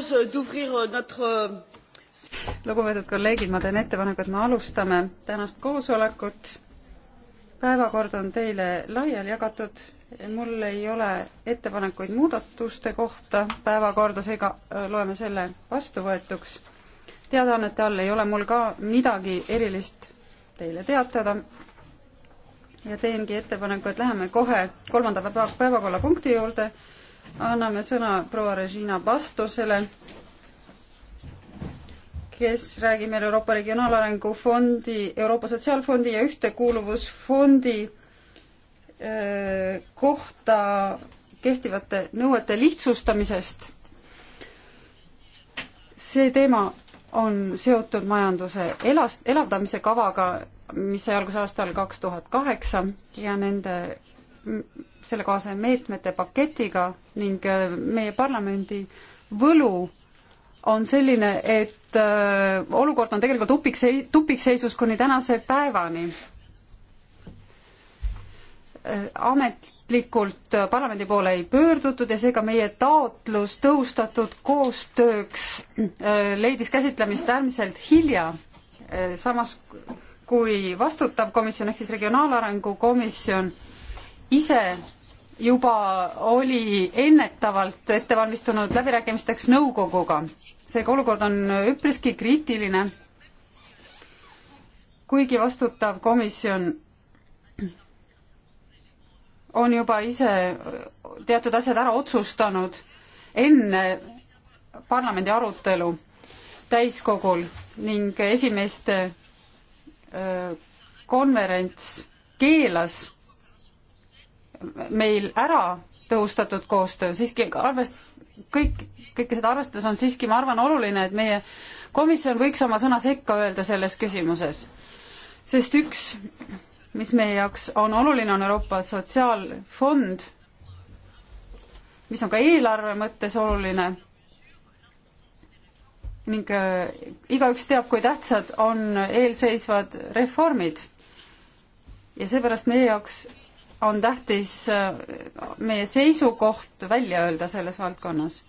Euh, euh, euh, lugupeetud kolleegid, ma teen ettepaneku, et me alustame tänast koosolekut. päevakord on teile laiali jagatud. mul ei ole ettepanekuid muudatuste kohta päevakorda, seega äh, loeme selle vastuvõetuks. teadaannete all ei ole mul ka midagi erilist teile teatada ja teengi ettepaneku, et läheme kohe kolmanda päevakorrapunkti juurde anname sõna proua Regina Bastusele, kes räägib meile Euroopa Regionaalarengu Fondi, Euroopa Sotsiaalfondi ja Ühtekuuluvusfondi äh, kohta kehtivate nõuete lihtsustamisest. see teema on seotud majanduse elas-, elavdamise kavaga, mis sai alguse aastal kaks tuhat kaheksa ja nende sellekohase meetmete paketiga ning äh, meie parlamendi võlu on selline, et äh, olukord on tegelikult upiksei-, tupikseisus kuni tänase päevani. Äh, ametlikult parlamendi poole ei pöördutud ja seega meie taotlus tõustatud koostööks leidis käsitlemist äärmiselt hilja, samas kui vastutav komisjon ehk siis Regionaalarengu komisjon ise juba oli ennetavalt ette valmistunud läbirääkimisteks nõukoguga. seega olukord on üpriski kriitiline. kuigi vastutav komisjon on juba ise teatud asjad ära otsustanud enne parlamendi arutelu täiskogul ning esimeeste äh, konverents keelas meil ära tõhustatud koostöö, siiski arvest-, kõik, kõike seda arvestades on siiski, ma arvan, oluline, et meie komisjon võiks oma sõna sekka öelda selles küsimuses. sest üks, mis meie jaoks on oluline, on Euroopa Sotsiaalfond, mis on ka eelarve mõttes oluline ning äh, igaüks teab, kui tähtsad on eelseisvad reformid. ja seepärast meie jaoks on tähtis äh, meie seisukoht välja öelda selles valdkonnas.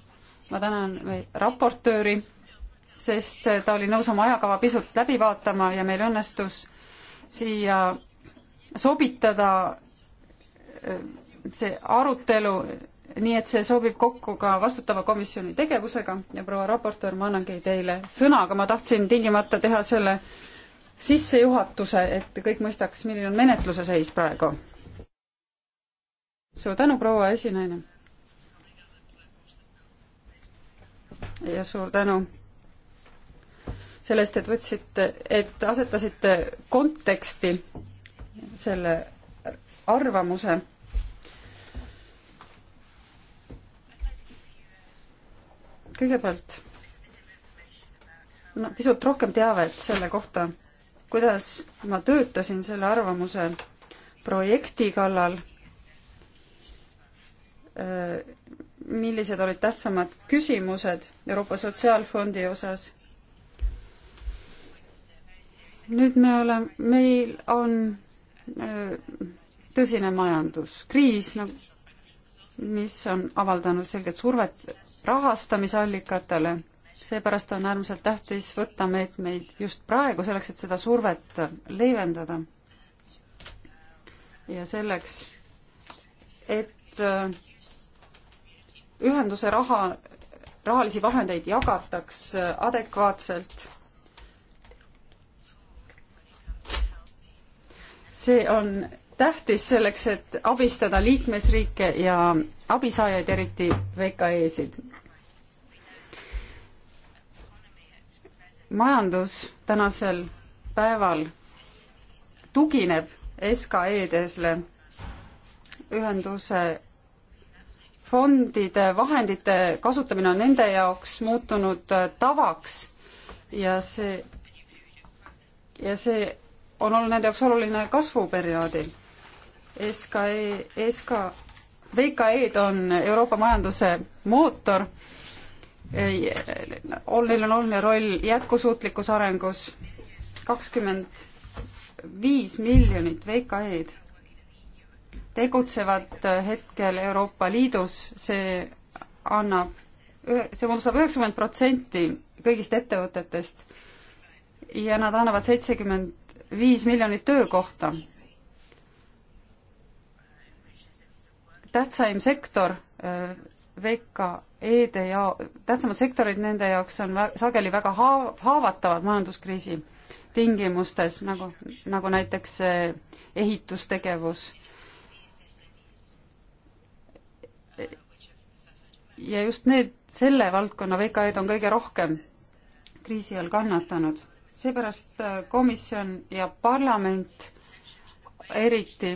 ma tänan raportööri, sest äh, ta oli nõus oma ajakava pisut läbi vaatama ja meil õnnestus siia sobitada äh, see arutelu nii et see sobib kokku ka vastutava komisjoni tegevusega ja proua raportöör, ma annangi teile sõna, aga ma tahtsin tingimata teha selle sissejuhatuse, et kõik mõistaks, milline on menetluse seis praegu suur tänu, proua esinaine. ja suur tänu selle eest, et võtsite, et asetasite konteksti selle arvamuse. kõigepealt no pisut rohkem teavet selle kohta, kuidas ma töötasin selle arvamuse projekti kallal Äh, millised olid tähtsamad küsimused Euroopa Sotsiaalfondi osas. nüüd me oleme, meil on äh, tõsine majanduskriis, no mis on avaldanud selget survet rahastamisallikatele, seepärast on äärmiselt tähtis võtta meetmeid just praegu, selleks et seda survet leevendada. ja selleks, et äh, ühenduse raha, rahalisi vahendeid jagataks äh, adekvaatselt. see on tähtis selleks, et abistada liikmesriike ja abisaajaid, eriti VKE-sid. majandus tänasel päeval tugineb SKE-desele ühenduse fondide vahendite kasutamine on nende jaoks muutunud äh, tavaks ja see, ja see on olnud nende jaoks oluline kasvuperioodil. SKE, SK, VKE-d on Euroopa majanduse mootor, äh, neil on oluline roll jätkusuutlikus arengus, kakskümmend viis miljonit VKE-d tegutsevad hetkel Euroopa Liidus, see annab, see moodustab üheksakümmend protsenti kõigist ettevõtetest ja nad annavad seitsekümmend viis miljonit töökohta. tähtsaim sektor äh, VKE-de ja tähtsamad sektorid nende jaoks on vä sageli väga haav-, haavatavad majanduskriisi tingimustes, nagu, nagu näiteks äh, ehitustegevus ja just need, selle valdkonna VKE-d on kõige rohkem kriisi all kannatanud. seepärast äh, komisjon ja parlament eriti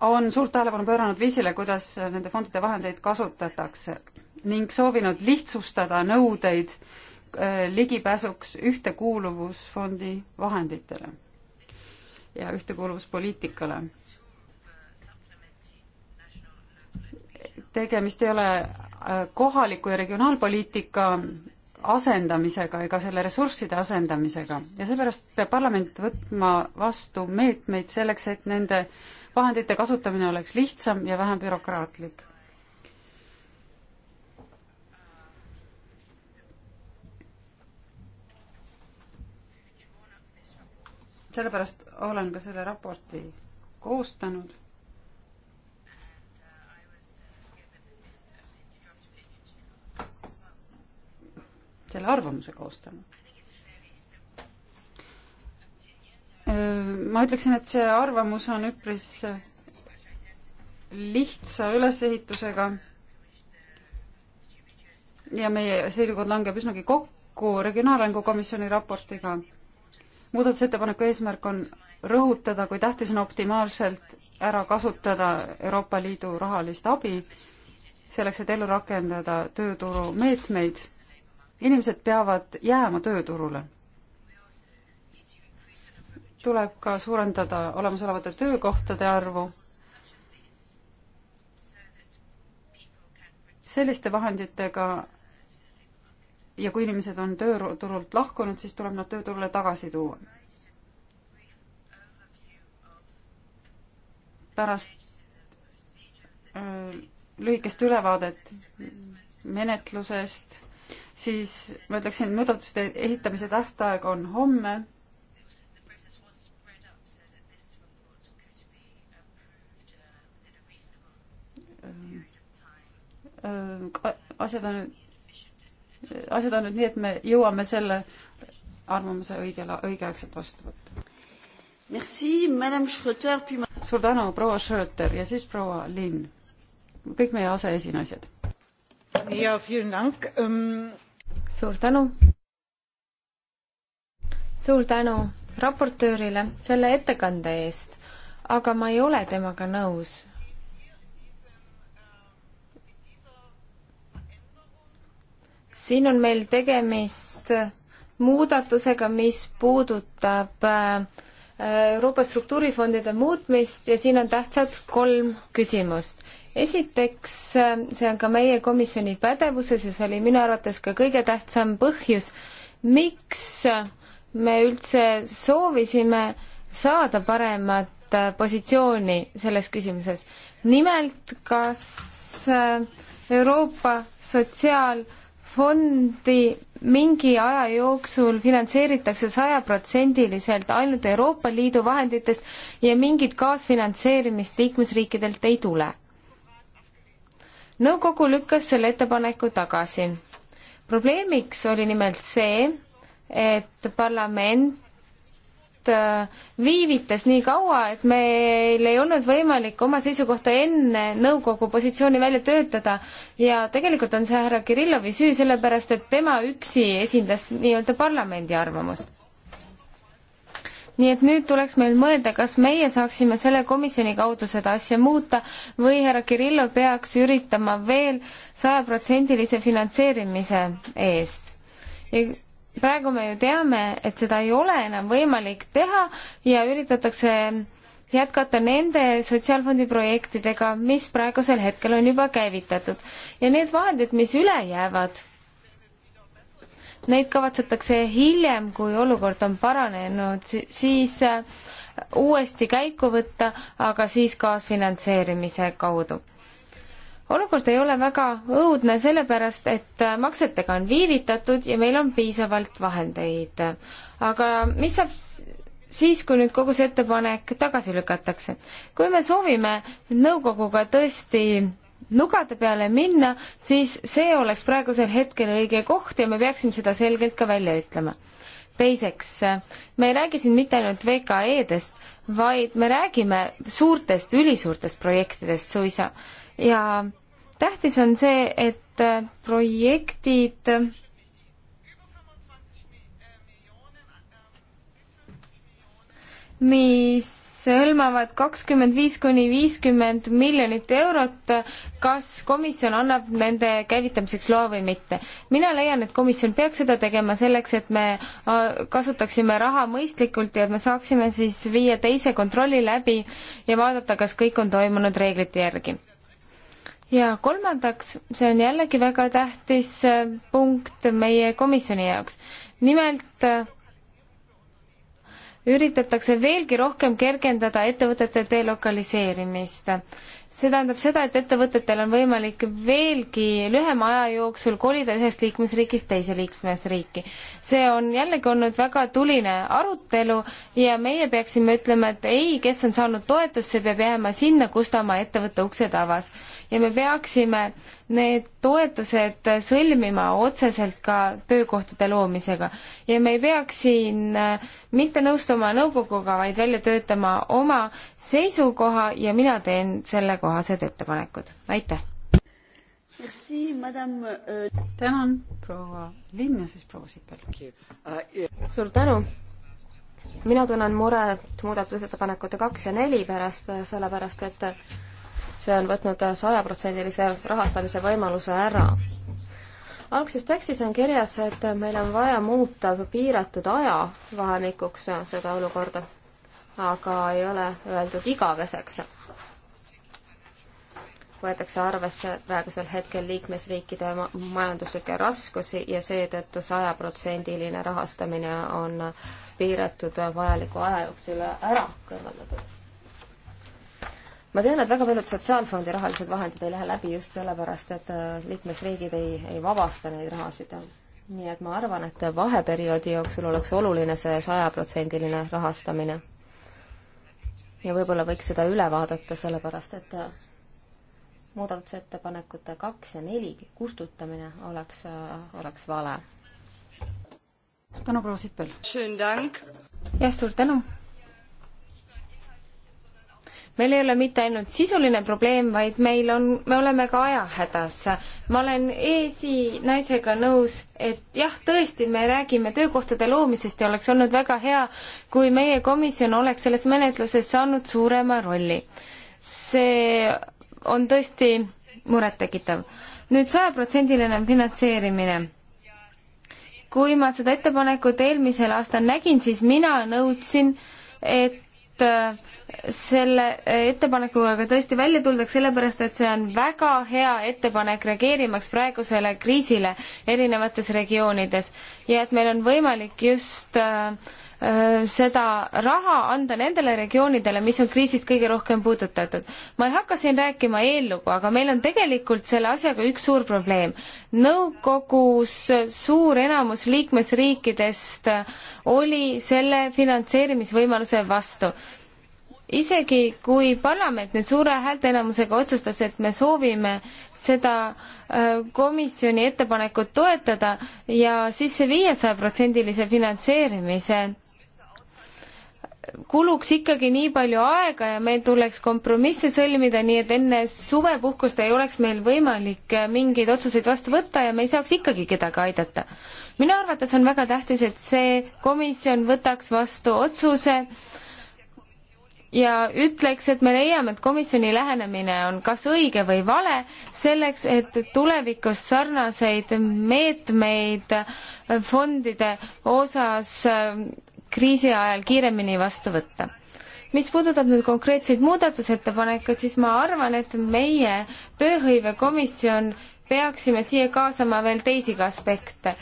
on suurt tähelepanu pööranud viisile, kuidas äh, nende fondide vahendeid kasutatakse ning soovinud lihtsustada nõudeid äh, ligipääsuks ühtekuuluvusfondi vahenditele ja ühtekuuluvuspoliitikale. tegemist ei ole Äh, kohaliku ja regionaalpoliitika asendamisega ega selle ressursside asendamisega ja seepärast peab parlament võtma vastu meetmeid selleks, et nende vahendite kasutamine oleks lihtsam ja vähem bürokraatlik. sellepärast olen ka selle raporti koostanud selle arvamuse koostama. ma ütleksin, et see arvamus on üpris lihtsa ülesehitusega ja meie seisukoht langeb üsnagi kokku Regionaalarengu Komisjoni raportiga. muudatusettepaneku eesmärk on rõhutada, kui tähtis on optimaalselt ära kasutada Euroopa Liidu rahalist abi selleks, et ellu rakendada tööturumeetmeid inimesed peavad jääma tööturule. tuleb ka suurendada olemasolevate töökohtade arvu. selliste vahenditega ja kui inimesed on tööturult lahkunud, siis tuleb nad tööturule tagasi tuua. pärast äh, lühikest ülevaadet menetlusest siis ma ütleksin, muudatuste esitamise tähtaeg on homme. Äh, asjad on, asjad on nüüd nii, et me jõuame selle arvamuse õigel, õigeaegselt vastu võtta. Merci, madame Schröter, puis ma... suur tänu, proua Schröter ja siis proua Linn, kõik meie aseesinaised ja vielen Dank um.... suur tänu. suur tänu raportöörile selle ettekande eest, aga ma ei ole temaga nõus. siin on meil tegemist muudatusega, mis puudutab äh, Euroopa struktuurifondide muutmist ja siin on tähtsad kolm küsimust esiteks, see on ka meie komisjoni pädevuses ja see oli minu arvates ka kõige tähtsam põhjus, miks me üldse soovisime saada paremat positsiooni selles küsimuses. nimelt, kas Euroopa Sotsiaalfondi mingi aja jooksul finantseeritakse sajaprotsendiliselt ainult Euroopa Liidu vahenditest ja mingit kaasfinantseerimist liikmesriikidelt ei tule nõukogu lükkas selle ettepaneku tagasi. probleemiks oli nimelt see, et parlament äh, viivitas nii kaua, et meil ei olnud võimalik oma seisukohta enne nõukogu positsiooni välja töötada ja tegelikult on see härra Kirillovi süü, sellepärast et tema üksi esindas nii-öelda parlamendi arvamust nii et nüüd tuleks meil mõelda, kas meie saaksime selle komisjoni kaudu seda asja muuta või härra Kirillo peaks üritama veel sajaprotsendilise finantseerimise eest. praegu me ju teame, et seda ei ole enam võimalik teha ja üritatakse jätkata nende sotsiaalfondi projektidega, mis praegusel hetkel on juba käivitatud. ja need vahendid, mis üle jäävad, neid kavatsetakse hiljem, kui olukord on paranenud, siis äh, uuesti käiku võtta, aga siis kaasfinantseerimise kaudu. olukord ei ole väga õudne, sellepärast et äh, maksetega on viivitatud ja meil on piisavalt vahendeid. aga mis saab siis, kui nüüd kogu see ettepanek tagasi lükatakse? kui me soovime nõukoguga tõesti nugade peale minna, siis see oleks praegusel hetkel õige koht ja me peaksime seda selgelt ka välja ütlema. teiseks, me ei räägi siin mitte ainult VKE-dest, vaid me räägime suurtest, ülisuurtest projektidest suisa ja tähtis on see, et projektid mis hõlmavad kakskümmend viis kuni viiskümmend miljonit eurot, kas komisjon annab nende käivitamiseks loa või mitte. mina leian, et komisjon peaks seda tegema selleks, et me äh, kasutaksime raha mõistlikult ja et me saaksime siis viia teise kontrolli läbi ja vaadata, kas kõik on toimunud reeglite järgi ja kolmandaks, see on jällegi väga tähtis äh, punkt meie komisjoni jaoks. nimelt äh, üritatakse veelgi rohkem kergendada ettevõtete delokaliseerimist see tähendab seda, et ettevõtetel on võimalik veelgi lühema aja jooksul kolida ühest liikmesriigist teise liikmesriiki. see on jällegi olnud väga tuline arutelu ja meie peaksime ütlema, et ei, kes on saanud toetust, see peab jääma sinna, kus ta oma ettevõtte uksed avas. ja me peaksime need toetused sõlmima otseselt ka töökohtade loomisega. ja me ei peaks siin mitte nõustuma nõukoguga, vaid välja töötama oma seisukoha ja mina teen sellekohased ettepanekud. aitäh! Euh, tänan, proua Linn ja siis proua Sipel. Uh, suur tänu! mina tunnen muret muudatusettepanekute kaks ja neli pärast, sellepärast et see on võtnud sajaprotsendilise rahastamise võimaluse ära. algses tekstis on kirjas, et meil on vaja muuta piiratud ajavahemikuks seda olukorda aga ei ole öeldud igaveseks. võetakse arvesse praegusel hetkel liikmesriikide majanduslikke raskusi ja seetõttu sajaprotsendiline rahastamine on piiratud vajaliku aja jooksul ära kõrvaldatud ma tean, et väga paljud sotsiaalfondi rahalised vahendid ei lähe läbi just sellepärast, et äh, liikmesriigid ei, ei vabasta neid rahasid. nii et ma arvan, et vaheperioodi jooksul oleks oluline see sajaprotsendiline rahastamine ja võib-olla võiks seda üle vaadata, sellepärast et äh, muudatusettepanekute kaks ja neli kustutamine oleks, äh, oleks vale. tänu, proua Sippel! jah, suur tänu! meil ei ole mitte ainult sisuline probleem, vaid meil on, me oleme ka ajahädas. ma olen esinaisega nõus, et jah, tõesti, me räägime töökohtade loomisest ja oleks olnud väga hea, kui meie komisjon oleks selles menetluses saanud suurema rolli. see on tõesti murettekitav. nüüd sajaprotsendiline finantseerimine kui ma seda ettepanekut eelmisel aastal nägin, siis mina nõudsin, et et äh, selle äh, ettepanekuga ka tõesti välja tuldaks, sellepärast et see on väga hea ettepanek reageerimaks praegusele kriisile erinevates regioonides ja et meil on võimalik just äh, Äh, seda raha anda nendele regioonidele, mis on kriisist kõige rohkem puudutatud. ma ei hakka siin rääkima eellugu, aga meil on tegelikult selle asjaga üks suur probleem. nõukogus suur enamus liikmesriikidest oli selle finantseerimisvõimaluse vastu isegi kui parlament nüüd suure häälteenamusega otsustas, et me soovime seda äh, komisjoni ettepanekut toetada ja sisse viia sajaprotsendilise finantseerimise kuluks ikkagi nii palju aega ja meil tuleks kompromisse sõlmida, nii et enne suvepuhkust ei oleks meil võimalik äh, mingeid otsuseid vastu võtta ja me ei saaks ikkagi kedagi aidata. minu arvates on väga tähtis, et see komisjon võtaks vastu otsuse ja ütleks, et me leiame, et komisjoni lähenemine on kas õige või vale, selleks et tulevikus sarnaseid meetmeid fondide osas äh, kriisi ajal kiiremini vastu võtta. mis puudutab nüüd konkreetseid muudatusettepanekuid, siis ma arvan, et meie tööhõivekomisjon peaksime siia kaasama veel teisigi aspekte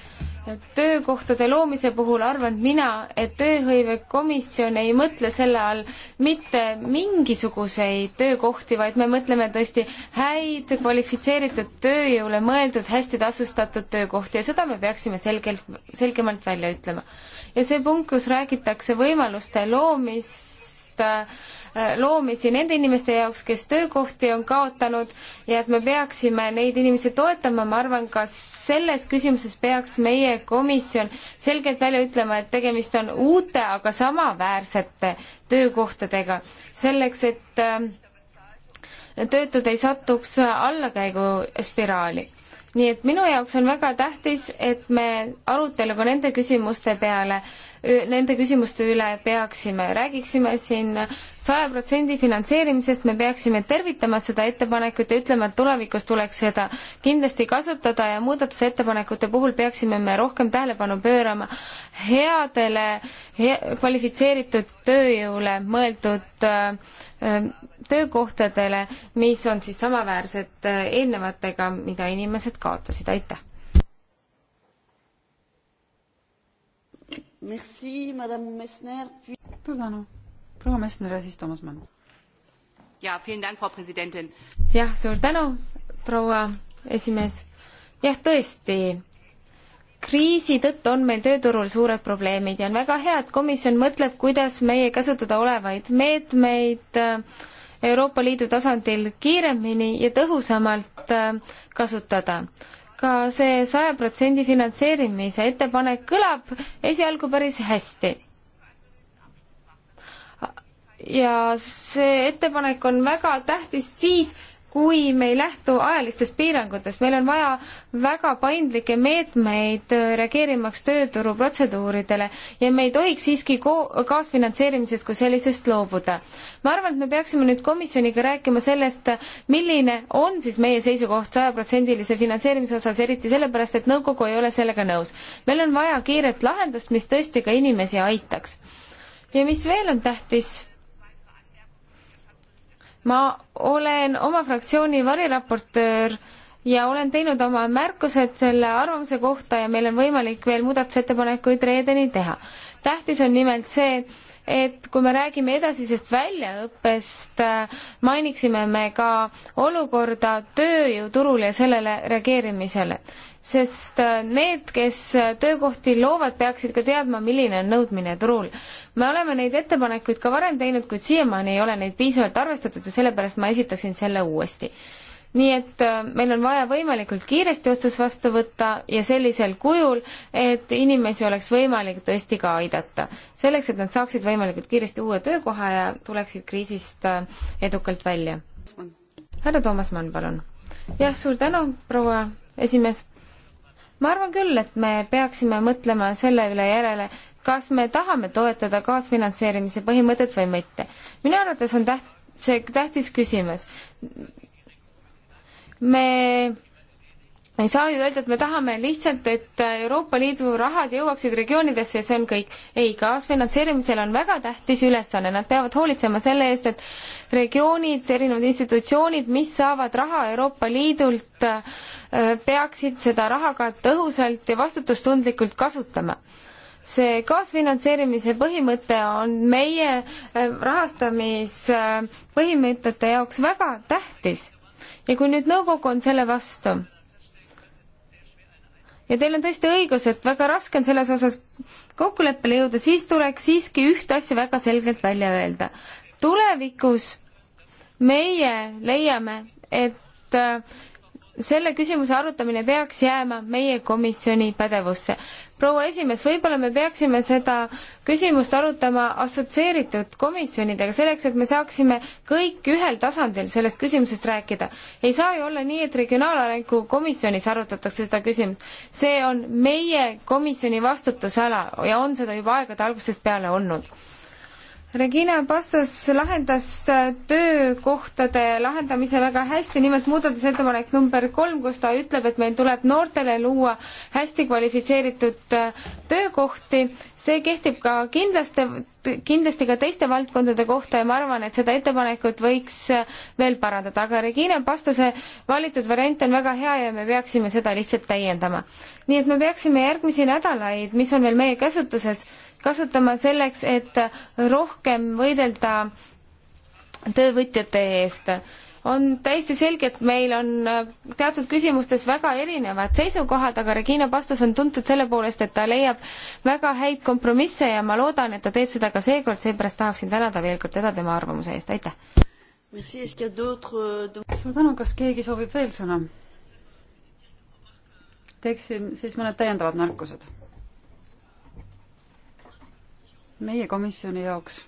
töökohtade loomise puhul arvan mina, et tööhõivekomisjon ei mõtle selle all mitte mingisuguseid töökohti, vaid me mõtleme tõesti häid kvalifitseeritud tööjõule mõeldud hästi tasustatud töökohti ja seda me peaksime selgelt, selgemalt välja ütlema. ja see punkt, kus räägitakse võimaluste loomist, loomisi nende inimeste jaoks, kes töökohti on kaotanud ja et me peaksime neid inimesi toetama, ma arvan, ka selles küsimuses peaks meie komisjon selgelt välja ütlema, et tegemist on uute, aga samaväärsete töökohtadega, selleks et äh, töötud ei satuks allakäiguspiraali nii et minu jaoks on väga tähtis, et me arutelu ka nende küsimuste peale nende küsimuste üle peaksime, räägiksime siin saja protsendi finantseerimisest, me peaksime tervitama seda ettepanekut ja ütlema, et tulevikus tuleks seda kindlasti kasutada ja muudatusettepanekute puhul peaksime me rohkem tähelepanu pöörama headele he, kvalifitseeritud tööjõule mõeldud töökohtadele, mis on siis samaväärsed eelnevatega, mida inimesed kaotasid, aitäh! suur tänu. proua Messner ja siis Toomas Mann. jah, suur tänu, proua esimees. jah, tõesti, kriisi tõttu on meil tööturul suured probleemid ja on väga hea, et komisjon mõtleb, kuidas meie kasutada olevaid meetmeid äh, Euroopa Liidu tasandil kiiremini ja tõhusamalt äh, kasutada ka see saja protsendi finantseerimise ettepanek kõlab esialgu päris hästi. ja see ettepanek on väga tähtis siis, kui me ei lähtu ajalistest piirangutest, meil on vaja väga paindlikke meetmeid äh, reageerimaks tööturu protseduuridele ja me ei tohiks siiski kaasfinantseerimisest kui sellisest loobuda. ma arvan, et me peaksime nüüd komisjoniga rääkima sellest, milline on siis meie seisukoht sajaprotsendilise finantseerimise osas, eriti sellepärast, et nõukogu ei ole sellega nõus. meil on vaja kiiret lahendust, mis tõesti ka inimesi aitaks. ja mis veel on tähtis ma olen oma fraktsiooni variraportöör ja olen teinud oma märkused selle arvamuse kohta ja meil on võimalik veel muudatusettepanekuid reedeni teha. tähtis on nimelt see, et kui me räägime edasisest väljaõppest, mainiksime me ka olukorda tööjõuturul ja sellele reageerimisele. sest äh, need, kes töökohti loovad, peaksid ka teadma, milline on nõudmine turul. me oleme neid ettepanekuid ka varem teinud, kuid siiamaani ei ole neid piisavalt arvestatud ja sellepärast ma esitaksin selle uuesti nii et äh, meil on vaja võimalikult kiiresti otsus vastu võtta ja sellisel kujul, et inimesi oleks võimalik tõesti ka aidata. selleks, et nad saaksid võimalikult kiiresti uue töökoha ja tuleksid kriisist äh, edukalt välja. härra Toomas Mann, palun. jah, suur tänu, proua esimees. ma arvan küll, et me peaksime mõtlema selle üle järele, kas me tahame toetada kaasfinantseerimise põhimõtet või mitte. minu arvates on täht-, see tähtis küsimus me ei saa ju öelda, et me tahame lihtsalt, et Euroopa Liidu rahad jõuaksid regioonidesse ja see on kõik. ei, kaasfinantseerimisel on väga tähtis ülesanne, nad peavad hoolitsema selle eest, et regioonid, erinevad institutsioonid, mis saavad raha Euroopa Liidult, äh, peaksid seda raha ka tõhusalt ja vastutustundlikult kasutama see kaasfinantseerimise põhimõte on meie äh, rahastamispõhimõtete jaoks väga tähtis ja kui nüüd nõukogu on selle vastu, ja teil on tõesti õigus, et väga raske on selles osas kokkuleppele jõuda, siis tuleks siiski ühte asja väga selgelt välja öelda. tulevikus meie leiame, et äh, selle küsimuse arutamine peaks jääma meie komisjoni pädevusse. proua esimees, võib-olla me peaksime seda küsimust arutama assotsieeritud komisjonidega, selleks et me saaksime kõik ühel tasandil sellest küsimusest rääkida. ei saa ju olla nii, et regionaalarengu komisjonis arutatakse seda küsimust. see on meie komisjoni vastutusala ja on seda juba aegade algusest peale olnud Regina Pastos lahendas äh, töökohtade lahendamise väga hästi, nimelt muudatusettepanek number kolm, kus ta ütleb, et meil tuleb noortele luua hästi kvalifitseeritud äh, töökohti. see kehtib ka kindlasti, kindlasti ka teiste valdkondade kohta ja ma arvan, et seda ettepanekut võiks äh, veel parandada, aga Regina Pastose valitud variant on väga hea ja me peaksime seda lihtsalt täiendama. nii et me peaksime järgmisi nädalaid, mis on veel meie käsutuses, kasutama selleks, et rohkem võidelda töövõtjate eest on täiesti selge, et meil on äh, teatud küsimustes väga erinevad seisukohad, aga Regina Pastos on tuntud selle poolest, et ta leiab väga häid kompromisse ja ma loodan, et ta teeb seda ka seekord, seepärast tahaksin tänada veel kord teda tema arvamuse eest, aitäh! Euh, suur tänu, kas keegi soovib veel sõna? teeksin siis mõned täiendavad märkused meie komisjoni jaoks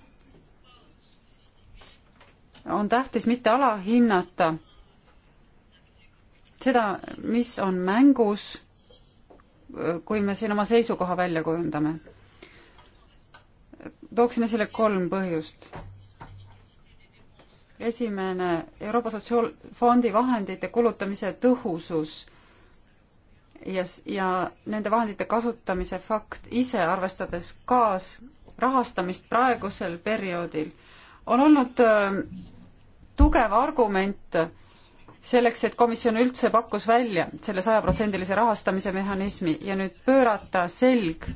on tähtis mitte alahinnata seda, mis on mängus, kui me siin oma seisukoha välja kujundame. tooksin esile kolm põhjust. esimene, Euroopa Sotsiaalfondi vahendite kulutamise tõhusus ja, ja nende vahendite kasutamise fakt ise, arvestades kaas- rahastamist praegusel perioodil on olnud äh, tugev argument selleks, et komisjon üldse pakkus välja selle sajaprotsendilise rahastamise mehhanismi ja nüüd pöörata selg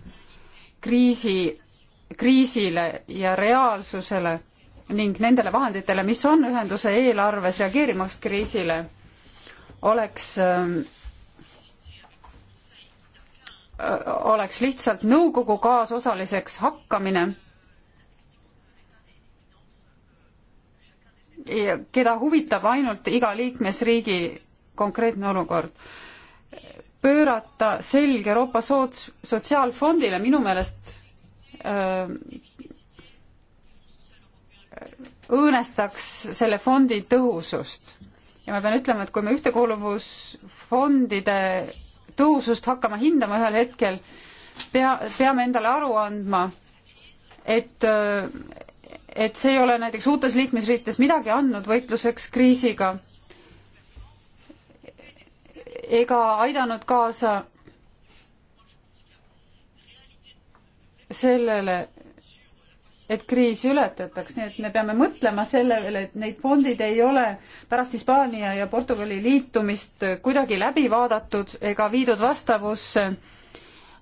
kriisi, kriisile ja reaalsusele ning nendele vahenditele, mis on ühenduse eelarves reageerimaks kriisile, oleks ähm, oleks lihtsalt nõukogu kaasosaliseks hakkamine, keda huvitab ainult iga liikmesriigi konkreetne olukord. pöörata selg Euroopa soots-, sotsiaalfondile minu meelest öö, õõnestaks selle fondi tõhusust. ja ma pean ütlema, et kui me ühtekuuluvusfondide tõhusust hakkama hindama ühel hetkel, pea, peame endale aru andma, et, et see ei ole näiteks uutes liikmesriikides midagi andnud võitluseks kriisiga ega aidanud kaasa sellele, et kriis ületataks, nii et me peame mõtlema selle üle, et neid fondid ei ole pärast Hispaania ja Portugali liitumist kuidagi läbi vaadatud ega viidud vastavusse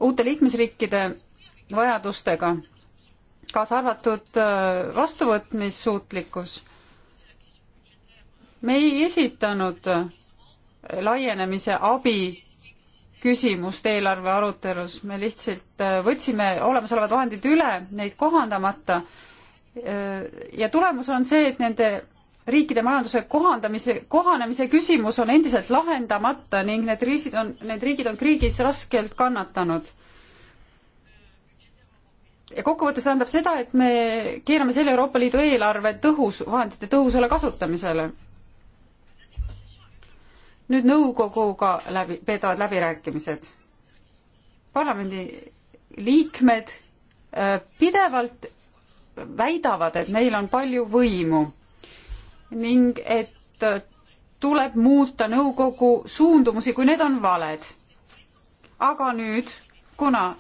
uute liikmesriikide vajadustega, kaasa arvatud äh, vastuvõtmissuutlikkus. me ei esitanud äh, laienemise abi küsimust eelarve arutelus, me lihtsalt äh, võtsime olemasolevad vahendid üle, neid kohandamata äh, ja tulemus on see, et nende riikide majanduse kohandamise, kohanemise küsimus on endiselt lahendamata ning need riisid on, need riigid on kriigis raskelt kannatanud. ja kokkuvõttes tähendab seda, et me keerame selle Euroopa Liidu eelarve tõhus, vahendite tõhusale kasutamisele nüüd nõukoguga läbi, peetavad läbirääkimised. parlamendi liikmed äh, pidevalt väidavad, et neil on palju võimu ning et äh, tuleb muuta nõukogu suundumusi, kui need on valed. aga nüüd, kuna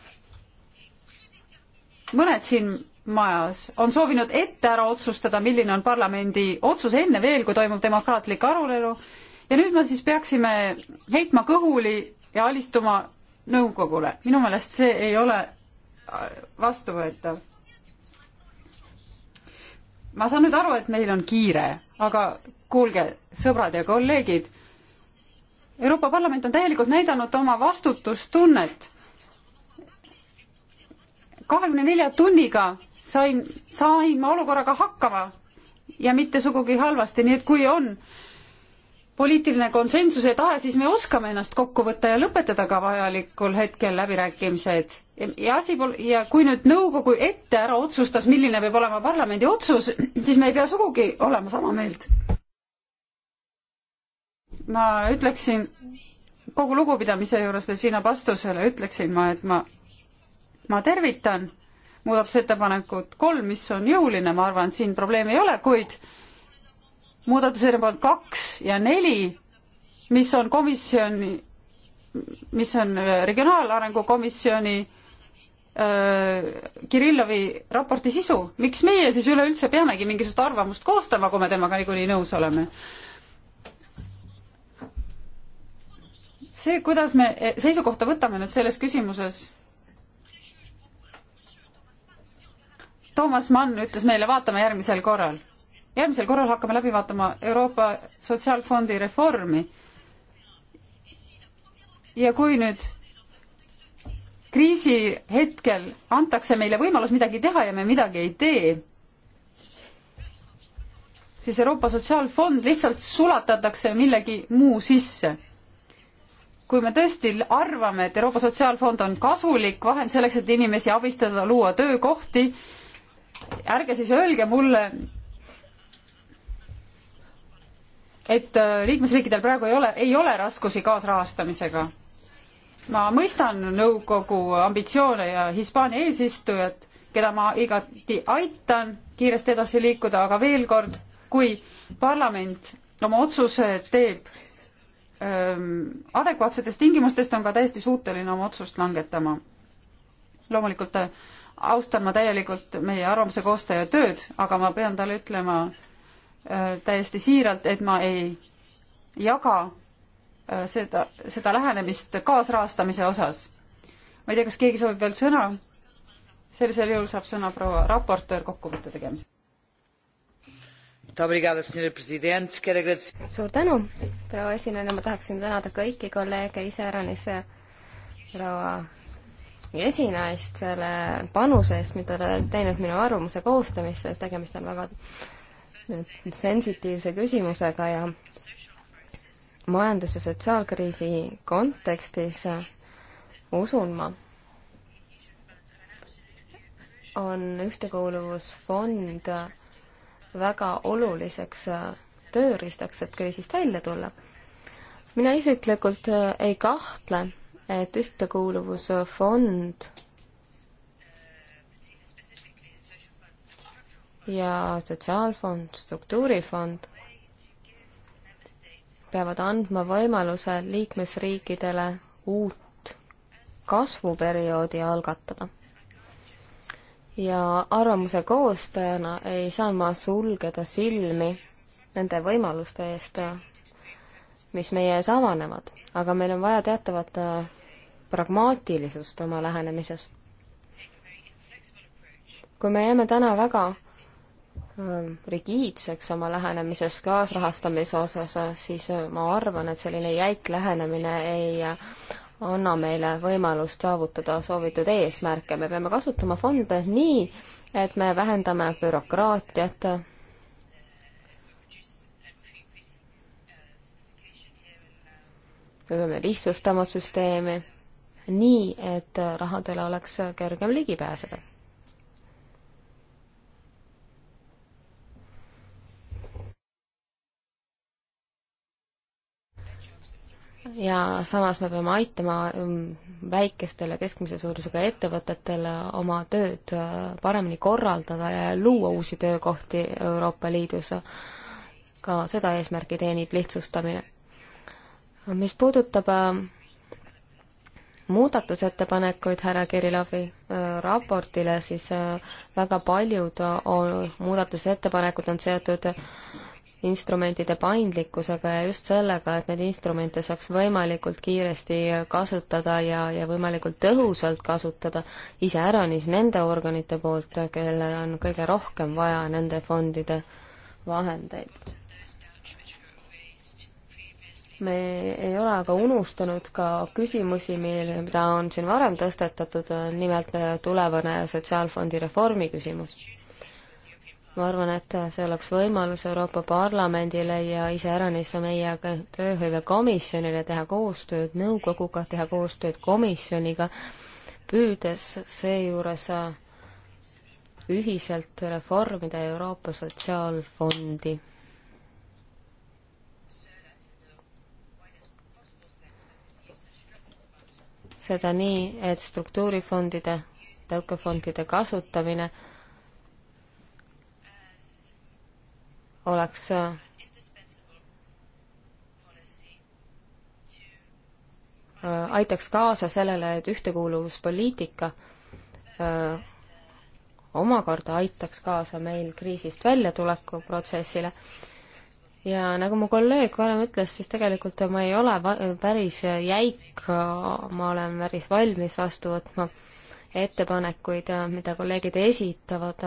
mõned siin majas on soovinud ette ära otsustada, milline on parlamendi otsus enne veel, kui toimub demokraatlik arulelu, ja nüüd me siis peaksime heitma kõhuli ja alistuma nõukogule. minu meelest see ei ole äh, vastuvõetav. ma saan nüüd aru, et meil on kiire, aga kuulge, sõbrad ja kolleegid, Euroopa Parlament on täielikult näidanud oma vastutustunnet. kahekümne nelja tunniga sain, sain ma olukorraga hakkama ja mitte sugugi halvasti, nii et kui on äh, poliitiline konsensus ja tahe, siis me oskame ennast kokku võtta ja lõpetada ka vajalikul hetkel läbirääkimised. ja asi pol-, ja kui nüüd nõukogu ette ära otsustas, milline peab olema parlamendi otsus, siis me ei pea sugugi olema sama meelt. ma ütleksin kogu lugupidamise juures Lesina vastusele, ütleksin ma, et ma, ma tervitan muudatusettepanekut kolm, mis on jõuline, ma arvan, siin probleemi ei ole, kuid muudatusettepanekud kaks ja neli, mis on komisjoni, mis on äh, Regionaalarengu Komisjoni äh, Kirillovi raporti sisu, miks meie siis üleüldse peamegi mingisugust arvamust koostama, kui me temaga niikuinii nõus oleme? see, kuidas me eh, seisukohta võtame nüüd selles küsimuses, Toomas Mann ütles meile, vaatame järgmisel korral järgmisel korral hakkame läbi vaatama Euroopa Sotsiaalfondi reformi. ja kui nüüd kriisi hetkel antakse meile võimalus midagi teha ja me midagi ei tee, siis Euroopa Sotsiaalfond lihtsalt sulatatakse millegi muu sisse. kui me tõesti arvame, et Euroopa Sotsiaalfond on kasulik vahend selleks, et inimesi abistada, luua töökohti, ärge siis öelge mulle, et äh, liikmesriikidel praegu ei ole, ei ole raskusi kaasrahastamisega. ma mõistan nõukogu ambitsioone ja Hispaania eesistujat, keda ma igati aitan kiiresti edasi liikuda, aga veel kord, kui parlament oma otsuse teeb ähm, adekvaatsetest tingimustest, on ka täiesti suuteline oma otsust langetama. loomulikult äh, austan ma täielikult meie arvamuse koostaja tööd, aga ma pean talle ütlema, Äh, täiesti siiralt, et ma ei jaga äh, seda, seda lähenemist kaasrahastamise osas. ma ei tea, kas keegi soovib veel sõna? sellisel juhul saab sõna proua raportöör kokkuvõtte tegemisel. suur tänu, proua esinejana, ma tahaksin tänada kõiki kolleege, iseäranis proua esinaist selle panuse eest, mida ta on teinud minu arvamuse koostamisse, sest tegemist on väga sensitiivse küsimusega ja majandus- ja sotsiaalkriisi kontekstis usun ma, on Ühtekuuluvusfond väga oluliseks tööriistaks, et kriisist välja tulla. mina isiklikult ei kahtle, et Ühtekuuluvusfond ja Sotsiaalfond, Struktuurifond peavad andma võimaluse liikmesriikidele uut kasvuperioodi algatada. ja arvamuse koostajana ei saa ma sulgeda silmi nende võimaluste eest, mis meie ees avanevad, aga meil on vaja teatavat äh, pragmaatilisust oma lähenemises. kui me jääme täna väga Ähm, rigiidseks oma lähenemises kaasrahastamise osas, siis äh, ma arvan, et selline jäik lähenemine ei äh, anna meile võimalust saavutada soovitud eesmärke. me peame kasutama fonde nii, et me vähendame bürokraatiat, me peame lihtsustama süsteemi nii, et rahadele oleks kergem ligi pääseda ja samas me peame aitama ähm, väikestele keskmise suurusega ettevõtetele oma tööd äh, paremini korraldada ja luua uusi töökohti Euroopa Liidus. ka seda eesmärki teenib lihtsustamine. mis puudutab äh, muudatusettepanekuid härra Kirillovi äh, raportile, siis väga paljud muudatusettepanekud on seotud instrumentide paindlikkusega ja just sellega, et neid instrumente saaks võimalikult kiiresti kasutada ja, ja võimalikult tõhusalt kasutada iseäranis nende organite poolt, kellel on kõige rohkem vaja nende fondide vahendeid. me ei ole aga unustanud ka küsimusi, mille, mida on siin varem tõstetatud, nimelt tulevane sotsiaalfondi reformi küsimus ma arvan, et see oleks võimalus Euroopa Parlamendile ja iseäranis meie tööhõivekomisjonile teha koostööd nõukoguga, teha koostööd komisjoniga, püüdes seejuures ühiselt reformida Euroopa Sotsiaalfondi. seda nii, et struktuurifondide, tõukefondide kasutamine oleks äh, äh, aitaks kaasa sellele, et ühtekuuluvuspoliitika äh, omakorda aitaks kaasa meil kriisist väljatuleku protsessile. ja nagu mu kolleeg varem ütles, siis tegelikult ma ei ole päris jäik, ma olen päris valmis vastu võtma ettepanekuid, mida kolleegid esitavad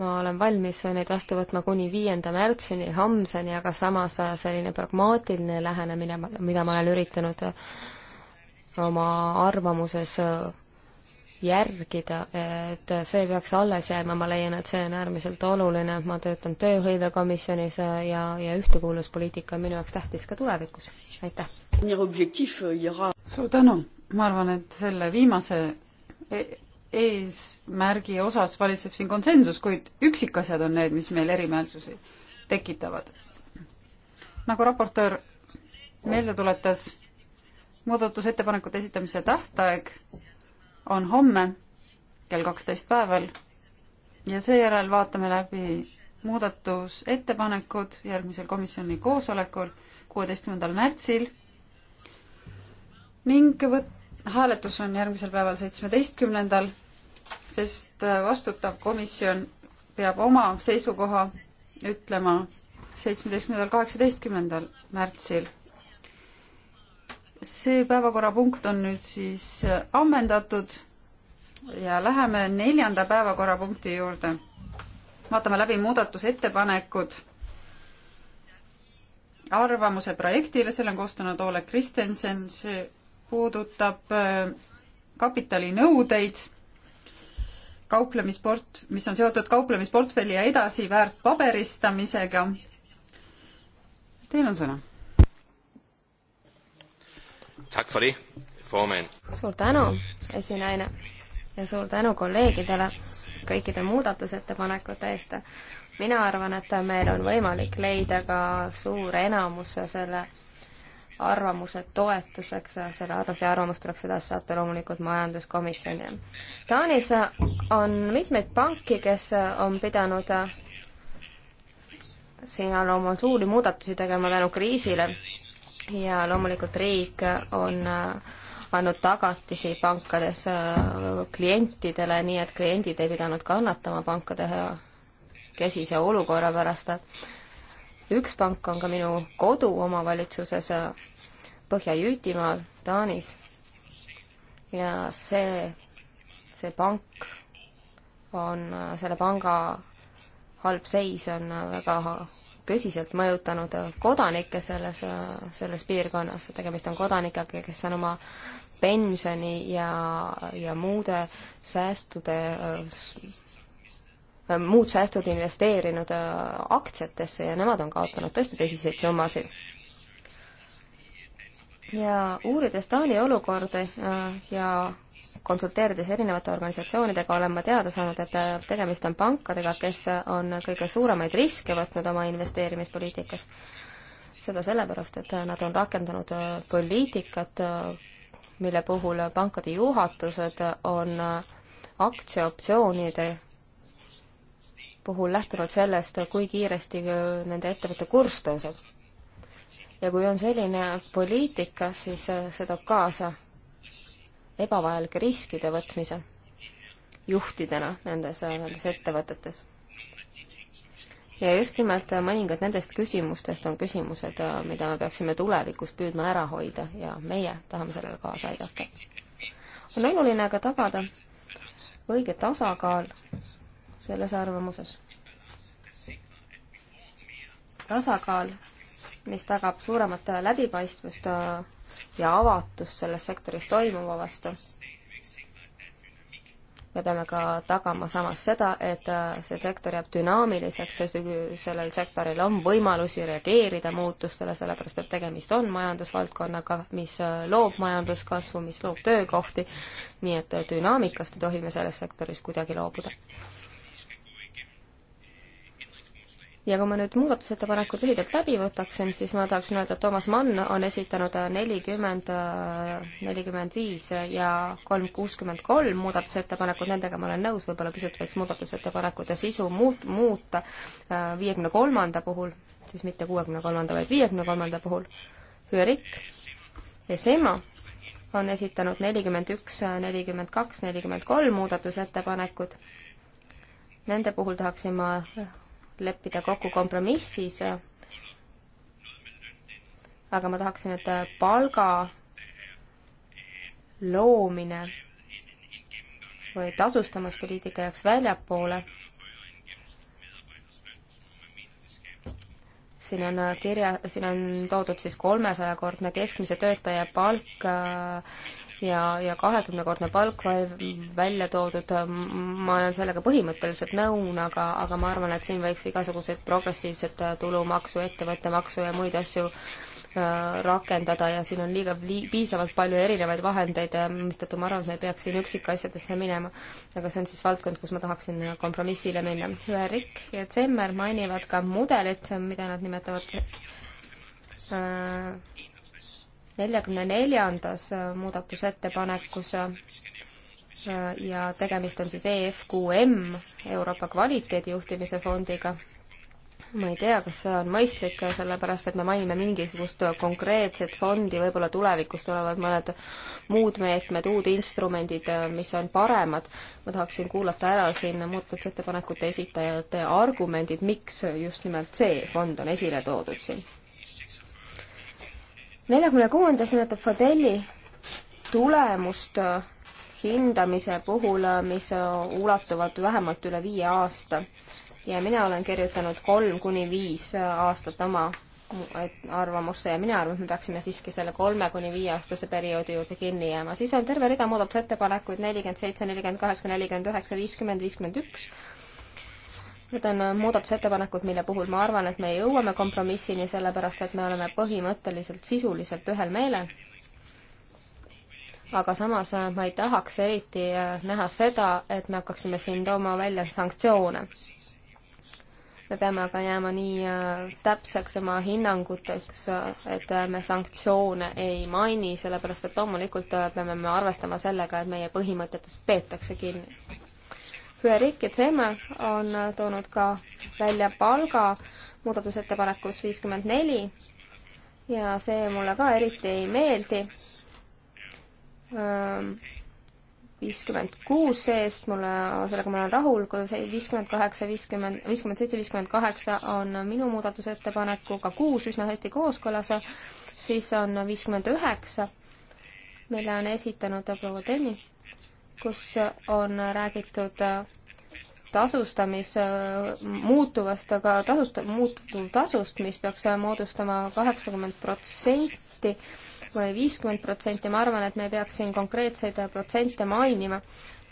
ma olen valmis neid vastu võtma kuni viienda märtsini, homseni, aga samas äh, selline pragmaatiline lähenemine, mida ma olen üritanud äh, oma arvamuses äh, järgida, et see peaks alles jääma, ma leian, et see on äärmiselt oluline, ma töötan tööhõivekomisjonis ja, ja ühtekuuluvuspoliitika on minu jaoks tähtis ka tulevikus, aitäh! Euh, suur tänu, ma arvan, et selle viimase e- eesmärgi osas valitseb siin konsensus, kuid üksikasjad on need, mis meil erimeelsusi tekitavad. nagu raportöör meelde tuletas, muudatusettepanekute esitamise tähtaeg on homme kell kaksteist päeval ja seejärel vaatame läbi muudatusettepanekud järgmisel komisjoni koosolekul, kuueteistkümnendal märtsil ning võt-, hääletus on järgmisel päeval, seitsmeteistkümnendal sest äh, vastutav komisjon peab oma seisukoha ütlema seitsmeteistkümnendal, kaheksateistkümnendal märtsil. see päevakorrapunkt on nüüd siis äh, ammendatud ja läheme neljanda päevakorrapunkti juurde. vaatame läbi muudatusettepanekud arvamuse projektile, selle on koostanud Oleg Kristensen, see puudutab äh, kapitalinõudeid kauplemisport, mis on seotud kauplemisportfelli ja edasi väärtpaberistamisega. Teil on sõna. suur tänu, esinaine ja suur tänu kolleegidele kõikide muudatusettepanekute eest. mina arvan, et meil on võimalik leida ka suur enamus selle arvamuse toetuseks, selle arvamuse, arvamust tuleks edasi saata loomulikult majanduskomisjoni. Taanis on mitmeid panki, kes on pidanud seal oma suuri muudatusi tegema tänu kriisile ja loomulikult riik on andnud tagatisi pankades äh, klientidele, nii et kliendid ei pidanud kannatama pankade äh, kesise olukorra pärast üks pank on ka minu kodu omavalitsuses Põhja-Jüütimaal, Taanis. ja see, see pank on, selle panga halb seis on väga tõsiselt mõjutanud kodanikke selles, selles piirkonnas, tegemist on kodanikega, kes on oma pensioni ja, ja muude säästude muud säästud investeerinud äh, aktsiatesse ja nemad on kaotanud tõesti tõsiseid summasid. ja uurides Taani olukorda äh, ja konsulteerides erinevate organisatsioonidega olen ma teada saanud, et äh, tegemist on pankadega, kes on kõige suuremaid riske võtnud oma investeerimispoliitikas. seda sellepärast, et nad on rakendanud poliitikat, mille puhul pankade juhatused on aktsiaoptsioonide puhul lähtuvalt sellest, kui kiiresti äh, nende ettevõtte kurss tõuseb. ja kui on selline poliitika, siis äh, see toob kaasa ebavajalike riskide võtmise juhtidena nendes, äh, nendes ettevõtetes. ja just nimelt mõningad nendest küsimustest on küsimused, mida me peaksime tulevikus püüdma ära hoida ja meie tahame sellele kaasa aidata. on oluline ka tagada õige tasakaal selles arvamuses. tasakaal, mis tagab suuremat läbipaistvust ja avatust selles sektoris toimuva vastu. me peame ka tagama samas seda, et see sektor jääb dünaamiliseks, sellel sektoril on võimalusi reageerida muutustele, sellepärast et tegemist on majandusvaldkonnaga, mis loob majanduskasvu, mis loob töökohti, nii et dünaamikast ei tohi me selles sektoris kuidagi loobuda ja kui ma nüüd muudatusettepanekud lühidalt läbi võtaksin, siis ma tahaksin öelda, et Toomas Mann on esitanud äh, nelikümmend, äh, nelikümmend viis ja kolm, kuuskümmend kolm muudatusettepanekut, nendega ma olen nõus, võib-olla pisut võiks muudatusettepanekute sisu muut-, muuta äh, viiekümne kolmanda puhul, siis mitte kuuekümne kolmanda, vaid viiekümne kolmanda puhul, Hüerik ja Sema on esitanud nelikümmend üks, nelikümmend kaks, nelikümmend kolm muudatusettepanekut, nende puhul tahaksin ma leppida kokku kompromissis. aga ma tahaksin, et palga loomine või tasustamispoliitika jääks väljapoole. siin on kirja, siin on toodud siis kolmesajakordne keskmise töötaja palk äh, ja, ja kahekümnekordne palk välja toodud, ma olen sellega põhimõtteliselt nõun, aga, aga ma arvan, et siin võiks igasuguseid progressiivset äh, tulumaksu, ettevõttemaksu ja muid asju äh, rakendada ja siin on liiga lii, piisavalt palju erinevaid vahendeid, mistõttu ma arvan, et me ei peaks siin üksikasjadesse minema. aga see on siis valdkond, kus ma tahaksin äh, kompromissile minna. Rikk ja Zimmer mainivad ka mudelit, mida nad nimetavad äh, neljakümne neljandas äh, muudatusettepanekus äh, ja tegemist on siis EFQM, Euroopa Kvaliteedijuhtimise Fondiga. ma ei tea, kas see on mõistlik, äh, sellepärast et me mainime mingisugust konkreetset fondi, võib-olla tulevikus tulevad mõned muud meetmed, uud instrumendid, mis on paremad. ma tahaksin kuulata ära siin muudatusettepanekute esitajate argumendid, miks just nimelt see fond on esile toodud siin neljakümne kuuendas nimetab Fadeli tulemust äh, hindamise puhul, äh, mis äh, ulatuvad vähemalt üle viie aasta. ja mina olen kirjutanud kolm kuni viis aastat oma arvamusse ja mina arvan, et me peaksime siiski selle kolme kuni viieaastase perioodi juurde kinni jääma. siis on terve rida muudatusettepanekuid, nelikümmend seitse, nelikümmend kaheksa, nelikümmend üheksa, viiskümmend, viiskümmend üks Need on äh, muudatusettepanekud, mille puhul ma arvan, et me jõuame kompromissini, sellepärast et me oleme põhimõtteliselt sisuliselt ühel meelel. aga samas äh, ma ei tahaks eriti äh, näha seda, et me hakkaksime siin tooma välja sanktsioone me peame aga jääma nii täpseks oma hinnanguteks, et me sanktsioone ei maini, sellepärast et loomulikult peame me arvestama sellega, et meie põhimõtetest peetakse kinni. Federica Zemme on toonud ka välja palga muudatusettepanekus viiskümmend neli ja see mulle ka eriti ei meeldi. viiskümmend kuus seest mulle, sellega ma olen rahul, kui see viiskümmend kaheksa, viiskümmend, viiskümmend seitse, viiskümmend kaheksa on minu muudatusettepanekuga kuus üsna hästi kooskõlas, siis on viiskümmend üheksa, mille on esitanud proua Tõni kus on räägitud äh, tasustamis, äh, muutuvast, aga tasust-, muutuvtasust, mis peaks äh, moodustama kaheksakümmend protsenti või viiskümmend protsenti, ma arvan, et me ei peaks siin konkreetseid protsente mainima,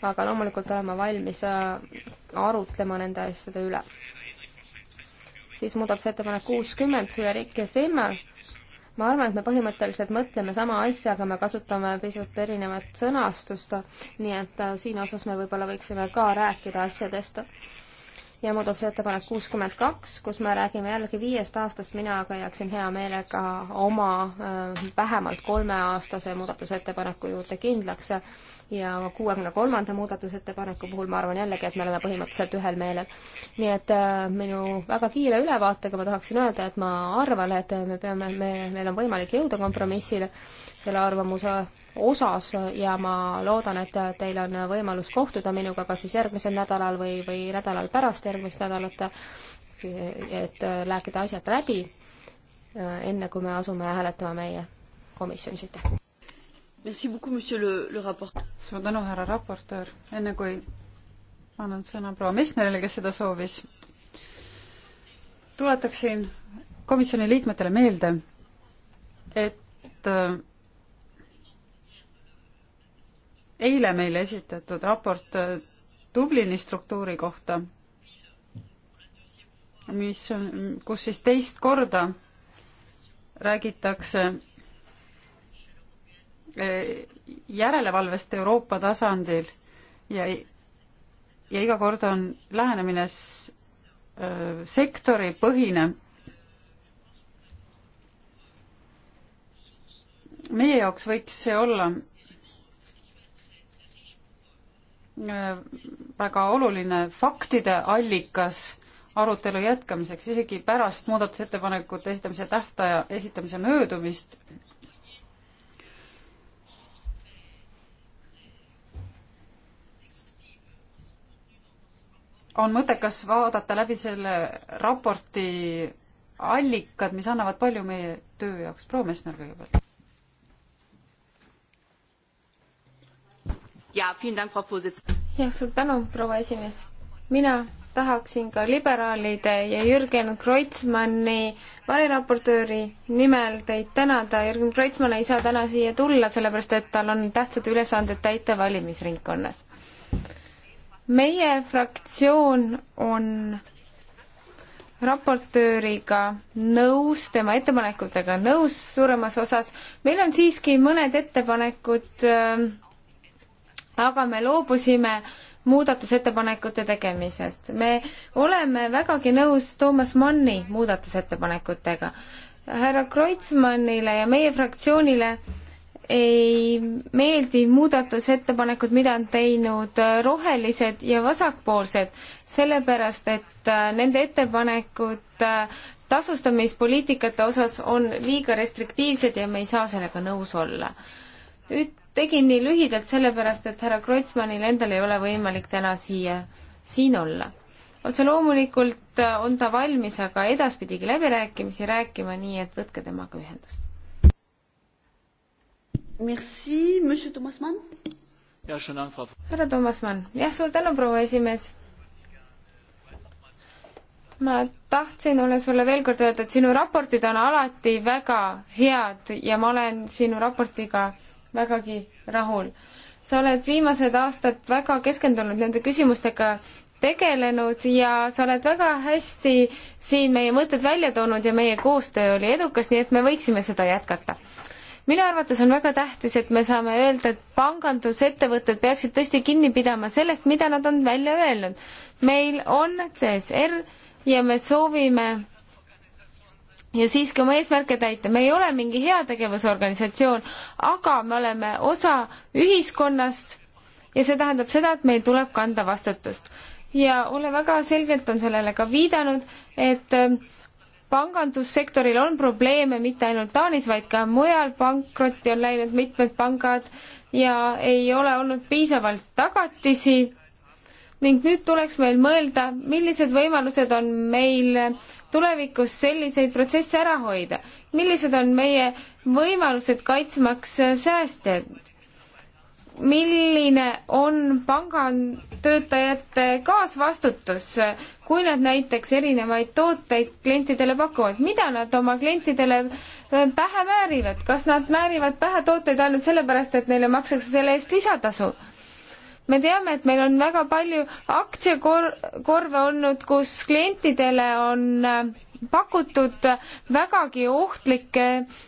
aga loomulikult olema valmis arutlema nende asjade üle. siis muudatusettepanek kuuskümmend, Hüverik ja Simmer ma arvan, et me põhimõtteliselt mõtleme sama asja, aga me kasutame pisut erinevat sõnastust, nii et äh, siin osas me võib-olla võiksime ka rääkida asjadest. ja muudatusettepanek kuuskümmend kaks, kus me räägime jällegi viiest aastast, mina aga jääksin hea meelega oma äh, vähemalt kolmeaastase muudatusettepaneku juurde kindlaks ja oma kuuekümne kolmanda muudatusettepaneku puhul ma arvan jällegi, et me oleme põhimõtteliselt ühel meelel. nii et äh, minu väga kiire ülevaatega ma tahaksin öelda, et ma arvan, et me peame, me, meil on võimalik jõuda kompromissile selle arvamuse osas ja ma loodan, et teil on võimalus kohtuda minuga kas siis järgmisel nädalal või, või nädalal pärast järgmist nädalat, et rääkida asjad läbi, äh, enne kui me asume hääletama meie komisjonis, aitäh! suur tänu, härra raportöör, enne kui annan sõna proua Messnerile, kes seda soovis, tuletaksin komisjoni liikmetele meelde, et äh, eile meile esitatud raport äh, Dublini struktuuri kohta, mis on, kus siis teist korda räägitakse Eh, järelevalvest Euroopa tasandil ja, ja iga kord on lähenemine eh, sektoripõhine. meie jaoks võiks see olla eh, väga oluline faktide allikas arutelu jätkamiseks, isegi pärast muudatusettepanekute esitamise tähtaja esitamise möödumist on mõttekas vaadata läbi selle raporti allikad, mis annavad palju meie töö jaoks. proua Messner kõigepealt. jah, suur tänu, proua esimees. mina tahaksin ka liberaalide ja Jürgen Kreutzmanni variraportööri nimel teid tänada. Jürgen Kreutzmann ei saa täna siia tulla, sellepärast et tal on tähtsad ülesanded täita valimisringkonnas meie fraktsioon on raportööriga nõus, tema ettepanekutega nõus suuremas osas. meil on siiski mõned ettepanekud, äh, aga me loobusime muudatusettepanekute tegemisest. me oleme vägagi nõus Toomas Manni muudatusettepanekutega. härra Kreutzmannile ja meie fraktsioonile ei meeldi muudatusettepanekud, mida on teinud rohelised ja vasakpoolsed, sellepärast et äh, nende ettepanekud äh, tasustamispoliitikate osas on liiga restriktiivsed ja me ei saa sellega nõus olla. nüüd tegin nii lühidalt sellepärast, et härra Kreutzmannil endal ei ole võimalik täna siia, siin olla. otse loomulikult äh, on ta valmis aga edaspidigi läbirääkimisi rääkima, nii et võtke temaga ühendust. Merci, monsieur Toomas Mann. härra Toomas Mann, jah, suur tänu, proua esimees. ma tahtsin, Olle, sulle veel kord öelda, et sinu raportid on alati väga head ja ma olen sinu raportiga vägagi rahul. sa oled viimased aastad väga keskendunud nende küsimustega, tegelenud ja sa oled väga hästi siin meie mõtted välja toonud ja meie koostöö oli edukas, nii et me võiksime seda jätkata minu arvates on väga tähtis, et me saame öelda, et pangandusettevõtted peaksid tõesti kinni pidama sellest, mida nad on välja öelnud. meil on CSR ja me soovime ja siiski oma eesmärke täita. me ei ole mingi heategevusorganisatsioon, aga me oleme osa ühiskonnast ja see tähendab seda, et meil tuleb kanda vastutust. ja Ulle väga selgelt on sellele ka viidanud, et pangandussektoril on probleeme mitte ainult Taanis, vaid ka mujal, pankrotti on läinud mitmed pangad ja ei ole olnud piisavalt tagatisi ning nüüd tuleks meil mõelda, millised võimalused on meil tulevikus selliseid protsesse ära hoida. millised on meie võimalused kaitsmaks säästjaid? milline on pangatöötajate kaasvastutus, kui nad näiteks erinevaid tooteid klientidele pakuvad, mida nad oma klientidele äh, pähe määrivad, kas nad määrivad pähe tooteid ainult sellepärast, et neile makstakse selle eest lisatasu? me teame, et meil on väga palju aktsiakorve olnud, kus klientidele on äh, pakutud vägagi ohtlikke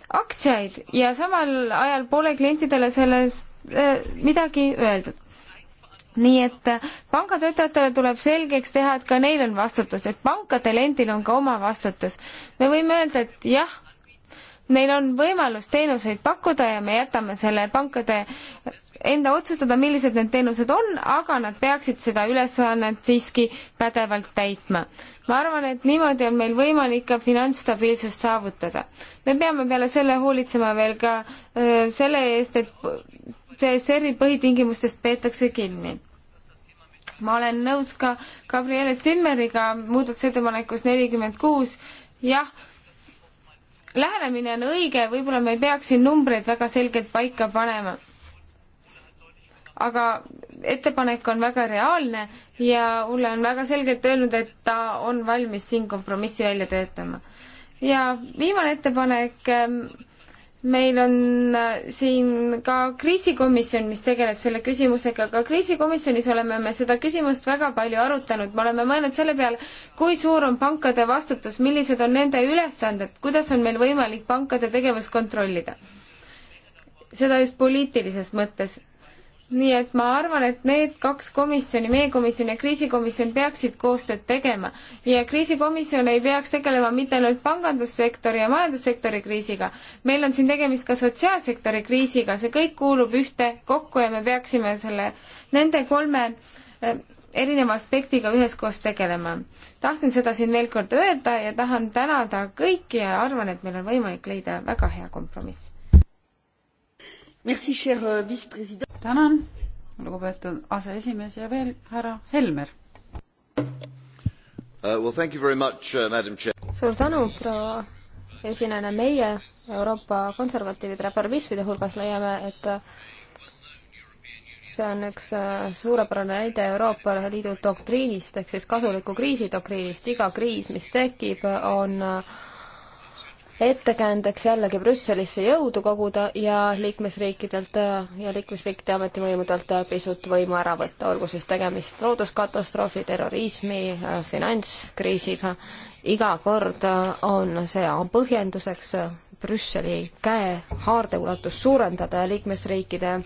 aktsiaid ja samal ajal pole klientidele sellest Äh, midagi öeldud nii et äh, pangatöötajatele tuleb selgeks teha, et ka neil on vastutus, et pankadel endil on ka oma vastutus. me võime öelda, et jah, meil on võimalus teenuseid pakkuda ja me jätame selle pankade enda otsustada, millised need teenused on, aga nad peaksid seda ülesannet siiski pädevalt täitma. ma arvan, et niimoodi on meil võimalik ka finantsstabiilsust saavutada. me peame peale selle hoolitsema veel ka öö, äh, selle eest, et CSR-i põhitingimustest peetakse kinni. ma olen nõus ka Gabriele Zimmeriga muudatusettepanekus nelikümmend kuus, jah, lähenemine on õige, võib-olla me ei peaks siin numbreid väga selgelt paika panema. aga ettepanek on väga reaalne ja Ulle on väga selgelt öelnud, et ta on valmis siin kompromissi välja töötama. ja viimane ettepanek äh, meil on äh, siin ka kriisikomisjon, mis tegeleb selle küsimusega, ka kriisikomisjonis oleme me seda küsimust väga palju arutanud, me oleme mõelnud selle peale, kui suur on pankade vastutus, millised on nende ülesanded, kuidas on meil võimalik pankade tegevust kontrollida. seda just poliitilises mõttes nii et ma arvan, et need kaks komisjoni, meie komisjon ja kriisikomisjon peaksid koostööd tegema ja kriisikomisjon ei peaks tegelema mitte ainult pangandussektori ja majandussektori kriisiga. meil on siin tegemist ka sotsiaalsektori kriisiga, see kõik kuulub ühte kokku ja me peaksime selle, nende kolme eh, erineva aspektiga üheskoos tegelema. tahtsin seda siin veel kord öelda ja tahan tänada kõiki ja arvan, et meil on võimalik leida väga hea kompromiss. Euh, tänan, lugupeetud aseesimees ja veel härra Helmer uh,. Well, much, uh, suur tänu, proua esinejana. meie Euroopa konservatiivid reformistide hulgas leiame, et see on üks äh, suurepärane näide Euroopa Liidu doktriinist ehk siis kasuliku kriisidoktriinist. iga kriis, mis tekib, on uh, ettekäändeks jällegi Brüsselisse jõudu koguda ja liikmesriikidelt ja liikmesriikide ametivõimudelt pisut võimu ära võtta, olgu siis tegemist looduskatastroofi, terrorismi, finantskriisiga. iga kord on see põhjenduseks Brüsseli käe haardeulatust suurendada ja liikmesriikide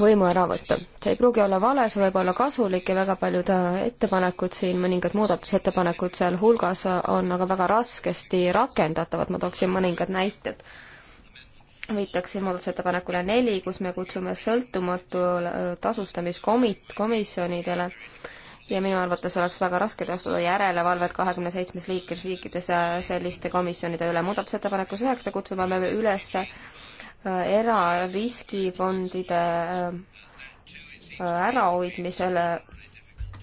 võimu ära võtta. see ei pruugi olla vale, see võib olla kasulik ja väga paljud äh, ettepanekud siin, mõningad muudatusettepanekud sealhulgas äh, on aga väga raskesti rakendatavad, ma tooksin mõningad näited. viitaksin muudatusettepanekule neli, kus me kutsume sõltumatu äh, tasustamiskomit-, komisjonidele ja minu arvates oleks väga raske teostada järelevalvet kahekümne seitsmes liikmesriikides selliste komisjonide üle. muudatusettepanekus üheksa kutsume me üles Äh, erariskifondide äh, ärahoidmisele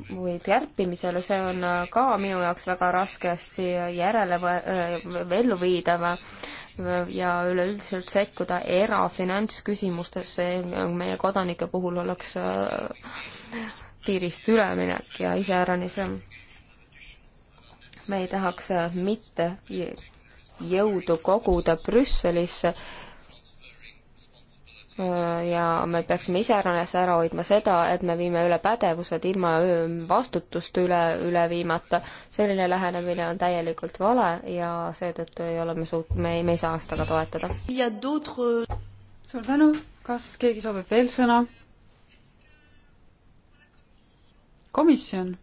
või kärpimisele, see on äh, ka minu jaoks väga raskesti järele ellu viidav ja üleüldiselt sekkuda erafinantsküsimustesse meie kodanike puhul oleks piirist üleminek ja iseäranis me ei tahaks mitte jõudu koguda Brüsselisse Äh, ja me peaksime iseäranis ära hoidma seda, et me viime üle pädevused ilma vastutust üle, üle viimata. selline lähenemine on täielikult vale ja seetõttu ei ole me suut-, me ei, me ei saa seda ka toetada. suur tänu, kas keegi soovib veel sõna? komisjon?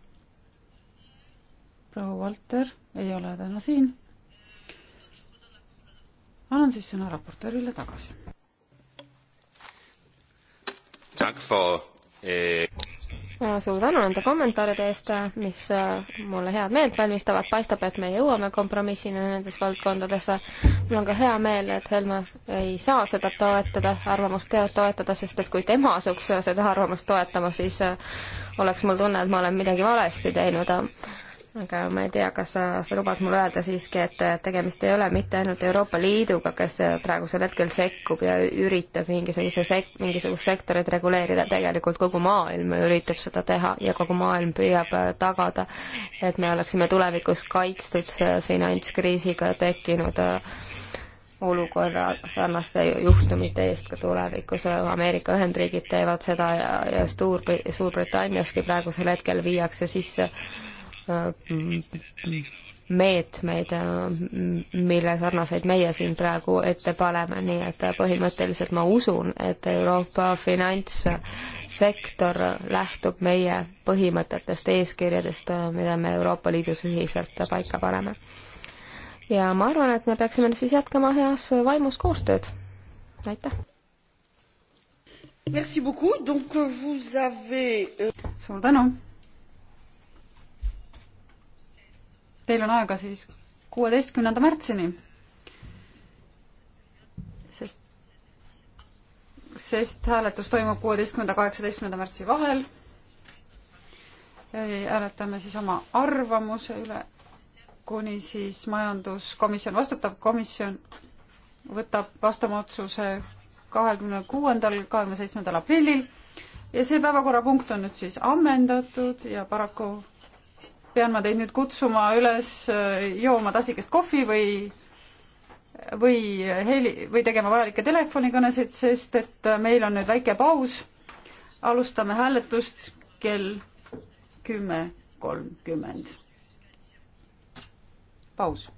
proua Valter ei ole täna siin. annan siis sõna raportöörile tagasi. Dank for eh... No, suur tänu nende kommentaaride eest, mis äh, mulle head meelt valmistavad, paistab, et me jõuame kompromissini nendes valdkondades. mul on ka hea meel, et Helme ei saa seda toetada, arvamust toetada, sest et kui tema asuks seda arvamust toetama, siis äh, oleks mul tunne, et ma olen midagi valesti teinud aga ma ei tea, kas sa, sa lubad mul öelda siiski, et tegemist ei ole mitte ainult Euroopa Liiduga, kes praegusel hetkel sekkub ja üritab mingisuguse sek-, mingisugust sektorit reguleerida, tegelikult kogu maailm üritab seda teha ja kogu maailm püüab tagada, et me oleksime tulevikus kaitstud finantskriisiga tekkinud äh, olukorra sarnaste juhtumite eest ka tulevikus. Ameerika Ühendriigid teevad seda ja, ja Suur-, Suurbritanniaski praegusel hetkel viiakse sisse meetmeid, mille sarnaseid meie siin praegu ette paneme, nii et põhimõtteliselt ma usun, et Euroopa finantssektor lähtub meie põhimõtetest, eeskirjadest, mida me Euroopa Liidus ühiselt paika paneme. ja ma arvan, et me peaksime siis jätkama heas vaimus koostööd. aitäh! Merci beaucoup, donc vous avez euh, suur tänu! Teil on aega siis kuueteistkümnenda märtsini, sest, sest hääletus toimub kuueteistkümnenda, kaheksateistkümnenda märtsi vahel. hääletame siis oma arvamuse üle, kuni siis majanduskomisjon vastutab, komisjon võtab vastu oma otsuse kahekümne kuuendal, kahekümne seitsmendal aprillil ja see päevakorrapunkt on nüüd siis ammendatud ja paraku pean ma teid nüüd kutsuma üles äh, jooma tasikest kohvi või, või heli, või tegema vajalikke telefonikõnesid, sest et äh, meil on nüüd väike paus. alustame hääletust kell kümme kolmkümmend. paus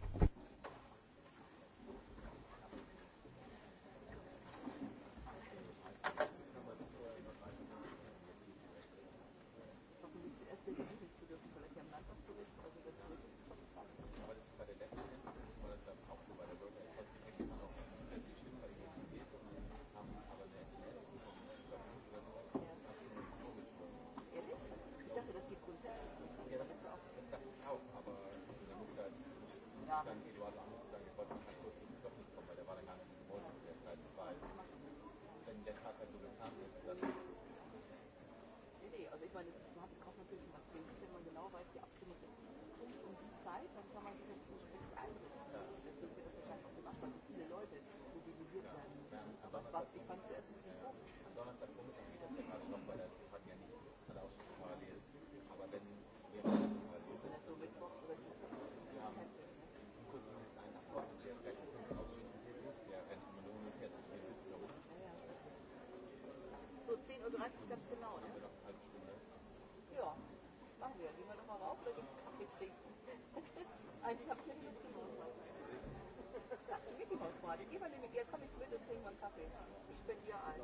Krankenhausrat. Ich gebe nämlich Geld, komm ich mit und trinke mal einen Kaffee. Ich spendiere einen.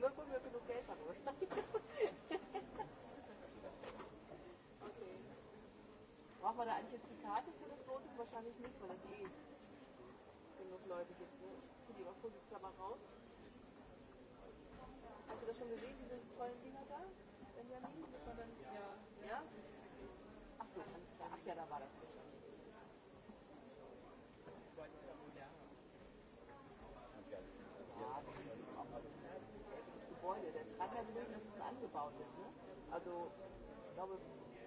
Nur wenn wir genug Geld haben. okay. Brauchen wir da eigentlich jetzt die Karte für das Voting? Wahrscheinlich nicht, weil es eh genug Leute gibt. Ne? Ich ziehe die mal vorsichtshalber mal raus. Hast du das schon gesehen, diese tollen Dinger da? Benjamin? Das war dann, ja. ja? Ach so, alles klar. Ach ja, da war das. gebaut ist. Ne? Also ich glaube,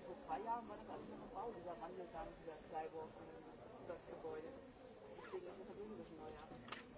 vor drei Jahren war das alles noch im Bau, dieser Wandelgang, dieser Skywalk über das Gebäude. Deswegen ist das natürlich ein bisschen neuer.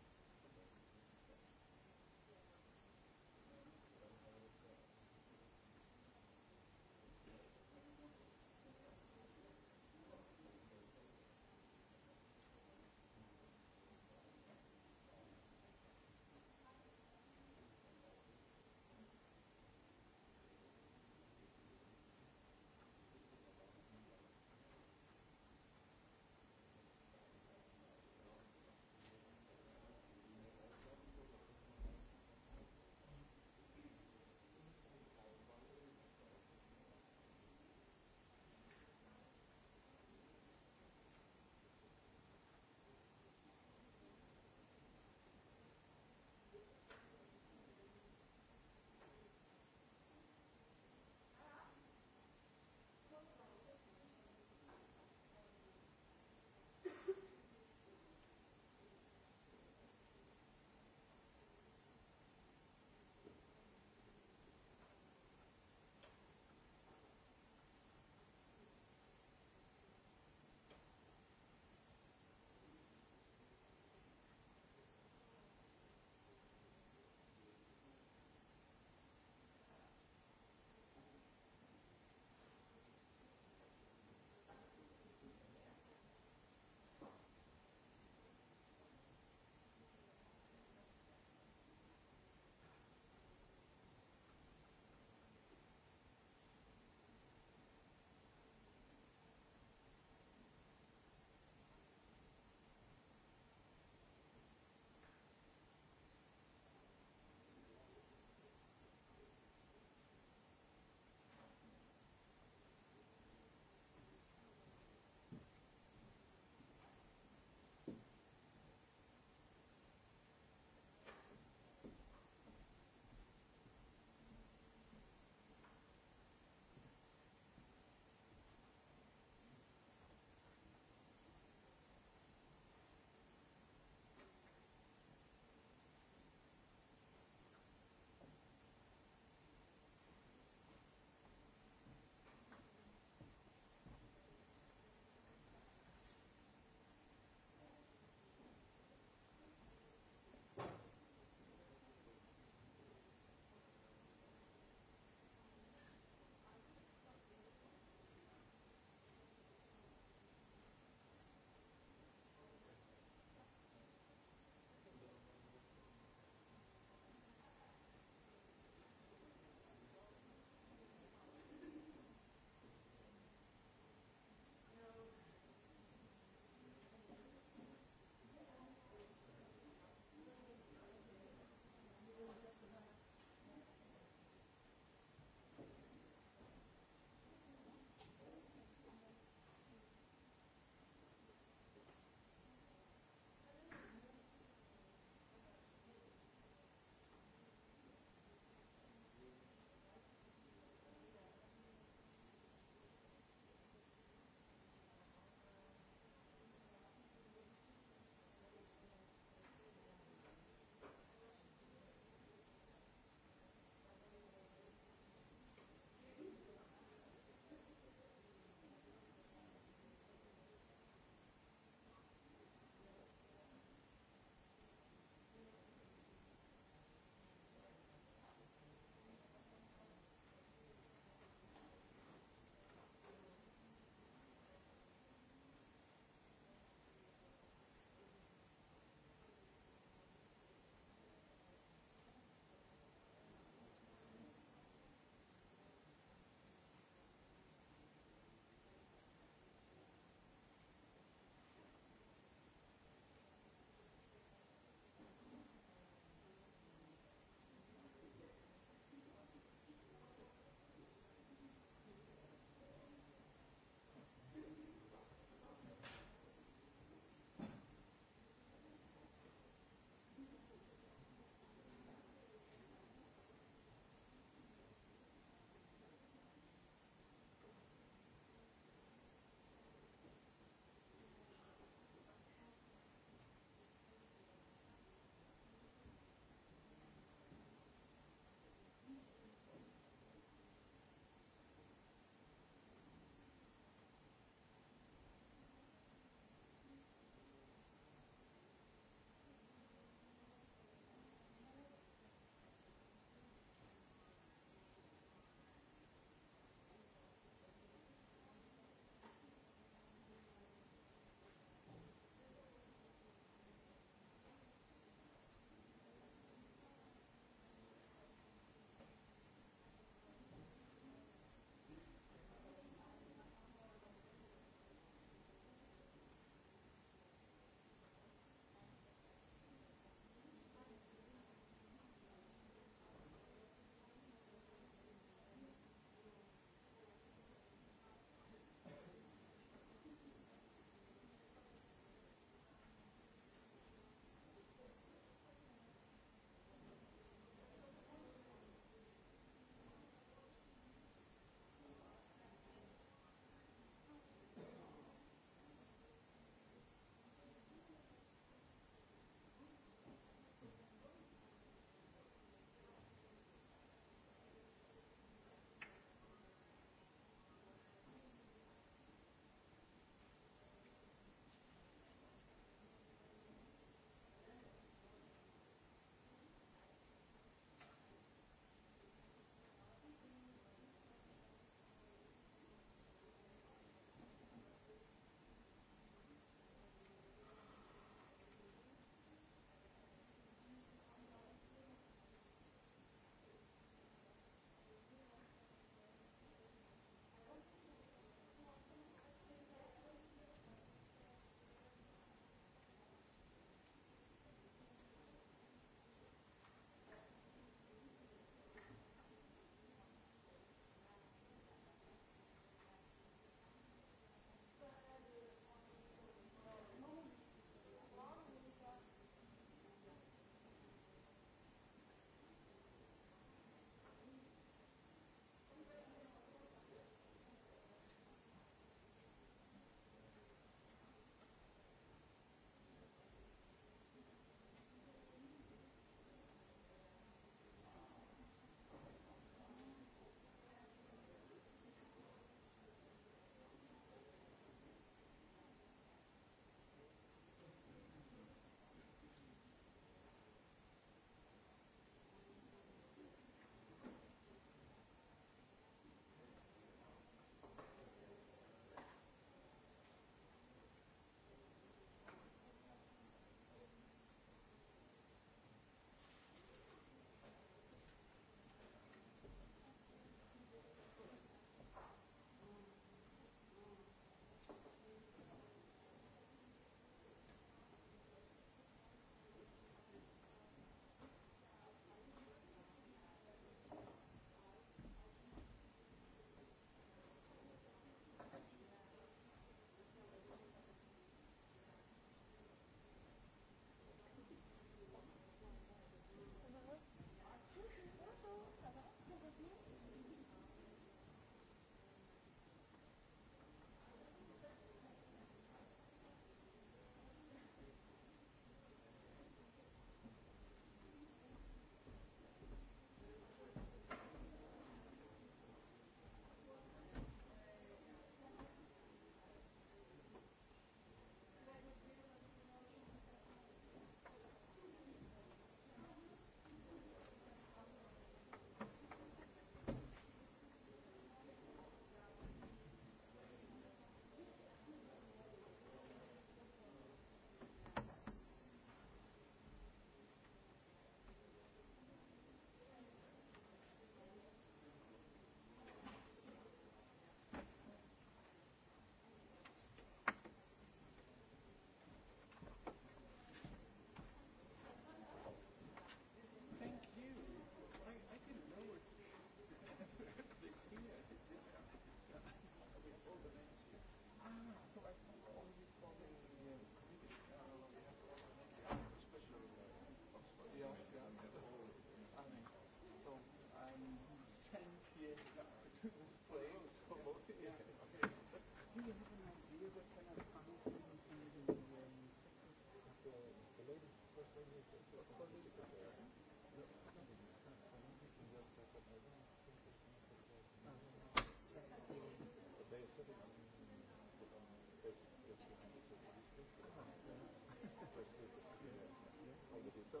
comedy. So,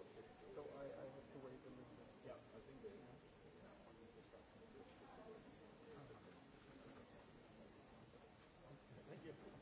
so I, I have to wait a little bit. Yeah, I think they. Thank you.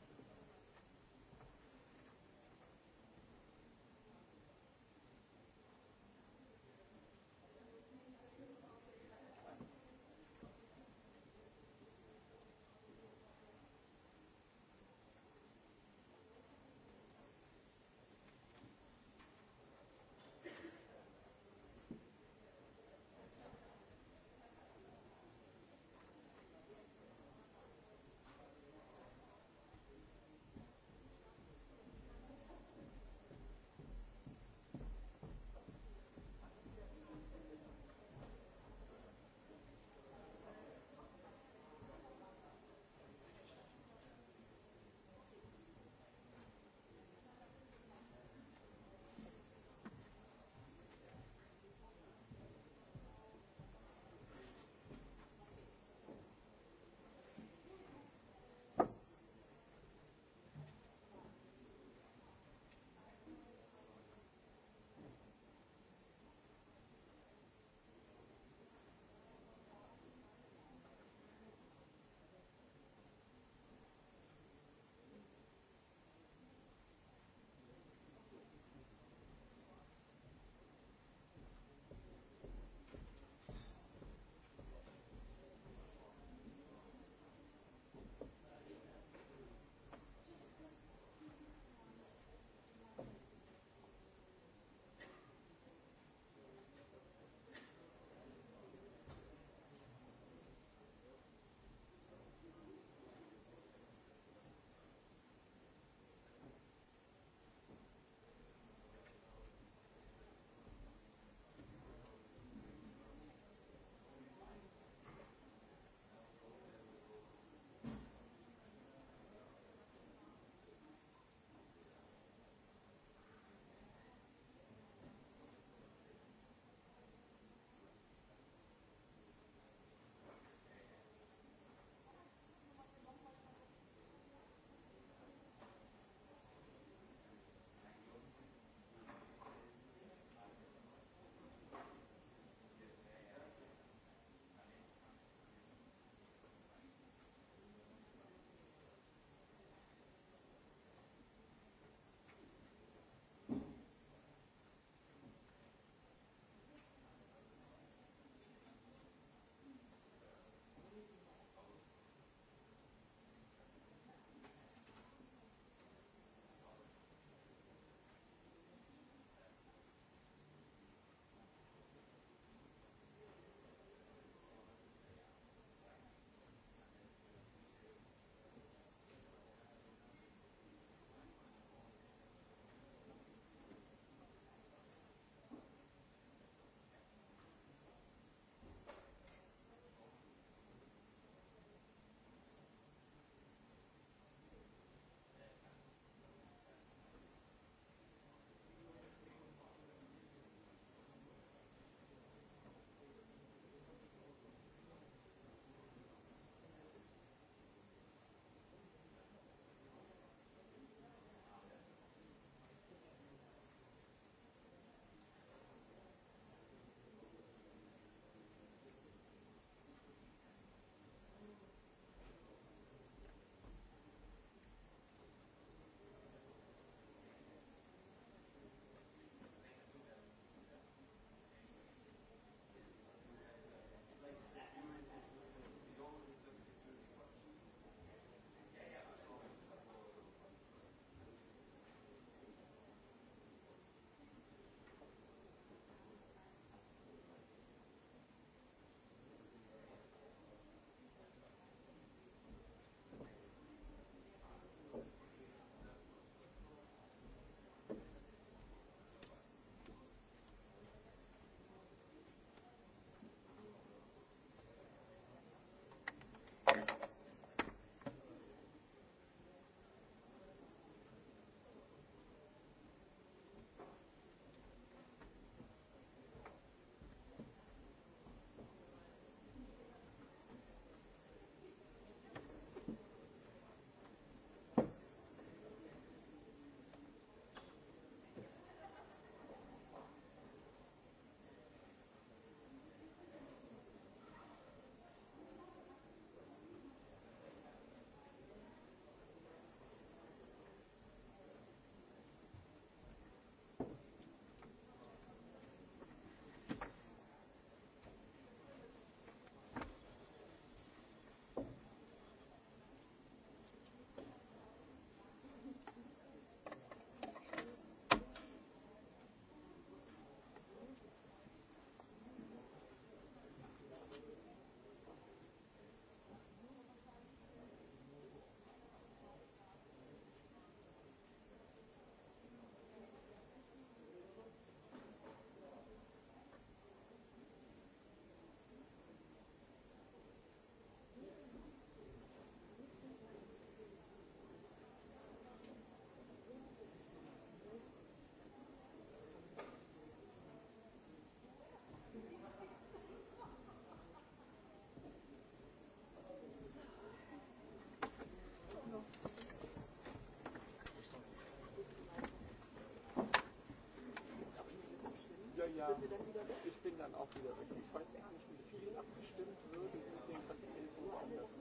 ja. Ich bin dann wieder weg. Ich bin dann auch wieder weg. Ich weiß gar nicht, wie viel abgestimmt würde. Deswegen fand ich 11 Uhr anders.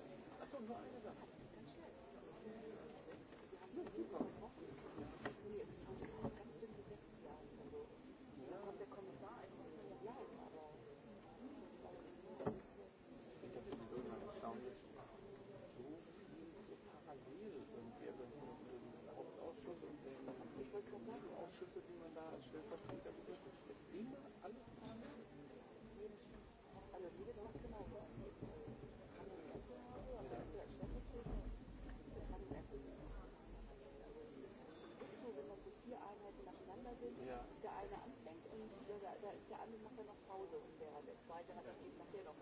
Achso, nur eine Sache. Ja, super. Ausschüsse, die man da als Stellvertreter berichtet. Ja. Ist der eine anfängt und der, da ist der andere macht dann noch Pause und der, der zweite hat dann eben nachher noch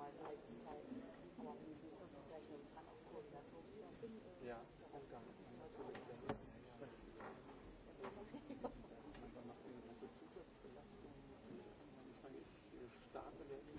starte med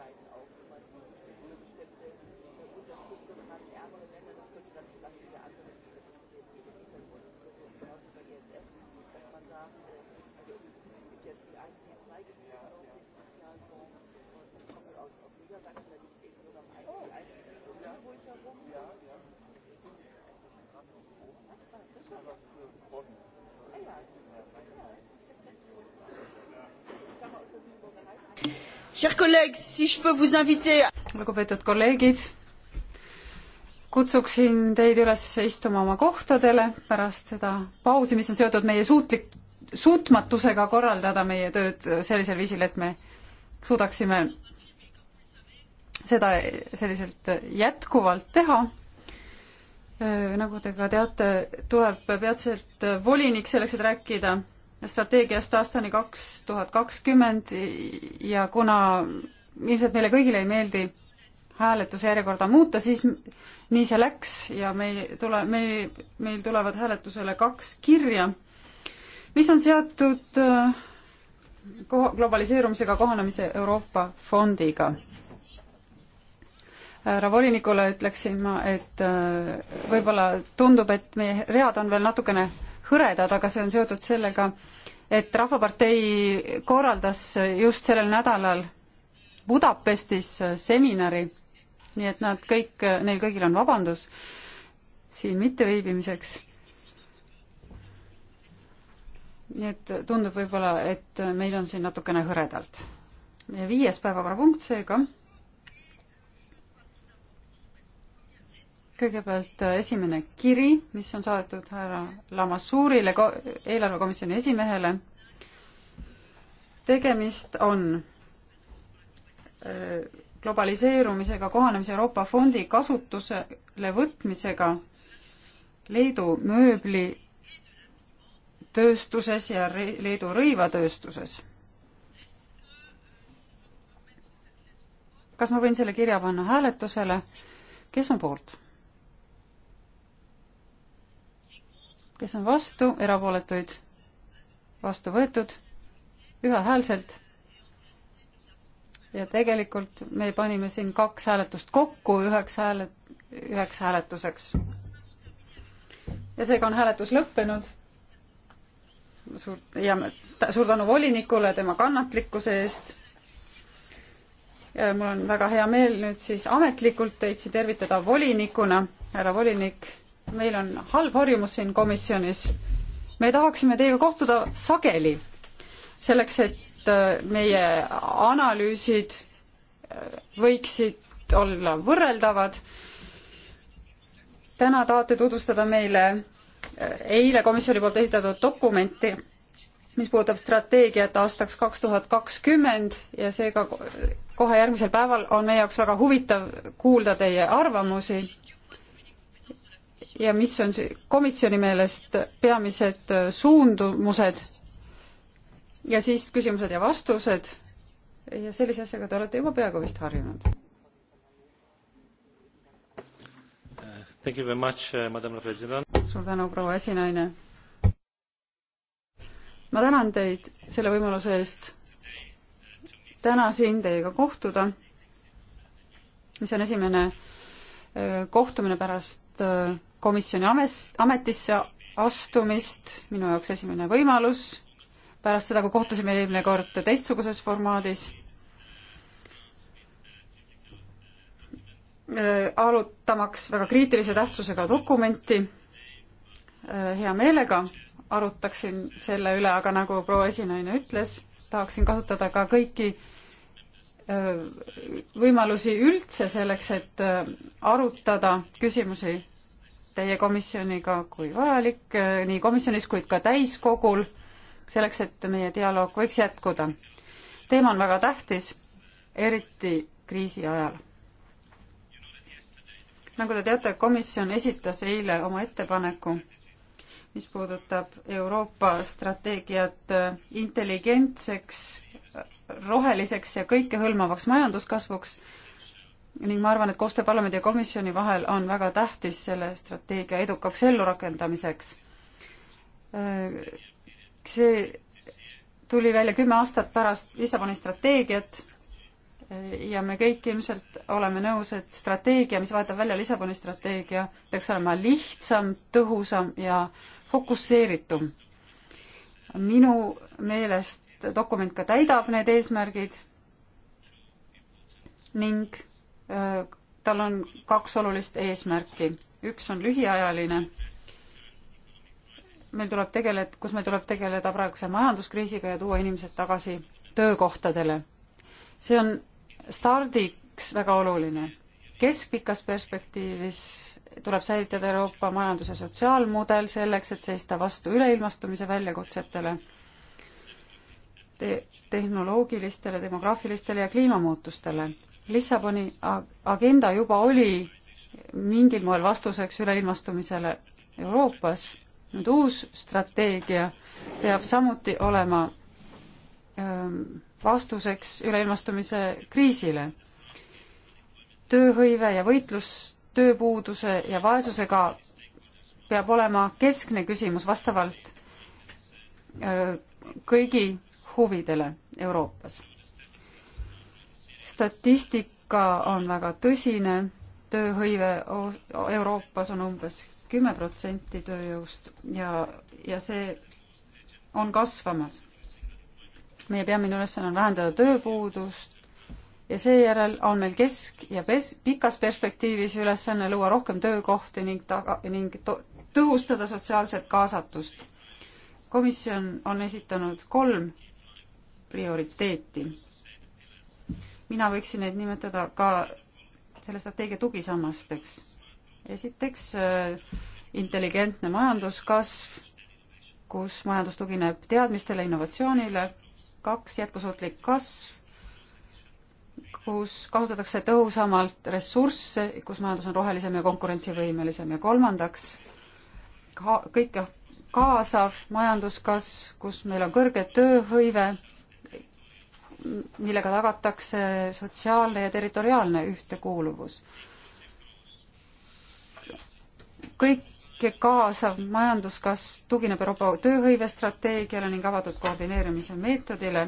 Möglichkeiten auf, wenn man bestimmte, bestimmte äh, Unterstützung hat, ärmere Länder, das könnte dann zum Beispiel der andere, das ist jetzt hier im Hintergrund, das ist jetzt genauso bei ESF, dass man sagt, äh, also es gibt jetzt die 1, 2, 3 Gebühren auf den Sozialfonds und ich komme aus, aus Niedersachsen, da gibt es eben nur noch 1, 2, 1 Gebühren um Hamburg herum. Ja, ja. Ich bin gerade so groß. Was war das? Ich habe was gewonnen. lugupeetud kolleegid, kutsuksin teid üles istuma oma kohtadele pärast seda pausi, mis on seotud meie suutlik, suutmatusega korraldada meie tööd sellisel viisil, et me suudaksime seda selliselt jätkuvalt teha nagu te ka teate, tuleb peatselt volinik selleks, et rääkida strateegiast aastani kaks tuhat kakskümmend ja kuna ilmselt meile kõigile ei meeldi hääletuse järjekorda muuta, siis nii see läks ja me ei tule, me, meil tulevad hääletusele kaks kirja, mis on seotud äh, koha, globaliseerumisega kohanemise Euroopa fondiga. härra volinikule ütleksin ma, et äh, võib-olla tundub, et meie read on veel natukene hõredad, aga see on seotud sellega, et Rahvapartei korraldas just sellel nädalal Budapestis seminari, nii et nad kõik, neil kõigil on vabandus siin mitteviibimiseks. nii et tundub võib-olla, et meil on siin natukene hõredalt. meie viies päevakorrapunkt seega kõigepealt äh, esimene kiri, mis on saadetud härra Lamassuurile, eelarvekomisjoni esimehele. tegemist on äh, globaliseerumisega kohanemise Euroopa Fondi kasutusele võtmisega Leedu mööblitööstuses ja Leedu rõivatööstuses. kas ma võin selle kirja panna hääletusele? kes on poolt? kes on vastu, erapooletuid vastu võetud ühehäälselt. ja tegelikult me panime siin kaks hääletust kokku üheks hääle, üheks hääletuseks. ja seega on hääletus lõppenud. suur, ja suur tänu volinikule tema kannatlikkuse eest. ja mul on väga hea meel nüüd siis ametlikult teid siin tervitada volinikuna, härra volinik meil on halb harjumus siin komisjonis. me tahaksime teiega kohtuda sageli, selleks et äh, meie analüüsid äh, võiksid olla võrreldavad. täna tahate tutvustada meile äh, eile komisjoni poolt esitatud dokumenti, mis puudutab strateegiat aastaks kaks tuhat kakskümmend ja seega kohe järgmisel päeval on meie jaoks väga huvitav kuulda teie arvamusi ja mis on komisjoni meelest peamised äh, suundumused ja siis küsimused ja vastused ja sellise asjaga te olete juba peaaegu vist harjunud. Äh, suur tänu, proua esinaine. ma tänan teid selle võimaluse eest täna siin teiega kohtuda, mis on esimene äh, kohtumine pärast komisjoni ames, ametisse astumist, minu jaoks esimene võimalus, pärast seda, kui kohtusime eelmine kord teistsuguses formaadis äh,, arutamaks väga kriitilise tähtsusega dokumenti äh,, hea meelega arutaksin selle üle, aga nagu proua esinaine ütles, tahaksin kasutada ka kõiki äh, võimalusi üldse selleks, et äh, arutada küsimusi teie komisjoniga, kui vajalik, nii komisjonis kui ka täiskogul, selleks et meie dialoog võiks jätkuda. teema on väga tähtis, eriti kriisi ajal. nagu te teate, komisjon esitas eile oma ettepaneku, mis puudutab Euroopa strateegiat intelligentseks, roheliseks ja kõikehõlmavaks majanduskasvuks ning ma arvan, et koostöö parlamendi ja komisjoni vahel on väga tähtis selle strateegia edukaks ellurakendamiseks. see tuli välja kümme aastat pärast Lissaboni strateegiat ja me kõik ilmselt oleme nõus, et strateegia, mis vahetab välja Lissaboni strateegia, peaks olema lihtsam, tõhusam ja fokusseeritum. minu meelest dokument ka täidab need eesmärgid ning tal on kaks olulist eesmärki. üks on lühiajaline, meil tuleb tegeleda, kus meil tuleb tegeleda praeguse majanduskriisiga ja tuua inimesed tagasi töökohtadele. see on stardiks väga oluline. keskpikas perspektiivis tuleb säilitada Euroopa majanduse sotsiaalmudel selleks, et seista vastu üleilmastumise väljakutsetele te, tehnoloogilistele, demograafilistele ja kliimamuutustele Lissaboni agenda juba oli mingil moel vastuseks üleilmastumisele Euroopas. nüüd uus strateegia peab samuti olema ähm, vastuseks üleilmastumise kriisile. tööhõive ja võitlus tööpuuduse ja vaesusega peab olema keskne küsimus vastavalt äh, kõigi huvidele Euroopas statistika on väga tõsine, tööhõive Euroopas on umbes kümme protsenti tööjõust ja, ja see on kasvamas. meie peamine ülesanne on vähendada tööpuudust ja seejärel on meil kesk- ja pes-, pikas perspektiivis ülesanne luua rohkem töökohti ning taga, ning to-, tõhustada sotsiaalset kaasatust. komisjon on esitanud kolm prioriteeti mina võiksin neid nimetada ka selle strateegia tugisammasteks. esiteks äh, intelligentne majanduskasv, kus majandus tugineb teadmistele, innovatsioonile, kaks, jätkusuutlik kasv, kus kasutatakse tõhusamalt ressursse, kus majandus on rohelisem ja konkurentsivõimelisem ja kolmandaks ka, kõike kaasav majanduskasv, kus meil on kõrge tööhõive millega tagatakse sotsiaalne ja territoriaalne ühtekuuluvus. kõike kaasav majanduskasv tugineb Euroopa tööhõivestrateegiale ning avatud koordineerimise meetodile,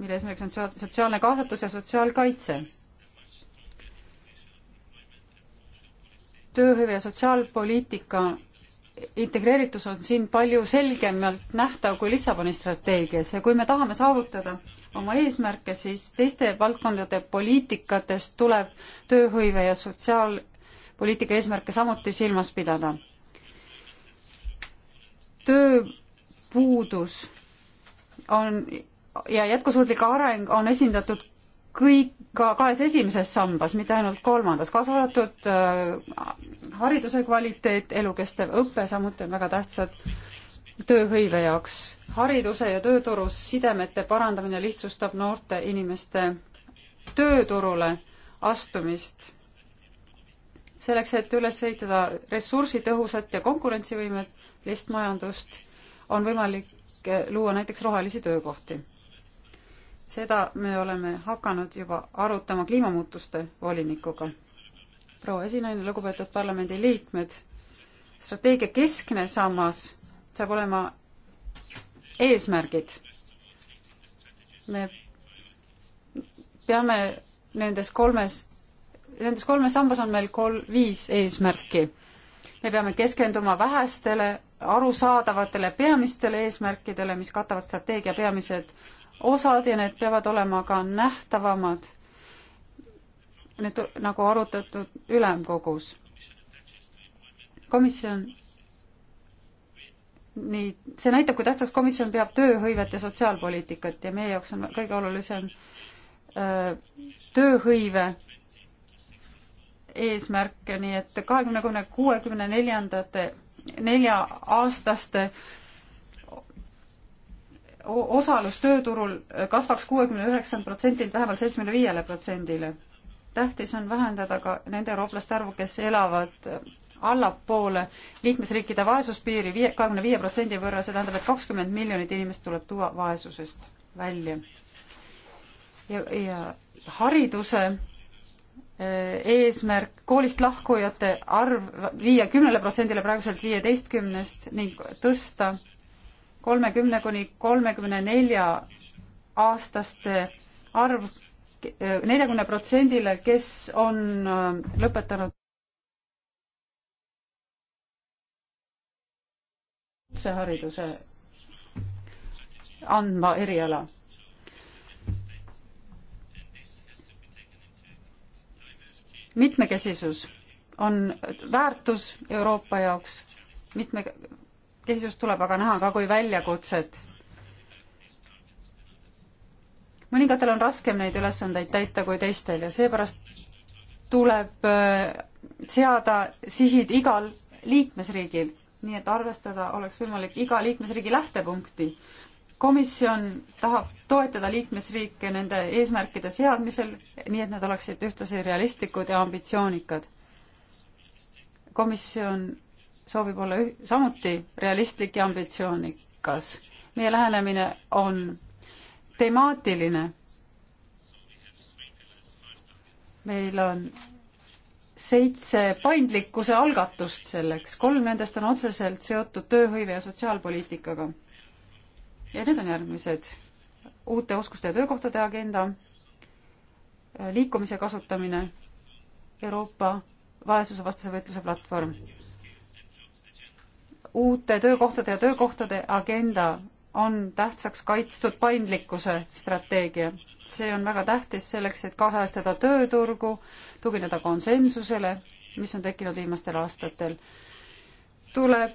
mille eesmärgiks on sotsiaalne kaasatus ja sotsiaalkaitse. tööhõive ja sotsiaalpoliitika integreeritus on siin palju selgemalt nähtav kui Lissaboni strateegias ja kui me tahame saavutada oma eesmärke, siis teiste valdkondade poliitikatest tuleb tööhõive ja sotsiaalpoliitika eesmärke samuti silmas pidada. tööpuudus on ja jätkusuutlik areng on esindatud kõik, ka kahes esimeses sambas, mitte ainult kolmandas, kaasa arvatud äh, hariduse kvaliteet, elukestev õpe samuti on väga tähtsad äh, tööhõive jaoks. hariduse ja tööturus sidemete parandamine lihtsustab noorte inimeste tööturule astumist. selleks, et üles ehitada ressursitõhusat ja konkurentsivõimelist majandust, on võimalik eh, luua näiteks rohelisi töökohti. seda me oleme hakanud juba arutama kliimamuutuste volinikuga. proua esinaine, lugupeetud parlamendiliikmed, strateegia keskne sammas saab olema eesmärgid. me peame nendes kolmes, nendes kolmes sambas on meil kol-, viis eesmärki. me peame keskenduma vähestele arusaadavatele peamistele eesmärkidele, mis katavad strateegia peamised osad ja need peavad olema ka nähtavamad, need nagu arutatud ülemkogus. komisjon nii, see näitab, kui tähtsaks komisjon peab tööhõivet ja sotsiaalpoliitikat ja meie jaoks on kõige olulisem äh, tööhõive eesmärke, nii et kahekümne, kolmekümne, kuuekümne neljandate, nelja-aastaste osalus tööturul kasvaks kuuekümne üheksalt protsendilt vähemalt seitsmekümne viiele protsendile. tähtis on vähendada ka nende eurooplaste arvu, kes elavad allapoole liikmesriikide vaesuspiiri viie, kahekümne viie protsendi võrra, see tähendab, et kakskümmend miljonit inimest tuleb tuua vaesusest välja. ja, ja hariduse äh, eesmärk koolist lahkujate arv viia kümnele protsendile praeguselt viieteistkümnest ning tõsta kolmekümne kuni kolmekümne nelja aastaste arv äh, neljakümne protsendile, kes on äh, lõpetanud kutsehariduse andma eriala. mitmekesisus on väärtus Euroopa jaoks, mitmekesisus tuleb aga näha ka kui väljakutset mõningatel on raskem neid ülesandeid täita kui teistel ja seepärast tuleb äh, seada sihid igal liikmesriigil nii et arvestada oleks võimalik iga liikmesriigi lähtepunkti. komisjon tahab toetada liikmesriike nende eesmärkide seadmisel, nii et nad oleksid ühtlasi realistlikud ja ambitsioonikad. komisjon soovib olla üh-, samuti realistlik ja ambitsioonikas. meie lähenemine on temaatiline. meil on seitse paindlikkuse algatust selleks, kolm nendest on otseselt seotud tööhõive ja sotsiaalpoliitikaga. ja need on järgmised. uute oskuste ja töökohtade agenda, liikumise kasutamine, Euroopa vaesusevastase võitluse platvorm, uute töökohtade ja töökohtade agenda on tähtsaks kaitstud paindlikkuse strateegia see on väga tähtis selleks, et kaasajastada tööturgu, tugineda konsensusele, mis on tekkinud viimastel aastatel. tuleb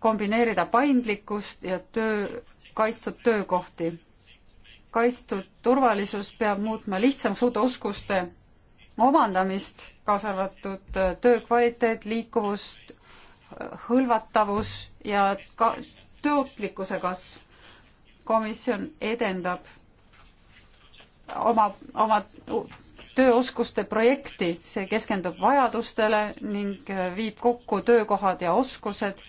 kombineerida paindlikkust ja töö, kaitstud töökohti. kaitstud turvalisus peab muutma lihtsamaks uute oskuste omandamist, kaasa arvatud äh, töö kvaliteet, liikuvus, äh, hõlvatavus ja ka tootlikkuse kasv. komisjon edendab oma, oma tööoskuste projekti, see keskendub vajadustele ning äh, viib kokku töökohad ja oskused.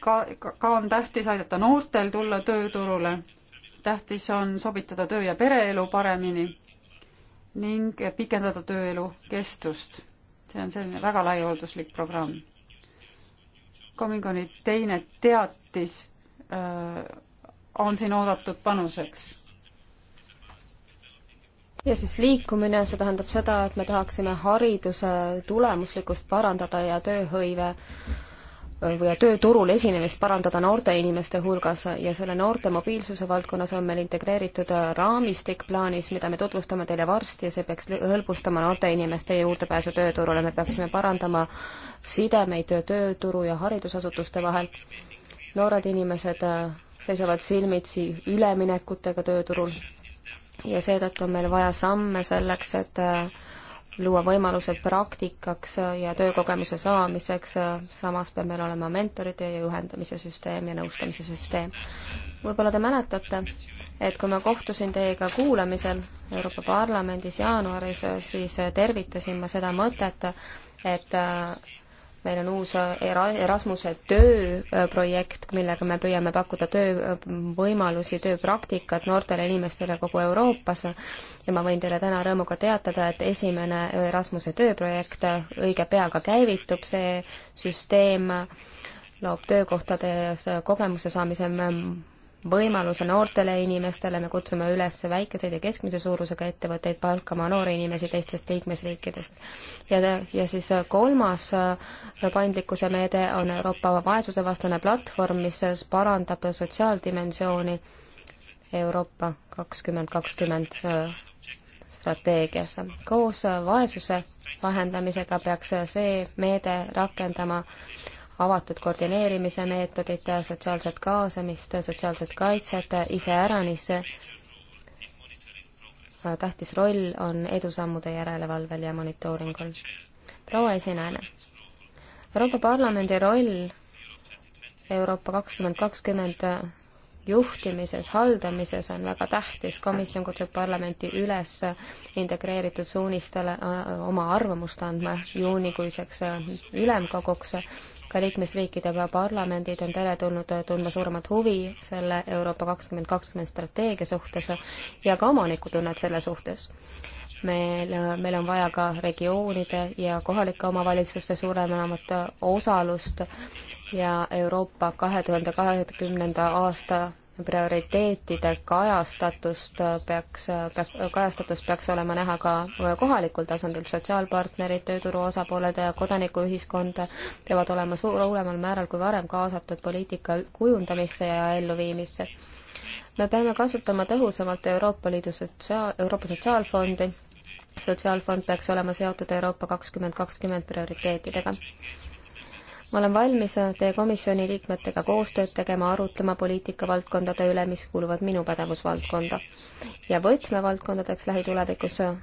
ka, ka on tähtis aidata noortel tulla tööturule. tähtis on sobitada töö- ja pereelu paremini ning pikendada tööelu kestust. see on selline väga laiahoolduslik programm. Comingoni teine teatis öö, äh, on siin oodatud panuseks ja siis liikumine, see tähendab seda, et me tahaksime hariduse tulemuslikkust parandada ja tööhõive või tööturul esinemist parandada noorte inimeste hulgas ja selle noorte mobiilsuse valdkonnas on meil integreeritud raamistik plaanis, mida me tutvustame teile varsti ja see peaks hõlbustama noorte inimeste juurdepääsu tööturule, me peaksime parandama sidemeid tööturu ja haridusasutuste vahel. noored inimesed seisavad silmitsi üleminekutega tööturul ja seetõttu on meil vaja samme selleks, et äh, luua võimalused praktikaks äh, ja töökogemuse saamiseks, äh, samas peab meil olema mentorite ja juhendamise süsteem ja nõustamise süsteem. võib-olla te mäletate, et kui ma kohtusin teiega kuulamisel Euroopa Parlamendis jaanuaris, siis tervitasin ma seda mõtet, et meil on uus äh, Erasmuse tööprojekt, millega me püüame pakkuda töövõimalusi, tööpraktikat noortele inimestele kogu Euroopas ja ma võin teile täna rõõmuga teatada, et esimene Erasmuse tööprojekt õige pea ka käivitub, see süsteem loob töökohtade kogemuse saamise võimaluse noortele inimestele, me kutsume üles väikeseid ja keskmise suurusega ettevõtteid palkama noori inimesi teistest liikmesriikidest. ja, ja siis kolmas äh, paindlikkuse meede on Euroopa vaesusevastane platvorm, mis parandab sotsiaaldimensiooni Euroopa kakskümmend kakskümmend äh, strateegiasse. koos vaesuse vähendamisega peaks see meede rakendama äh, avatud koordineerimise meetodit, sotsiaalset kaasamist, sotsiaalset kaitset, iseäranis. tähtis roll on edusammude järelevalvel ja monitooringul. proua esinaine, Euroopa Parlamendi roll Euroopa kakskümmend kakskümmend juhtimises, haldamises on väga tähtis, komisjon kutsub parlamenti üles integreeritud suunistele äh, oma arvamust andma juunikuiseks äh, ülemkoguks ka liikmesriikide parlamendid on teretulnud äh, tundma suuremat huvi selle Euroopa kakskümmend kakskümmend strateegia suhtes ja ka omanikutunnet selle suhtes. meil, äh, meil on vaja ka regioonide ja kohalike omavalitsuste suuremat äh, osalust ja Euroopa kahe tuhande kahekümnenda aasta prioriteetide kajastatust peaks, peaks, kajastatust peaks olema näha ka kohalikul tasandil, sotsiaalpartnerid, tööturu osapooled ja kodanikuühiskond peavad olema suuremal määral kui varem kaasatud poliitika kujundamisse ja elluviimisse. me peame kasutama tõhusamalt Euroopa Liidu sotsiaal, Euroopa Sotsiaalfondi, sotsiaalfond peaks olema seotud Euroopa kakskümmend kakskümmend prioriteetidega ma olen valmis äh, teie komisjoni liikmetega koostööd tegema, arutlema poliitikavaldkondade üle, mis kuuluvad minu pädevusvaldkonda. ja võtmevaldkondadeks lähitulevikus, äh,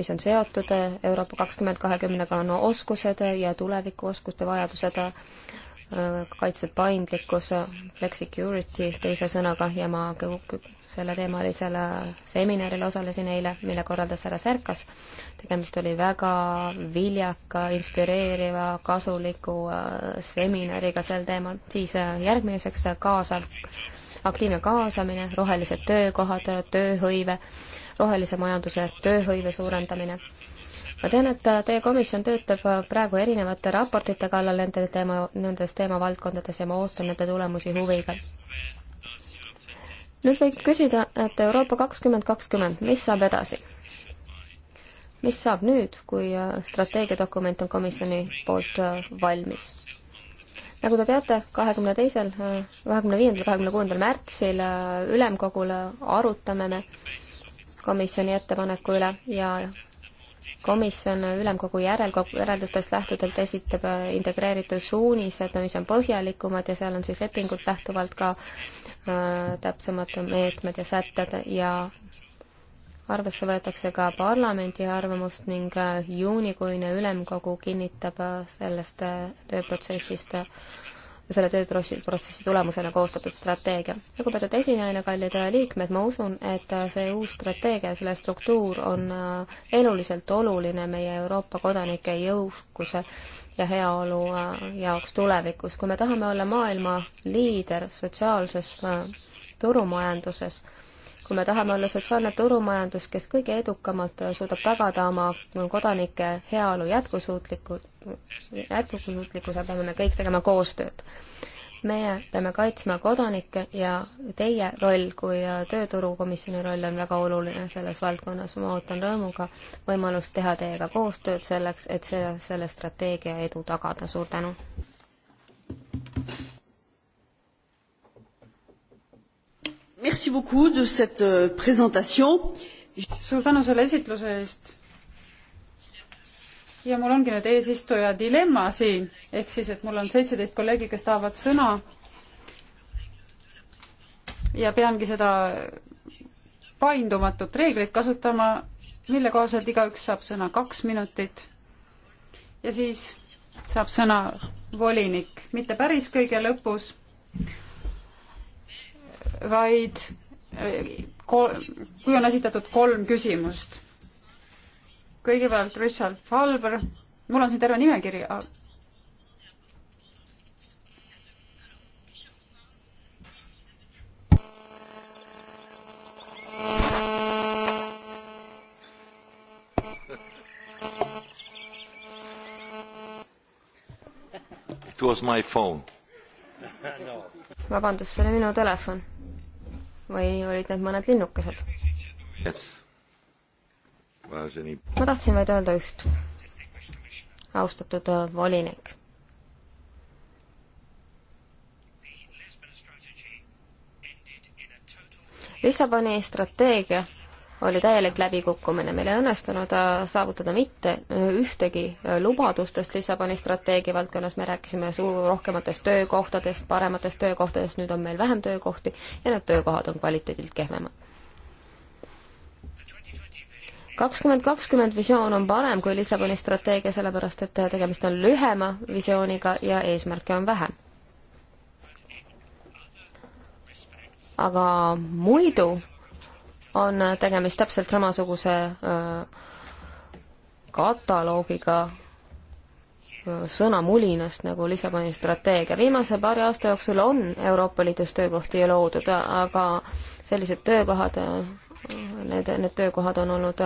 mis on seotud äh, Euroopa kakskümmend kahekümnega, on oskused ja tulevikuoskuste vajadused kaitstud paindlikkus, flexicurity teise sõnaga ja ma selleteemalisel seminaril osalesin eile, mille korraldas härra Särkas. tegemist oli väga viljaka, inspireeriva, kasuliku äh, seminariga sel teemal, siis äh, järgmiseks äh, kaasav, aktiivne kaasamine, rohelised töökohad, tööhõive, rohelise majanduse tööhõive suurendamine ma tean, et äh, teie komisjon töötab äh, praegu erinevate raportite kallal nende teema, nendes teemavaldkondades ja ma ootan nende tulemusi huviga. nüüd võib küsida, et Euroopa kakskümmend kakskümmend, mis saab edasi? mis saab nüüd, kui äh, strateegiadokument on komisjoni poolt valmis? nagu te teate, kahekümne teisel, kahekümne viiendal, kahekümne kuuendal märtsil ülemkogul arutame me komisjoni ettepaneku üle ja komisjon ülemkogu järelkogu järeldustest lähtuvalt esitab äh, integreeritud suunised, mis on põhjalikumad ja seal on siis lepingult lähtuvalt ka äh, täpsemad meetmed ja sätted ja arvesse võetakse ka parlamendi arvamust ning äh, juunikuine ülemkogu kinnitab äh, sellest tööprotsessist ja selle tööprotsessi tulemusena koostatud strateegia. lugupeetud esinaine, kallid liikmed, ma usun, et see uus strateegia, selle struktuur on äh, eluliselt oluline meie Euroopa kodanike jõukuse ja heaolu äh, jaoks tulevikus. kui me tahame olla maailma liider sotsiaalses äh, turumajanduses, kui me tahame olla sotsiaalne turumajandus, kes kõige edukamalt suudab tagada oma kodanike heaolu jätkusuutliku, jätkusuutlikkuse, peame me kõik tegema koostööd. meie peame kaitsma kodanikke ja teie roll kui tööturukomisjoni roll on väga oluline selles valdkonnas. ma ootan rõõmuga võimalust teha teiega koostööd selleks, et see, selle strateegia edu tagada. suur tänu! Merci beaucoup de cette euh, présentation. suur tänu selle esitluse eest. ja mul ongi nüüd eesistuja dilemma siin, ehk siis, et mul on seitseteist kolleegi, kes tahavad sõna. ja peangi seda paindumatut reeglit kasutama, mille kohaselt igaüks saab sõna kaks minutit. ja siis saab sõna volinik, mitte päris kõige lõpus vaid eh, kui on esitatud kolm küsimust. kõigepealt Richard Falber, mul on siin terve nimekiri. It was my phone. vabandust, see oli minu telefon või olid need mõned linnukesed? ma tahtsin vaid öelda üht. austatud äh, volinik Lissaboni strateegia oli täielik läbikukkumine, meil ei õnnestunud äh, saavutada mitte äh, ühtegi äh, lubadustest Lissaboni strateegia valdkonnas, me rääkisime suu-, rohkematest töökohtadest, parematest töökohtadest, nüüd on meil vähem töökohti ja need töökohad on kvaliteedilt kehvemad kakskümmend kakskümmend visioon on parem kui Lissaboni strateegia, sellepärast et tegemist on lühema visiooniga ja eesmärke on vähem. aga muidu on tegemist täpselt samasuguse äh, kataloogiga äh, sõnamulinast nagu Lissaboni strateegia. viimase paari aasta jooksul on Euroopa Liidus töökohti loodud, aga sellised töökohad, äh, need, need töökohad on olnud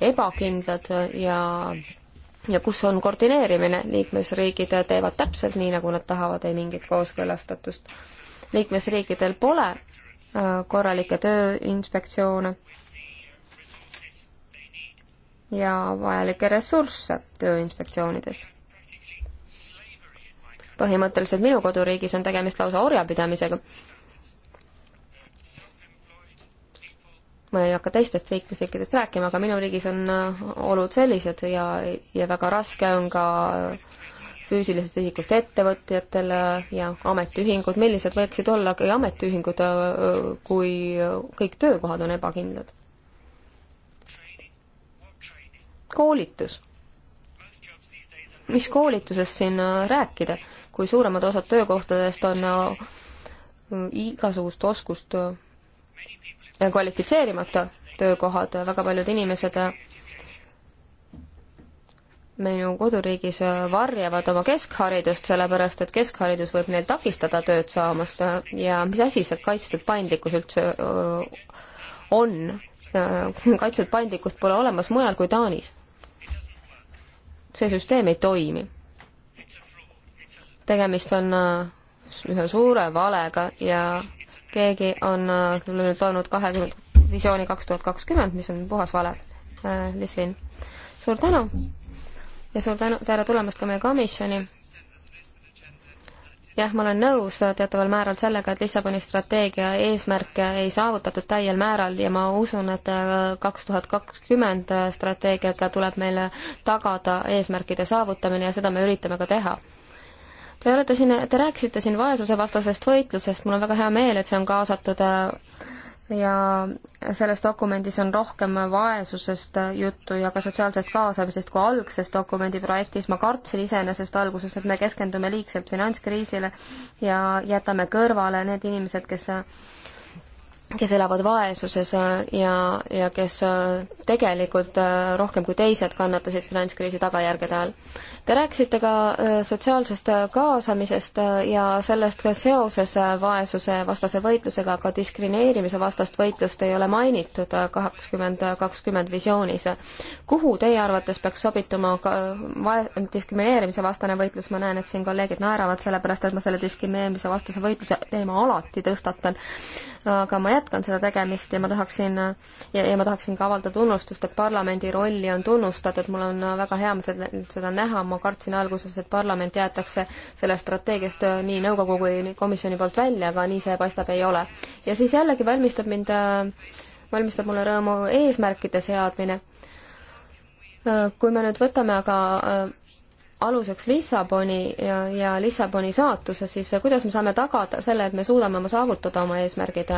ebakindlad ja ja kus on koordineerimine, liikmesriigid teevad täpselt nii, nagu nad tahavad, ei mingit kooskõlastatust. liikmesriikidel pole korralikke tööinspektsioone ja vajalikke ressursse tööinspektsioonides. põhimõtteliselt minu koduriigis on tegemist lausa orjapidamisega. ma ei hakka teistest liikmesriikidest rääkima, aga minu riigis on äh, olud sellised ja, ja väga raske on ka äh, füüsilisest isikust ettevõtjatele ja ametiühingud, millised võiksid olla ka ametiühingud, äh, kui kõik töökohad on ebakindlad? koolitus. mis koolitusest siin äh, rääkida, kui suuremad osad töökohtadest on äh, igasugust oskust kvalifitseerimata töökohad, väga paljud inimesed minu koduriigis äh, varjavad oma keskharidust, sellepärast et keskharidus võib neil takistada tööd saamast äh, ja mis asi see kaitstud paindlikkus üldse äh, on? kaitstud paindlikkust pole olemas mujal kui Taanis. see süsteem ei toimi. tegemist on ühe suure valega ja keegi on nüüd loonud kahekümne, visiooni kaks tuhat kakskümmend, mis on puhas vale. Liis Vinn, suur tänu! ja suur tänu teile tulemast ka meie komisjoni. jah, ma olen nõus teataval määral sellega, et Lissaboni strateegia eesmärke ei saavutatud täiel määral ja ma usun, et äh, kaks tuhat kakskümmend strateegiaga tuleb meile tagada eesmärkide saavutamine ja seda me üritame ka teha Te olete siin, te rääkisite siin vaesusevastasest võitlusest, mul on väga hea meel, et see on kaasatud äh, ja selles dokumendis on rohkem vaesusest juttu ja ka sotsiaalsest kaasamisest kui algses dokumendi projektis. ma kartsin iseenesest alguses, et me keskendume liigselt finantskriisile ja jätame kõrvale need inimesed, kes kes elavad vaesuses äh, ja, ja kes äh, tegelikult äh, rohkem kui teised kannatasid finantskriisi tagajärgede all. Te rääkisite ka sotsiaalsest kaasamisest ja sellest ka seoses vaesuse vastase võitlusega, aga diskrimineerimise vastast võitlust ei ole mainitud kakskümmend kakskümmend visioonis. kuhu teie arvates peaks sobituma ka vae-, diskrimineerimise vastane võitlus, ma näen, et siin kolleegid naeravad, sellepärast et ma selle diskrimineerimise vastase võitluse teema alati tõstatan aga ma jätkan seda tegemist ja ma tahaksin ja, ja ma tahaksin ka avaldada tunnustust, et parlamendi rolli on tunnustatud, mul on väga hea seda, seda näha, ma kartsin alguses, et parlament jäetakse sellest strateegiast nii nõukogu kui komisjoni poolt välja, aga nii see paistab, ei ole. ja siis jällegi valmistab mind, valmistab mulle rõõmu eesmärkide seadmine. kui me nüüd võtame aga aluseks Lissaboni ja, ja Lissaboni saatuse, siis kuidas me saame tagada selle, et me suudame oma saavutada oma eesmärgid,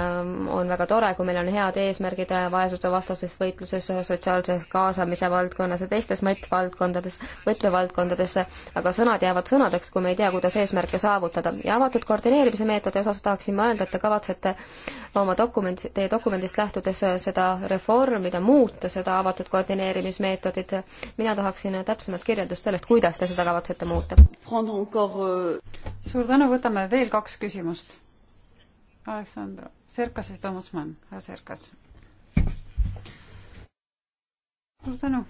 on väga tore, kui meil on head eesmärgid vaesuse vastases võitluses, sotsiaalse kaasamise valdkonnas ja teistes mõttvaldkondades, võtmevaldkondades, aga sõnad jäävad sõnadeks, kui me ei tea, kuidas eesmärke saavutada. ja avatud koordineerimise meetodi osas tahaksin ma öelda, et te kavatsete oma dokument, teie dokumendist lähtudes seda reformida, muuta seda avatud koordineerimismeetodit. mina tahaksin täpsemat kirjeldust sellest, kuidas te te seda kavatsete muuta? Euh, suur tänu, võtame veel kaks küsimust. Aleksandr Serkas ja Toomas Mann, härra Serkas. suur tänu.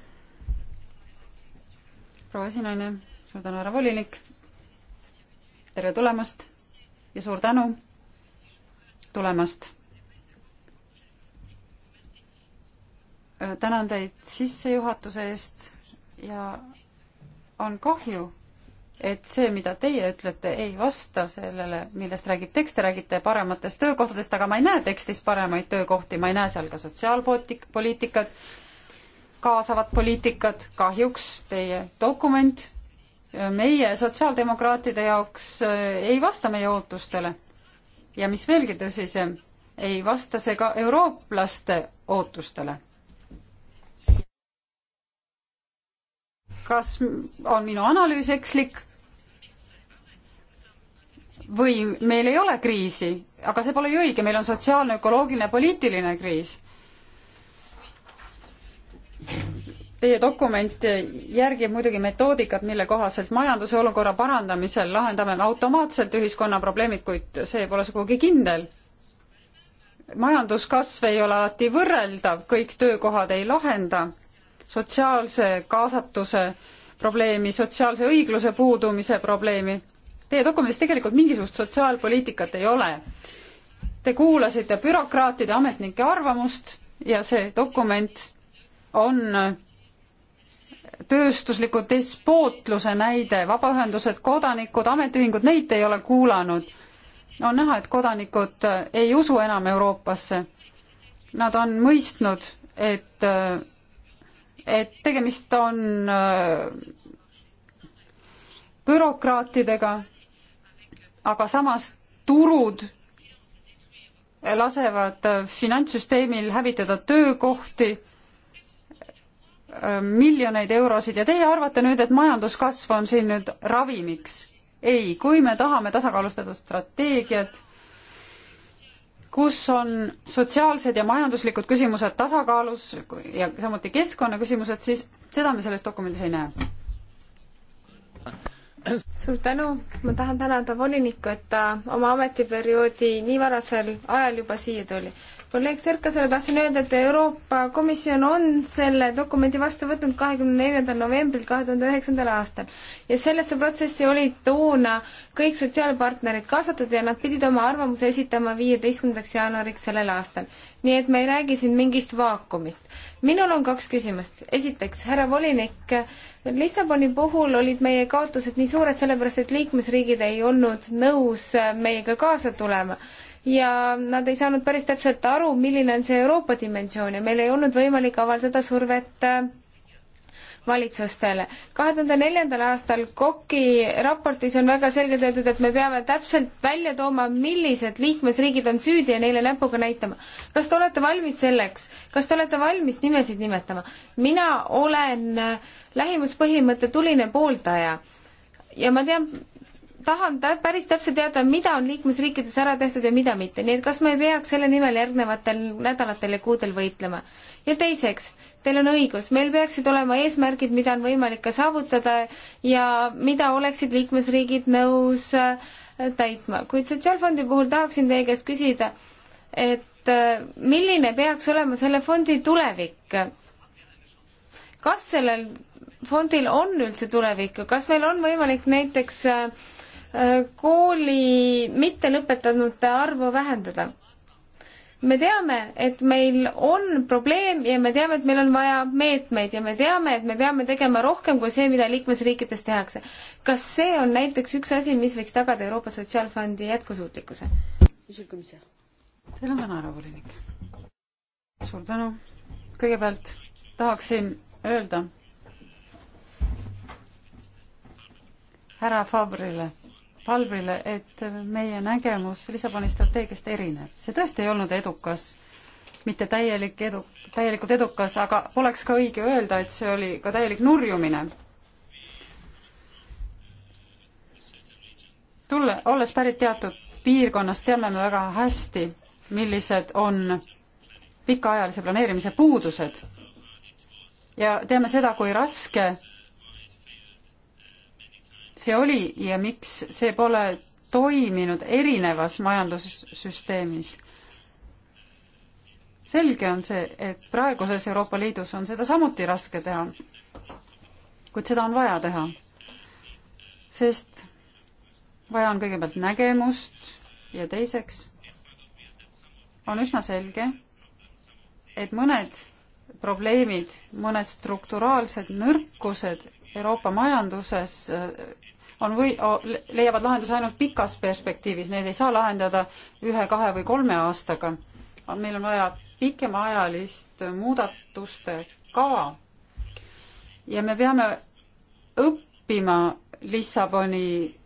proua esinaine, suur tänu, härra volinik. tere tulemast ja suur tänu tulemast tänan teid sissejuhatuse eest ja on kahju, et see, mida teie ütlete, ei vasta sellele, millest räägib tekst, te räägite parematest töökohtadest, aga ma ei näe tekstis paremaid töökohti, ma ei näe seal ka sotsiaalpoliitikat, kaasavat poliitikat, kahjuks teie dokument meie sotsiaaldemokraatide jaoks äh, ei vasta meie ootustele. ja mis veelgi tõsisem, ei vasta see ka eurooplaste ootustele kas on minu analüüs ekslik või meil ei ole kriisi, aga see pole ju õige, meil on sotsiaalne, ökoloogiline, poliitiline kriis. Teie dokument järgib muidugi metoodikat, mille kohaselt majanduse olukorra parandamisel lahendame me automaatselt ühiskonna probleemid, kuid see pole sugugi kindel. majanduskasv ei ole alati võrreldav, kõik töökohad ei lahenda sotsiaalse kaasatuse probleemi, sotsiaalse õigluse puudumise probleemi. Teie dokumendis tegelikult mingisugust sotsiaalpoliitikat ei ole. Te kuulasite bürokraatide, ametnike arvamust ja see dokument on tööstusliku despootluse näide, vabaühendused, kodanikud, ametiühingud, neid ei ole kuulanud. on näha, et kodanikud ei usu enam Euroopasse. Nad on mõistnud, et et tegemist on äh, bürokraatidega, aga samas turud lasevad äh, finantssüsteemil hävitada töökohti, äh, miljoneid eurosid ja teie arvate nüüd, et majanduskasv on siin nüüd ravimiks? ei, kui me tahame tasakaalustatud strateegiat kus on sotsiaalsed ja majanduslikud küsimused tasakaalus ja samuti keskkonnaküsimused, siis seda me selles dokumendis ei näe suur tänu, ma tahan tänada volinikku, et ta oma ametiperioodi nii varasel ajal juba siia tuli kolleeg Serkasele tahtsin öelda, et Euroopa Komisjon on selle dokumendi vastu võtnud kahekümne neljandal novembril kahe tuhande üheksandal aastal ja sellesse protsessi olid toona kõik sotsiaalpartnerid kaasatud ja nad pidid oma arvamuse esitama viieteistkümnendaks jaanuariks sellel aastal. nii et me ei räägi siin mingist vaakumist. minul on kaks küsimust. esiteks, härra volinik, Lissaboni puhul olid meie kaotused nii suured, sellepärast et liikmesriigid ei olnud nõus meiega kaasa tulema ja nad ei saanud päris täpselt aru, milline on see Euroopa dimensioon ja meil ei olnud võimalik avaldada survet äh, valitsustele. kahe tuhande neljandal aastal KOK-i raportis on väga selgelt öeldud, et me peame täpselt välja tooma, millised liikmesriigid on süüdi ja neile näpuga näitama. kas te olete valmis selleks, kas te olete valmis nimesid nimetama? mina olen äh, lähimuspõhimõtte tuline pooldaja ja ma tean tahan ta päris täpselt teada, mida on liikmesriikides ära tehtud ja mida mitte, nii et kas me ei peaks selle nimel järgnevatel nädalatel ja kuudel võitlema. ja teiseks, teil on õigus, meil peaksid olema eesmärgid, mida on võimalik ka saavutada ja mida oleksid liikmesriigid nõus äh, täitma, kuid Sotsiaalfondi puhul tahaksin teie käest küsida, et äh, milline peaks olema selle fondi tulevik? kas sellel fondil on üldse tulevikku, kas meil on võimalik näiteks äh, Äh, kooli mittelõpetanute arvu vähendada. me teame, et meil on probleem ja me teame, et meil on vaja meetmeid ja me teame, et me peame tegema rohkem kui see, mida liikmesriikides tehakse. kas see on näiteks üks asi, mis võiks tagada Euroopa Sotsiaalfondi jätkusuutlikkuse? Teil on sõna, härra volinik. suur tänu. kõigepealt tahaksin öelda härra Fabrile, Palvrile, et meie nägemus Lissaboni strateegiast erineb. see tõesti ei olnud edukas, mitte täielik edu, täielikult edukas, aga poleks ka õige öelda, et see oli ka täielik nurjumine. tulle, olles pärit teatud piirkonnast, teame me väga hästi, millised on pikaajalise planeerimise puudused. ja teame seda, kui raske see oli ja miks see pole toiminud erinevas majandussüsteemis. selge on see, et praeguses Euroopa Liidus on seda samuti raske teha, kuid seda on vaja teha, sest vaja on kõigepealt nägemust ja teiseks on üsna selge, et mõned probleemid, mõned strukturaalsed nõrkused Euroopa majanduses on või-, leiavad lahenduse ainult pikas perspektiivis, neid ei saa lahendada ühe, kahe või kolme aastaga. meil on vaja pikemaajalist muudatuste kava. ja me peame õppima Lissaboni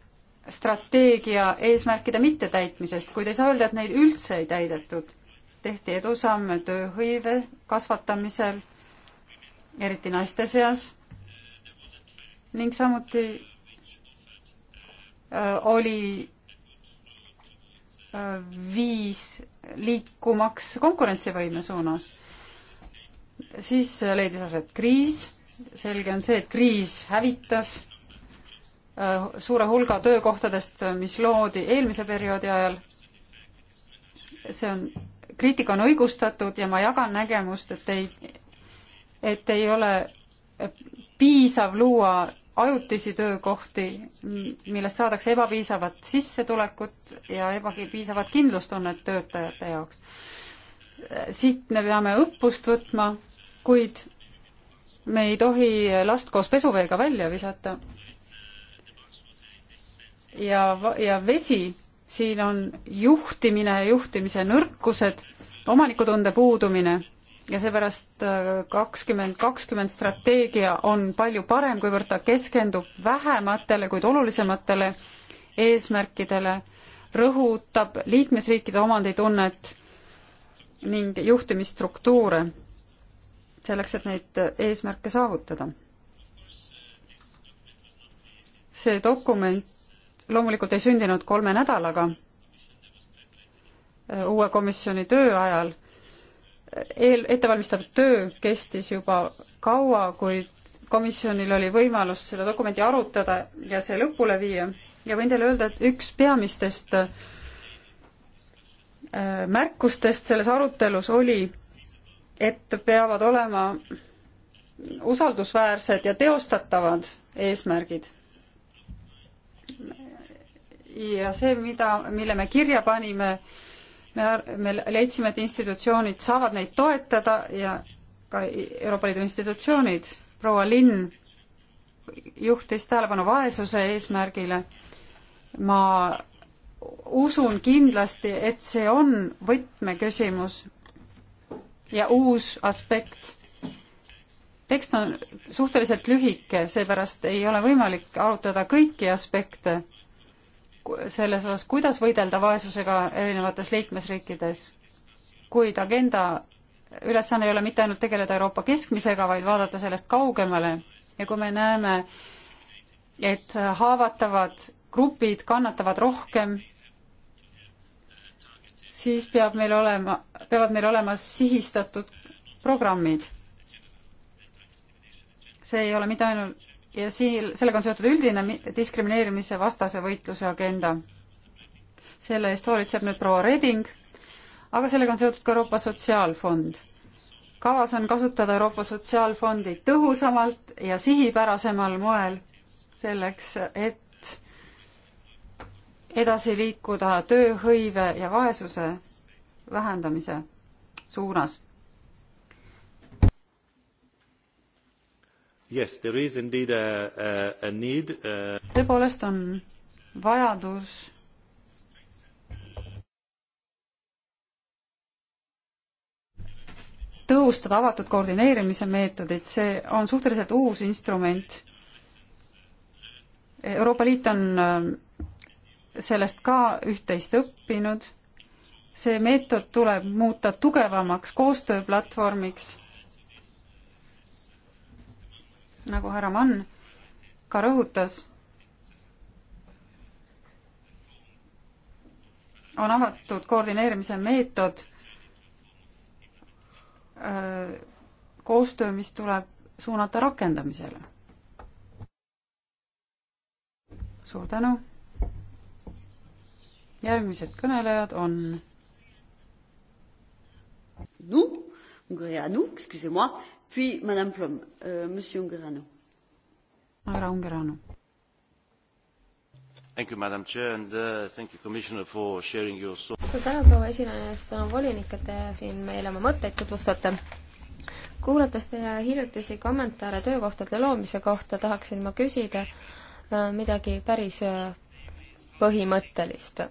strateegia eesmärkide mittetäitmisest, kuid ei saa öelda, et neid üldse ei täidetud. tehti edusamme tööhõive kasvatamisel, eriti naiste seas, ning samuti Äh, oli äh, viis liikumaks konkurentsivõime suunas. siis leidis aset kriis, selge on see, et kriis hävitas äh, suure hulga töökohtadest, mis loodi eelmise perioodi ajal. see on, kriitika on õigustatud ja ma jagan nägemust, et ei, et ei ole piisav luua ajutisi töökohti, millest saadakse ebapiisavat sissetulekut ja ebapiisavat kindlustunnet töötajate jaoks. siit me peame õppust võtma, kuid me ei tohi last koos pesuveega välja visata. ja, ja vesi, siin on juhtimine ja juhtimise nõrkused, omanikutunde puudumine ja seepärast äh, kakskümmend kakskümmend strateegia on palju parem, kuivõrd ta keskendub vähematele, kuid olulisematele eesmärkidele, rõhutab liikmesriikide omanditunnet ning juhtimisstruktuure selleks, et neid eesmärke saavutada. see dokument loomulikult ei sündinud kolme nädalaga äh, uue komisjoni töö ajal eel, ettevalmistav töö kestis juba kaua, kuid komisjonil oli võimalus seda dokumenti arutada ja see lõpule viia ja võin teile öelda, et üks peamistest äh, märkustest selles arutelus oli, et peavad olema usaldusväärsed ja teostatavad eesmärgid. ja see, mida, mille me kirja panime, me, me leidsime, et institutsioonid saavad neid toetada ja ka Euroopa Liidu institutsioonid, proua Linn juhtis tähelepanu vaesuse eesmärgile. ma usun kindlasti, et see on võtmeküsimus ja uus aspekt. tekst on suhteliselt lühike, seepärast ei ole võimalik arutada kõiki aspekte selles osas, kuidas võidelda vaesusega erinevates liikmesriikides, kuid agenda ülesanne ei ole mitte ainult tegeleda Euroopa keskmisega, vaid vaadata sellest kaugemale ja kui me näeme, et haavatavad grupid kannatavad rohkem, siis peab meil olema, peavad meil olema sihistatud programmid. see ei ole mitte ainult ja siin, sellega on seotud üldine diskrimineerimise vastase võitluse agenda. selle eest hoolitseb nüüd proua Reding, aga sellega on seotud ka Euroopa Sotsiaalfond. kavas on kasutada Euroopa Sotsiaalfondi tõhusamalt ja sihipärasemal moel selleks, et edasi liikuda tööhõive ja vaesuse vähendamise suunas Yes, there is indeed a, a, a need uh.... tõepoolest on vajadus tõhustada avatud koordineerimise meetodit, see on suhteliselt uus instrument. Euroopa Liit on äh, sellest ka üht-teist õppinud. see meetod tuleb muuta tugevamaks koostööplatvormiks nagu härra Mann ka rõhutas, on avatud koordineerimise meetod, äh, koostöö, mis tuleb suunata rakendamisele. suur tänu. järgmised kõnelejad on nous, Hongrie à nous, excusez-moi, Puis Madame Plom, euh, Monsieur Ungerano. Agra Ungerano. Thank you, Madam Chair, and uh, thank you, Commissioner, for sharing your thoughts. suur tänu, proua esineja, suur tänu, volinik, et te siin meile oma mõtteid tutvustate. kuulates teie hiljutisi kommentaare töökohtade loomise kohta, tahaksin ma küsida uh, midagi päris uh, põhimõttelist.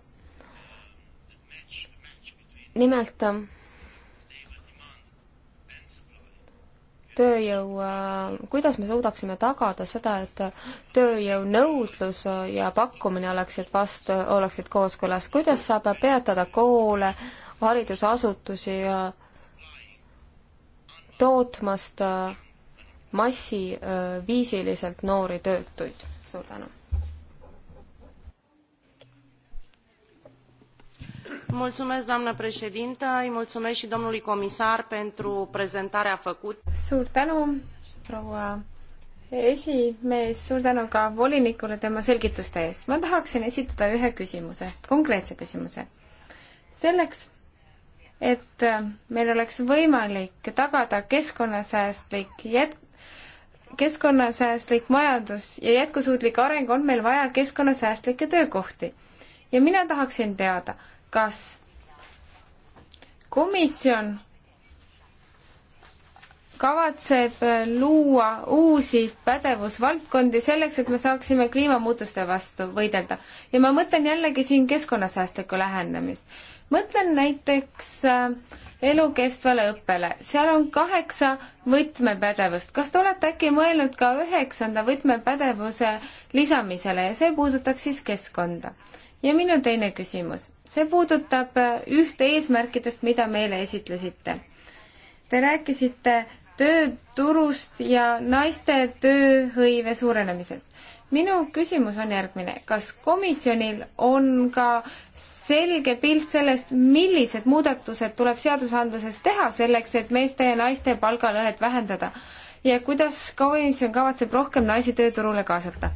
nimelt uh, tööjõu, äh, kuidas me suudaksime tagada seda, et tööjõu nõudlus ja pakkumine oleksid vastu, oleksid kooskõlas, kuidas saab peatada koole, haridusasutusi ja äh, tootmast äh, massiviisiliselt noori töötuid? suur tänu! Mulțumesc, doamnă președintă, îi mulțumesc și domnului comisar pentru prezentarea făcută. Suur tänu, proua esimees, suur tänu ka volinikule tema selgituste eest. ma tahaksin esitada ühe küsimuse, konkreetse küsimuse. selleks, et meil oleks võimalik tagada keskkonnasäästlik jät-, keskkonnasäästlik majandus ja jätkusuutlik areng, on meil vaja keskkonnasäästlikke töökohti. ja mina tahaksin teada, kas komisjon kavatseb luua uusi pädevusvaldkondi selleks, et me saaksime kliimamuutuste vastu võidelda. ja ma mõtlen jällegi siin keskkonnasäästlikku lähenemist. mõtlen näiteks äh, elukestvale õppele, seal on kaheksa võtmepädevust. kas te olete äkki mõelnud ka üheksanda võtmepädevuse lisamisele ja see puudutaks siis keskkonda? ja minu teine küsimus, see puudutab äh, ühte eesmärkidest, mida meile esitlesite. Te rääkisite tööturust ja naiste tööhõive suurenemisest. minu küsimus on järgmine, kas komisjonil on ka selge pilt sellest, millised muudatused tuleb seadusandluses teha selleks, et meeste ja naiste palgalõhet vähendada? ja kuidas komisjon kavatseb rohkem naisi tööturule kaasata?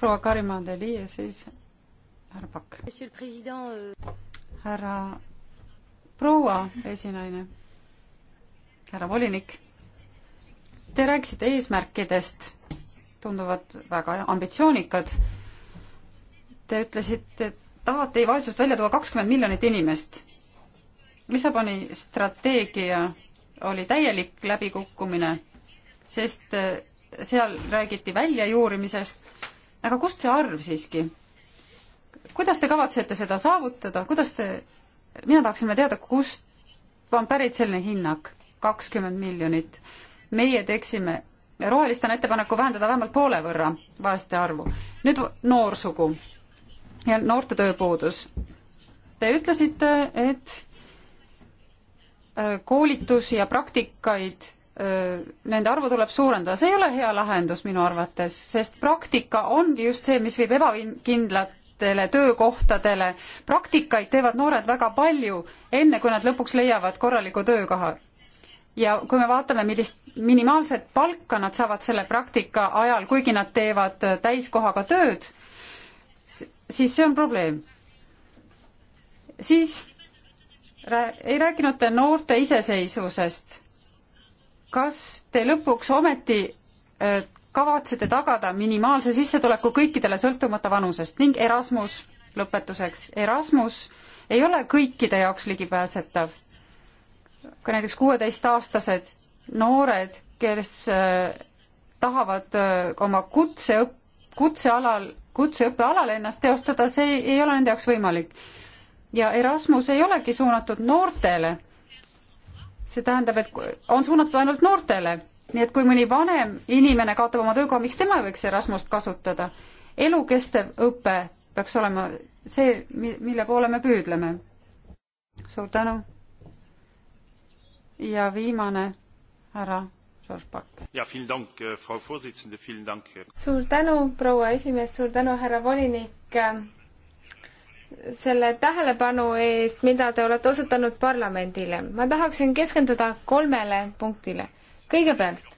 proua Karima Deli ja siis härra Pakk. Euh- härra proua esinaine, härra volinik, te rääkisite eesmärkidest, tunduvad väga ambitsioonikad. Te ütlesite, et tahate vaesusest välja tuua kakskümmend miljonit inimest. Lissaboni strateegia oli täielik läbikukkumine, sest äh, seal räägiti väljajuurimisest. aga kust see arv siiski? kuidas te kavatsete seda saavutada, kuidas te, mina tahaksime teada, kust on pärit selline hinnak, kakskümmend miljonit. meie teeksime, rohelistena ettepaneku vähendada vähemalt poole võrra vaeste arvu. nüüd noorsugu ja noorte tööpuudus. Te ütlesite, et Äh, koolitusi ja praktikaid, äh, nende arvu tuleb suurendada, see ei ole hea lahendus minu arvates, sest praktika ongi just see, mis viib ebakindlatele töökohtadele. praktikaid teevad noored väga palju, enne kui nad lõpuks leiavad korraliku töökoha. ja kui me vaatame, millist minimaalset palka nad saavad selle praktika ajal, kuigi nad teevad äh, täiskohaga tööd, siis see on probleem. siis rää-, ei rääkinud te noorte iseseisvusest. kas te lõpuks ometi äh, kavatsete tagada minimaalse sissetuleku kõikidele sõltumata vanusest ning Erasmus lõpetuseks. Erasmus ei ole kõikide jaoks ligipääsetav. ka näiteks kuueteistaastased noored, kes äh, tahavad äh, oma kutseõpp-, kutsealal, kutseõppealal ennast teostada, see ei ole nende jaoks võimalik ja Erasmus ei olegi suunatud noortele. see tähendab, et on suunatud ainult noortele, nii et kui mõni vanem inimene kaotab oma töökoha, miks tema ei võiks Erasmust kasutada? elukestev õpe peaks olema see, mille poole me püüdleme. suur tänu. ja viimane härra Ja, dank, äh, suur tänu, proua esimees, suur tänu, härra volinik selle tähelepanu eest, mida te olete osutanud parlamendile. ma tahaksin keskenduda kolmele punktile. kõigepealt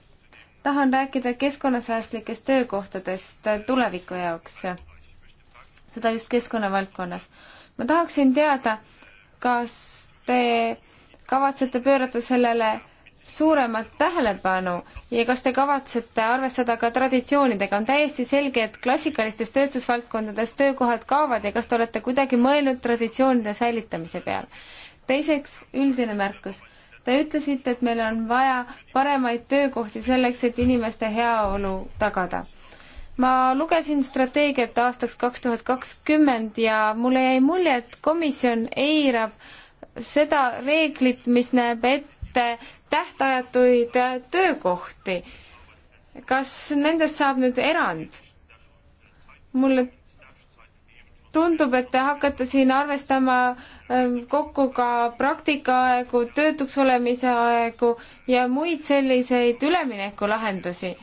tahan rääkida keskkonnasäästlikest töökohtadest tuleviku jaoks, seda just keskkonna valdkonnas. ma tahaksin teada, kas te kavatsete pöörata sellele suuremat tähelepanu ja kas te kavatsete arvestada ka traditsioonidega, on täiesti selge, et klassikalistes tööstusvaldkondades töökohad kaovad ja kas te olete kuidagi mõelnud traditsioonide säilitamise peale? teiseks, üldine märkus. Te ütlesite, et meil on vaja paremaid töökohti selleks, et inimeste heaolu tagada. ma lugesin strateegiat aastaks kaks tuhat kakskümmend ja mulle jäi mulje, et komisjon eirab seda reeglit, mis näeb ette mitte tähtajatuid töökohti. kas nendest saab nüüd erand? mulle tundub, et te hakkate siin arvestama ähm, kokku ka praktikaaegu, töötuks olemise aegu ja muid selliseid üleminekulahendusi.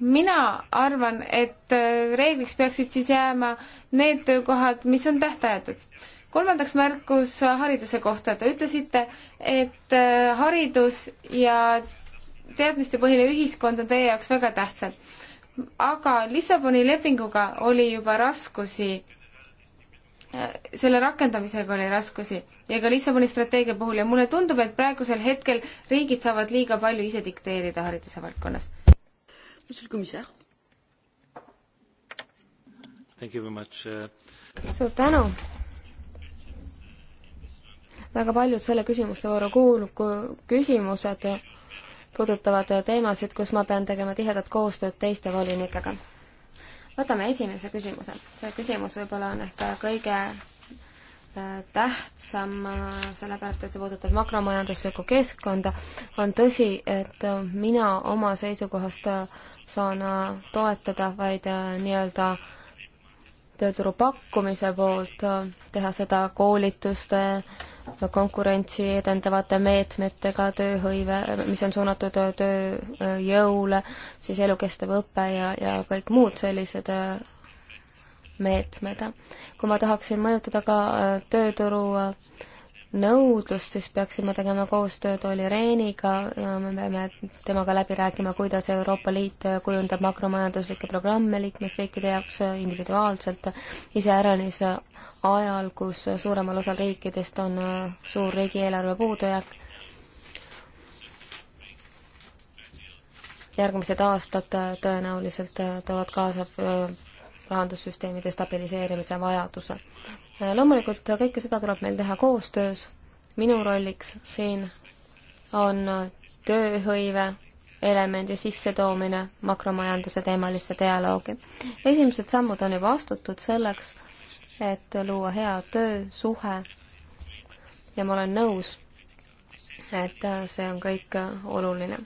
mina arvan, et äh, reegliks peaksid siis jääma need töökohad, mis on tähtajatud kolmandaks märkus hariduse kohta. Te ütlesite, et äh, haridus ja teadmistepõhine ühiskond on teie jaoks väga tähtsad. aga Lissaboni lepinguga oli juba raskusi, äh, selle rakendamisega oli raskusi ja ka Lissaboni strateegia puhul ja mulle tundub, et praegusel hetkel riigid saavad liiga palju ise dikteerida hariduse valdkonnas. Uh, suur tänu väga paljud selle küsimuste vooru kuul-, küsimused puudutavad teemasid, kus ma pean tegema tihedat koostööd teiste volinikega. võtame esimese küsimuse. see küsimus võib-olla on ehk kõige äh, tähtsam, äh, sellepärast et see puudutab makromajanduslikku keskkonda. on tõsi, et mina oma seisukohast saan äh, toetada vaid nii-öelda tööturu pakkumise poolt, teha seda koolituste, konkurentsi edendavate meetmetega, tööhõive, mis on suunatud tööjõule, siis elukestev õpe ja, ja kõik muud sellised meetmed. kui ma tahaksin mõjutada ka tööturu nõudlust, siis peaksime tegema koostööd Olli Rehniga, me peame temaga läbi rääkima, kuidas Euroopa Liit kujundab makromajanduslikke programme liikmesriikide jaoks individuaalselt, iseäranis ajal, kus suuremal osal riikidest on suur riigieelarve puudujääk. järgmised aastad tõenäoliselt toovad kaasa rahandussüsteemide stabiliseerimise vajaduse loomulikult kõike seda tuleb meil teha koostöös. minu rolliks siin on tööhõive elemendi sissetoomine makromajanduse teemalisse dialoogi. esimesed sammud on juba astutud selleks, et luua hea töösuhe ja ma olen nõus, et see on kõik oluline.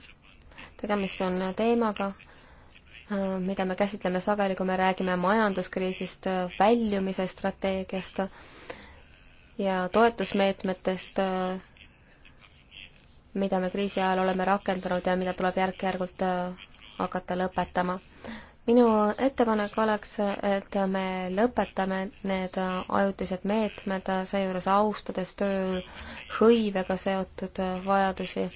tegemist on teemaga, mida me käsitleme sageli, kui me räägime majanduskriisist väljumise strateegiast ja toetusmeetmetest, mida me kriisi ajal oleme rakendanud ja mida tuleb järk-järgult äh, hakata lõpetama. minu ettepanek oleks, et me lõpetame need äh, ajutised meetmed, äh, seejuures austades tööhõivega seotud vajadusi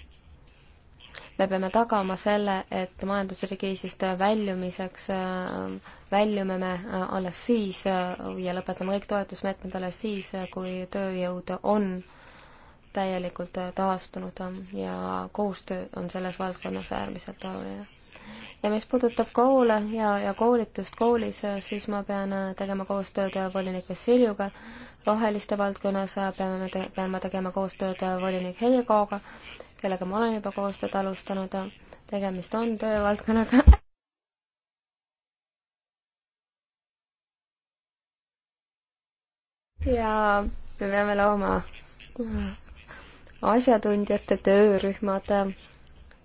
me peame tagama selle, et majandusrigisist väljumiseks äh, väljume me äh, alles siis äh, ja lõpetame kõik toetusmeetmed alles siis, kui tööjõud on täielikult taastunud ja koostöö on selles valdkonnas äärmiselt oluline. ja mis puudutab koole ja, ja koolitust koolis, siis ma pean tegema koostööd volinik Vassiljuga, roheliste valdkonnas peame me te-, pean ma tegema koostööd volinik Helgoga kellega ma olen juba koostööd alustanud. tegemist on töövaldkonnaga ja me peame looma asjatundjate töörühmad.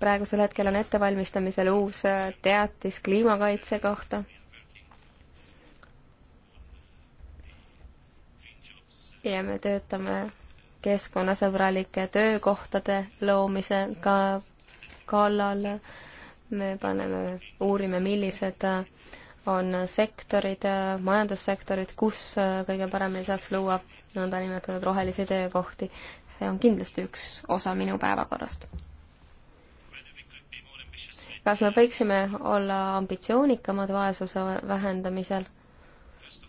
praegusel hetkel on ettevalmistamisel uus teatis kliimakaitse kohta. ja me töötame keskkonnasõbralike töökohtade loomise ka kallal. me paneme, uurime, millised on sektorid, majandussektorid, kus kõige paremini saaks luua nõndanimetatud rohelisi töökohti. see on kindlasti üks osa minu päevakorrast. kas me võiksime olla ambitsioonikamad vaesuse vähendamisel?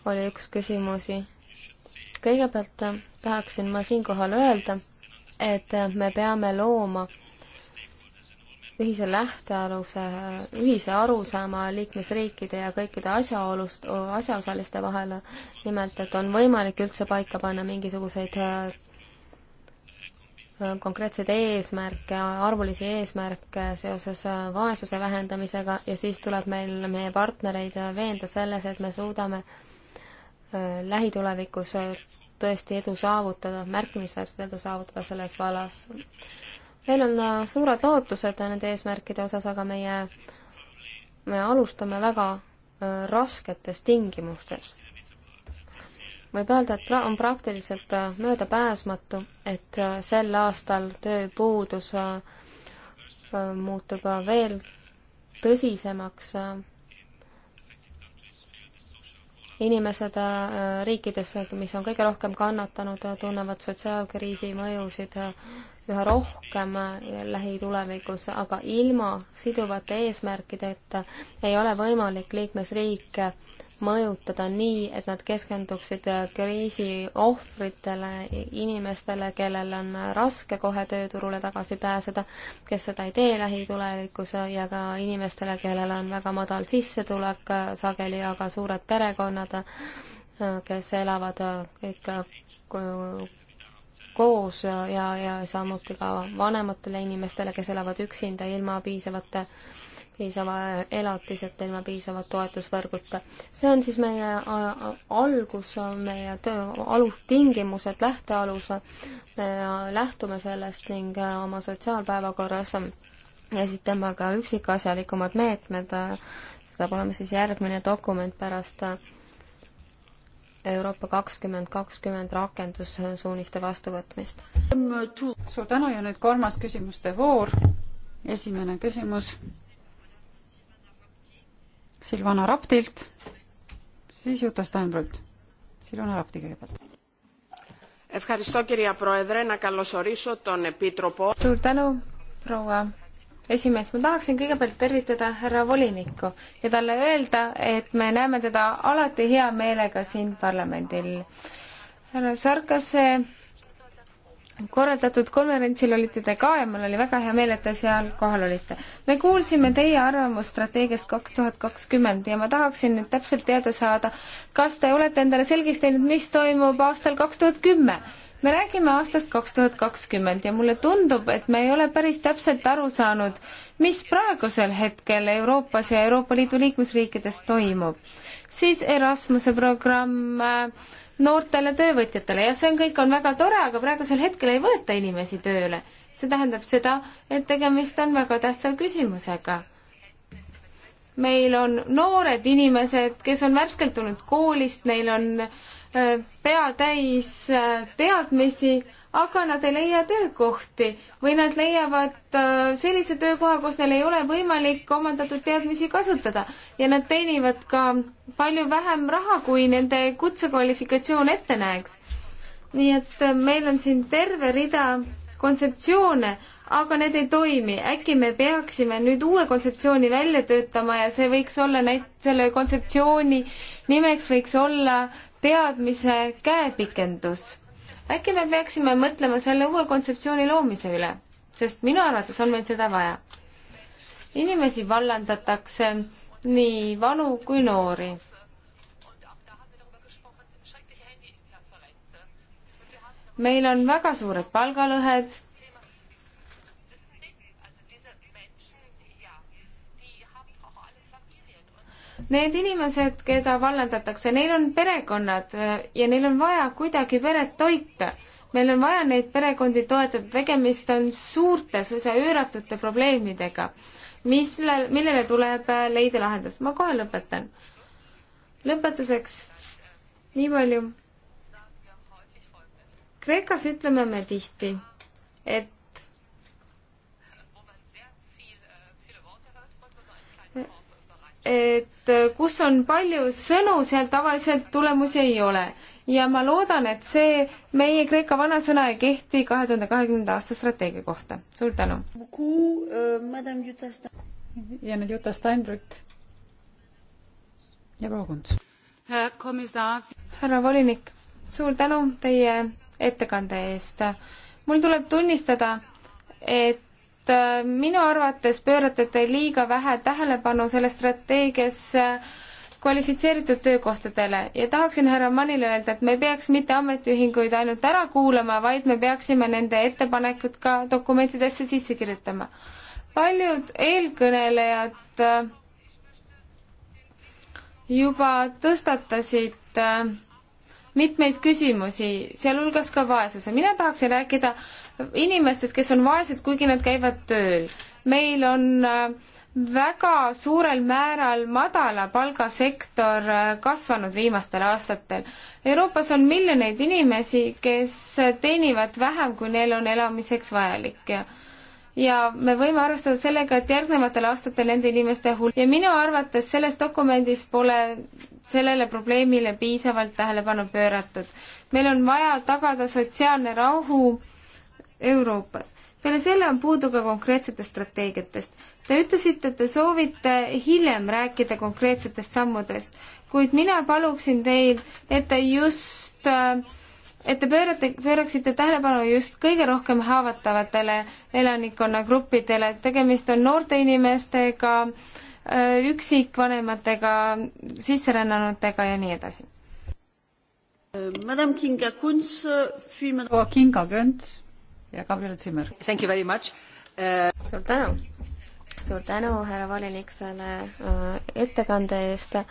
oli üks küsimusi kõigepealt äh, tahaksin ma siinkohal öelda, et äh, me peame looma ühise lähtealuse, äh, ühise arusaama liikmesriikide ja kõikide asjaolust, asjaosaliste vahel. nimelt, et on võimalik üldse paika panna mingisuguseid konkreetseid eesmärke, arvulisi eesmärke seoses vaesuse vähendamisega ja siis tuleb meil meie partnereid veenda selles, et me suudame äh, lähitulevikus tõesti edu saavutada, märkimisväärset edu saavutada selles vallas. meil on äh, suured lootused nende eesmärkide osas, aga meie, me alustame väga äh, rasketes tingimustes. võib öelda, et on praktiliselt äh, möödapääsmatu, et sel aastal tööpuudus muutub veel tõsisemaks inimesed äh, riikides, mis on kõige rohkem kannatanud, tunnevad sotsiaalkriisi mõjusid äh, üha rohkem lähitulevikus, aga ilma siduvate eesmärkideta ei ole võimalik liikmesriike mõjutada nii, et nad keskenduksid kriisi ohvritele, inimestele, kellel on raske kohe tööturule tagasi pääseda, kes seda ei tee lähitulevikus ja ka inimestele, kellel on väga madal sissetulek, sageli aga suured perekonnad, kes elavad kõik koos ja, ja samuti ka vanematele inimestele, kes elavad üksinda ilma piisavate, piisava elatiseta, ilma piisava toetusvõrguta. see on siis meie algus, meie töö alustingimused, lähtealus. lähtume sellest ning oma sotsiaalpäevakorras esitame ka üksikasjalikumad meetmed. see saab olema siis järgmine dokument pärast Euroopa kakskümmend kakskümmend rakendussuuniste vastuvõtmist. suur tänu ja nüüd kolmas küsimuste voor. esimene küsimus Silvana Raptilt, siis Juta Steinbrück. Silvana Rapti kõigepealt. Suur tänu, proua esimees, ma tahaksin kõigepealt tervitada härra volinikku ja talle öelda, et me näeme teda alati hea meelega siin parlamendil. härra Sarkase korraldatud konverentsil olite te ka ja mul oli väga hea meel, et te seal kohal olite. me kuulsime teie arvamust strateegiast kaks tuhat kakskümmend ja ma tahaksin nüüd täpselt teada saada, kas te olete endale selgeks teinud, mis toimub aastal kaks tuhat kümme me räägime aastast kaks tuhat kakskümmend ja mulle tundub, et me ei ole päris täpselt aru saanud, mis praegusel hetkel Euroopas ja Euroopa Liidu liikmesriikides toimub. siis Erasmuse programm äh, noortele töövõtjatele ja see on kõik, on väga tore, aga praegusel hetkel ei võeta inimesi tööle. see tähendab seda, et tegemist on väga tähtsa küsimusega meil on noored inimesed, kes on värskelt tulnud koolist, neil on pea täis äh, teadmisi, aga nad ei leia töökohti või nad leiavad äh, sellise töökoha, kus neil ei ole võimalik omandatud teadmisi kasutada ja nad teenivad ka palju vähem raha, kui nende kutsekvalifikatsioon ette näeks. nii et äh, meil on siin terve rida kontseptsioone, aga need ei toimi. äkki me peaksime nüüd uue kontseptsiooni välja töötama ja see võiks olla näit-, selle kontseptsiooni nimeks võiks olla teadmise käepikendus. äkki me peaksime mõtlema selle uue kontseptsiooni loomise üle, sest minu arvates on meil seda vaja. inimesi vallandatakse, nii vanu kui noori. meil on väga suured palgalõhed Need inimesed, keda vallandatakse, neil on perekonnad äh, ja neil on vaja kuidagi peret toita. meil on vaja neid perekondi toetada, tegemist on suurte, suisa üüratute probleemidega, mis, millele tuleb äh, leida lahendust. ma kohe lõpetan. lõpetuseks nii palju. Kreekas ütleme me tihti, et et kus on palju sõnu, seal tavaliselt tulemusi ei ole. ja ma loodan, et see meie Kreeka vanasõna ei kehti kahe tuhande kahekümnenda aasta strateegia kohta. suur tänu! ja nüüd Juta Steinbrück ja proua Kunts. härra volinik, suur tänu teie ettekande eest. mul tuleb tunnistada, et et äh, minu arvates pöörate te liiga vähe tähelepanu selles strateegias äh, kvalifitseeritud töökohtadele ja tahaksin härra Manile öelda, et me ei peaks mitte ametiühinguid ainult ära kuulama, vaid me peaksime nende ettepanekud ka dokumentidesse sisse kirjutama. paljud eelkõnelejad äh, juba tõstatasid mitmeid küsimusi, sealhulgas ka vaesuse. mina tahaksin rääkida inimestest, kes on vaesed, kuigi nad käivad tööl. meil on äh, väga suurel määral madala palgasektor äh, kasvanud viimastel aastatel. Euroopas on miljoneid inimesi, kes teenivad vähem, kui neil on elamiseks vajalik ja ja me võime arvestada sellega, et järgnevatel aastatel nende inimeste hulk ja minu arvates selles dokumendis pole sellele probleemile piisavalt tähelepanu pööratud. meil on vaja tagada sotsiaalne rahu Euroopas. peale selle on puudu ka konkreetsetest strateegiatest. Te ütlesite, et te soovite hiljem rääkida konkreetsetest sammudest, kuid mina paluksin teil, et te just äh, et te pöörate, pööraksite tähelepanu just kõige rohkem haavatavatele elanikkonnagruppidele, et tegemist on noorte inimestega, äh, üksikvanematega, sisserännanutega ja nii edasi. Äh, proua Kinga Künts ja Gabriel Zimmer. Thank you very much uh.... suur tänu. suur tänu, härra volinik, selle uh, ettekande eest uh,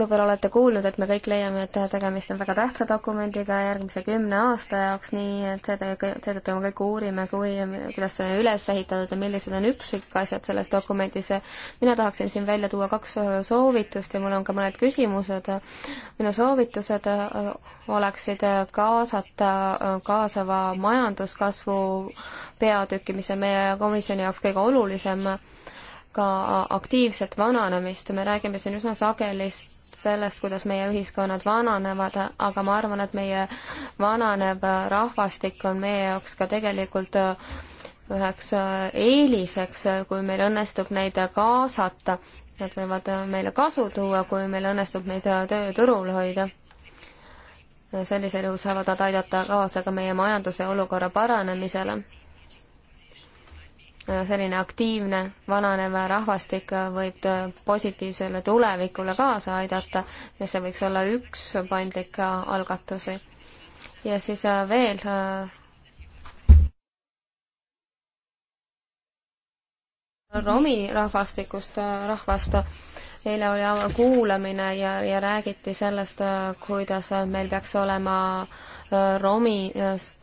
võib-olla olete kuulnud, et me kõik leiame, et tegemist on väga tähtsa dokumendiga järgmise kümne aasta jaoks, nii et seetõttu me kõik uurime, kui, kuidas see on üles ehitatud ja millised on üksikasjad selles dokumendis. mina tahaksin siin välja tuua kaks soovitust ja mul on ka mõned küsimused. minu soovitused oleksid kaasata kaasava majanduskasvu peatüki, mis on meie komisjoni jaoks kõige olulisem ka aktiivset vananemist, me räägime siin üsna sagelist sellest, kuidas meie ühiskonnad vananevad, aga ma arvan, et meie vananev rahvastik on meie jaoks ka tegelikult üheks eeliseks, kui meil õnnestub neid kaasata. Nad võivad meile kasu tuua, kui meil õnnestub neid tööturul hoida. sellisel juhul saavad nad aidata kaasa ka meie majanduse olukorra paranemisele selline aktiivne vananev rahvastik võib positiivsele tulevikule kaasa aidata ja see võiks olla üks paindlikke algatusi. ja siis äh, veel äh, romi rahvastikust, äh, rahvast. eile oli kuulamine ja, ja räägiti sellest, kuidas meil peaks olema romi,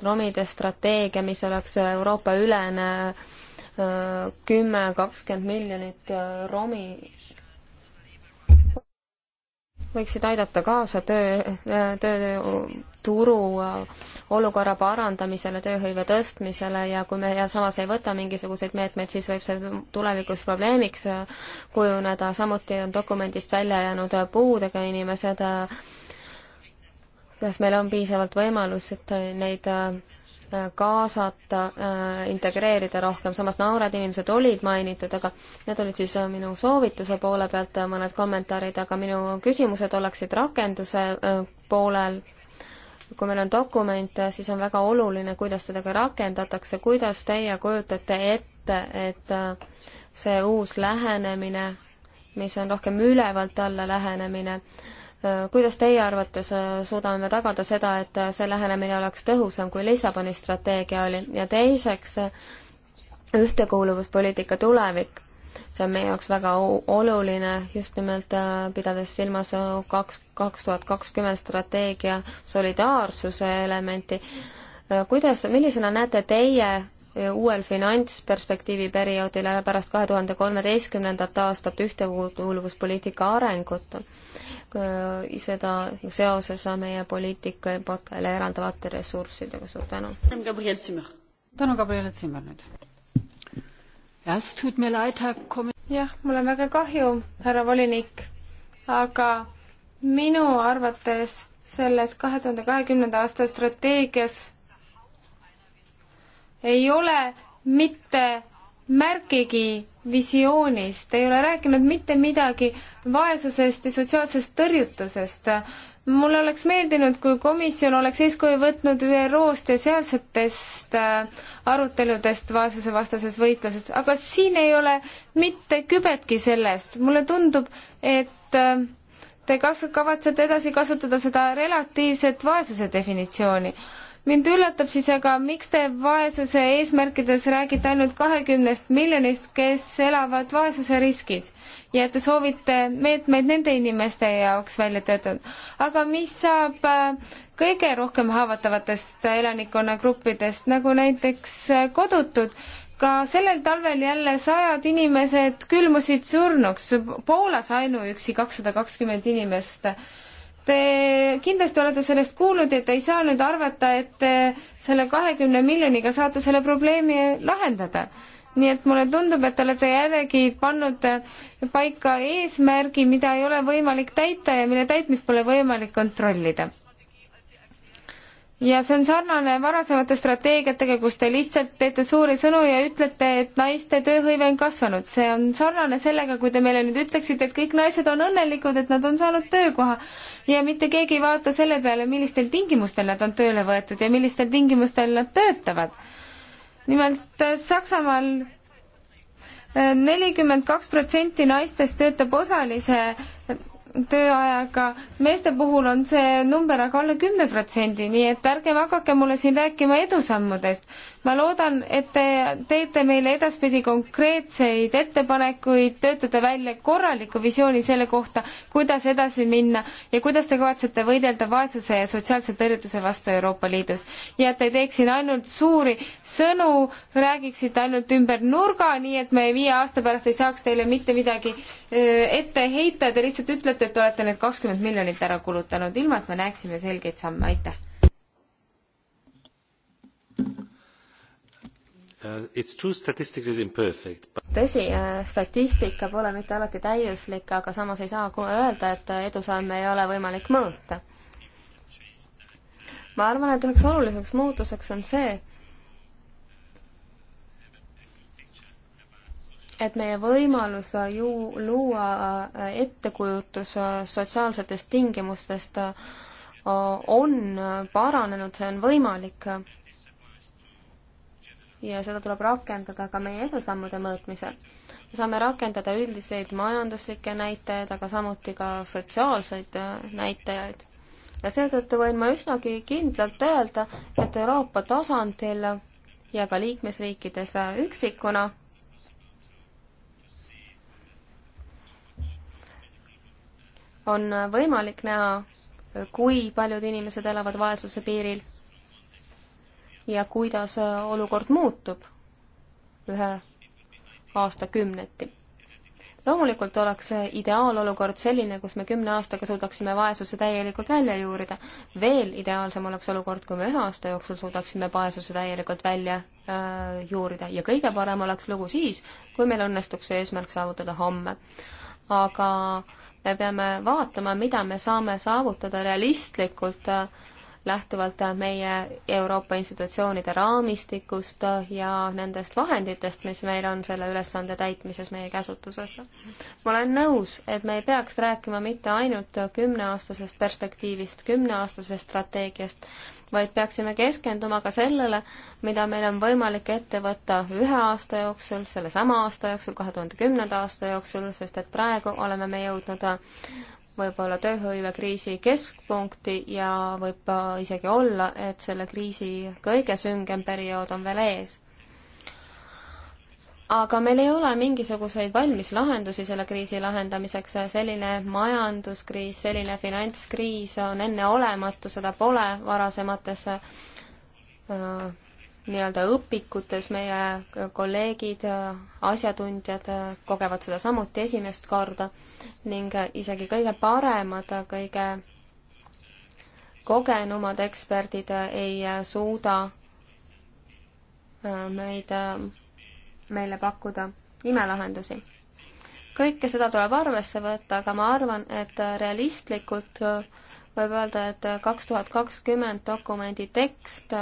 romide strateegia, mis oleks Euroopa ülene äh, kümme, kakskümmend miljonit äh, romi võiksid aidata kaasa töö, äh, tööturu äh, olukorra parandamisele, tööhõive tõstmisele ja kui me ja samas ei võta mingisuguseid meetmeid, siis võib see tulevikus probleemiks kujuneda, samuti on dokumendist välja jäänud puudega inimesed, kas meil on piisavalt võimalus, et neid Äh, kaasata, äh, integreerida rohkem, samas noored inimesed olid mainitud, aga need olid siis äh, minu soovituse poole pealt mõned kommentaarid, aga minu küsimused oleksid rakenduse poolel. kui meil on dokument, siis on väga oluline, kuidas seda ka rakendatakse, kuidas teie kujutate ette, et see uus lähenemine, mis on rohkem ülevalt alla lähenemine, kuidas teie arvates äh, suudame me tagada seda, et äh, see lähenemine oleks tõhusam, kui Lissaboni strateegia oli ja teiseks äh, ühtekuuluvuspoliitika tulevik? see on meie jaoks väga oluline, just nimelt pidades silmas kaks, kaks tuhat kakskümmend strateegia solidaarsuse elementi. kuidas, millisena näete teie uuel finantsperspektiivi perioodil pärast kahe tuhande kolmeteistkümnendat aastat ühtekuuluvuspoliitika arengut? Äh, seda seoses meie poliitika pakkele eraldavate ressurssidega, suur tänu. tänu, Gabriele Zimmer nüüd. jah, mul on väga kahju, härra volinik, aga minu arvates selles kahe tuhande kahekümnenda aasta strateegias ei ole mitte märkigi visioonist, ei ole rääkinud mitte midagi vaesusest ja sotsiaalsest tõrjutusest. mulle oleks meeldinud, kui komisjon oleks eeskuju võtnud ÜRO-st ja sealsetest äh, aruteludest vaesusevastases võitluses, aga siin ei ole mitte kübetki sellest. mulle tundub, et äh, te kas-, kavatsete edasi kasutada seda relatiivset vaesuse definitsiooni mind üllatab siis aga, miks te vaesuse eesmärkides räägite ainult kahekümnest miljonist, kes elavad vaesuse riskis ja et te soovite meetmeid nende inimeste jaoks välja töötada. aga mis saab äh, kõige rohkem haavatavatest elanikkonnagruppidest, nagu näiteks äh, kodutud, ka sellel talvel jälle sajad inimesed külmusid surnuks, Poolas ainuüksi kakssada kakskümmend inimest Te kindlasti olete sellest kuulnud ja te ei saa nüüd arvata, et te selle kahekümne miljoniga saate selle probleemi lahendada. nii et mulle tundub, et te olete jällegi pannud paika eesmärgi, mida ei ole võimalik täita ja mille täitmist pole võimalik kontrollida ja see on sarnane varasemate strateegiatega, kus te lihtsalt teete suuri sõnu ja ütlete, et naiste tööhõive on kasvanud. see on sarnane sellega, kui te meile nüüd ütleksite, et kõik naised on õnnelikud, et nad on saanud töökoha ja mitte keegi ei vaata selle peale, millistel tingimustel nad on tööle võetud ja millistel tingimustel nad töötavad. nimelt äh, Saksamaal äh, nelikümmend kaks protsenti naistest töötab osalise tööajaga meeste puhul on see number aga alla kümne protsendi, nii et ärgem hakake mulle siin rääkima edusammudest. ma loodan, et te teete meile edaspidi konkreetseid ettepanekuid, töötate välja korraliku visiooni selle kohta, kuidas edasi minna ja kuidas te kavatsete võidelda vaesuse ja sotsiaalse tõrjutuse vastu Euroopa Liidus. ja et te ei teeks siin ainult suuri sõnu, räägiksite ainult ümber nurga, nii et me viie aasta pärast ei saaks teile mitte midagi äh, ette heita, te lihtsalt ütlete, et te olete need kakskümmend miljonit ära kulutanud, ilma et me näeksime selgeid samme, aitäh. Uh, tõsi, uh, statistika pole mitte alati täiuslik, aga samas ei saa öelda, et edusamme ei ole võimalik mõõta. ma arvan, et üheks oluliseks muutuseks on see, et meie võimalus ju luua äh, ettekujutus äh, sotsiaalsetest tingimustest äh, on paranenud, see on võimalik. ja seda tuleb rakendada ka meie edusammude mõõtmisel. me saame rakendada üldiseid majanduslikke näitajaid, aga samuti ka sotsiaalseid näitajaid. ja seetõttu võin ma üsnagi kindlalt öelda, et Euroopa tasandil ja ka liikmesriikides üksikuna on võimalik näha, kui paljud inimesed elavad vaesuse piiril ja kuidas olukord muutub ühe aastakümneti. loomulikult oleks ideaalolukord selline, kus me kümne aastaga suudaksime vaesuse täielikult välja juurida. veel ideaalsem oleks olukord, kui me ühe aasta jooksul suudaksime vaesuse täielikult välja äh, juurida ja kõige parem oleks lugu siis, kui meil õnnestuks see eesmärk saavutada homme. aga äh, me peame vaatama, mida me saame saavutada realistlikult äh, lähtuvalt meie Euroopa institutsioonide raamistikust ja nendest vahenditest, mis meil on selle ülesande täitmises meie käsutuses. ma olen nõus, et me ei peaks rääkima mitte ainult kümneaastasest perspektiivist, kümneaastasest strateegiast, vaid peaksime keskenduma ka sellele, mida meil on võimalik ette võtta ühe aasta jooksul, sellesama aasta jooksul, kahe tuhande kümnenda aasta jooksul, sest et praegu oleme me jõudnud võib-olla tööhõivekriisi keskpunkti ja võib isegi olla, et selle kriisi kõige süngem periood on veel ees. aga meil ei ole mingisuguseid valmis lahendusi selle kriisi lahendamiseks, selline majanduskriis, selline finantskriis on enneolematu, seda pole varasemates äh, nii-öelda õpikutes meie kolleegid, asjatundjad kogevad seda samuti esimest korda ning isegi kõige paremad, kõige kogenumad eksperdid ei suuda äh, meid, meile pakkuda imelahendusi. kõike seda tuleb arvesse võtta, aga ma arvan, et realistlikult võib öelda, et kaks tuhat kakskümmend dokumendi tekst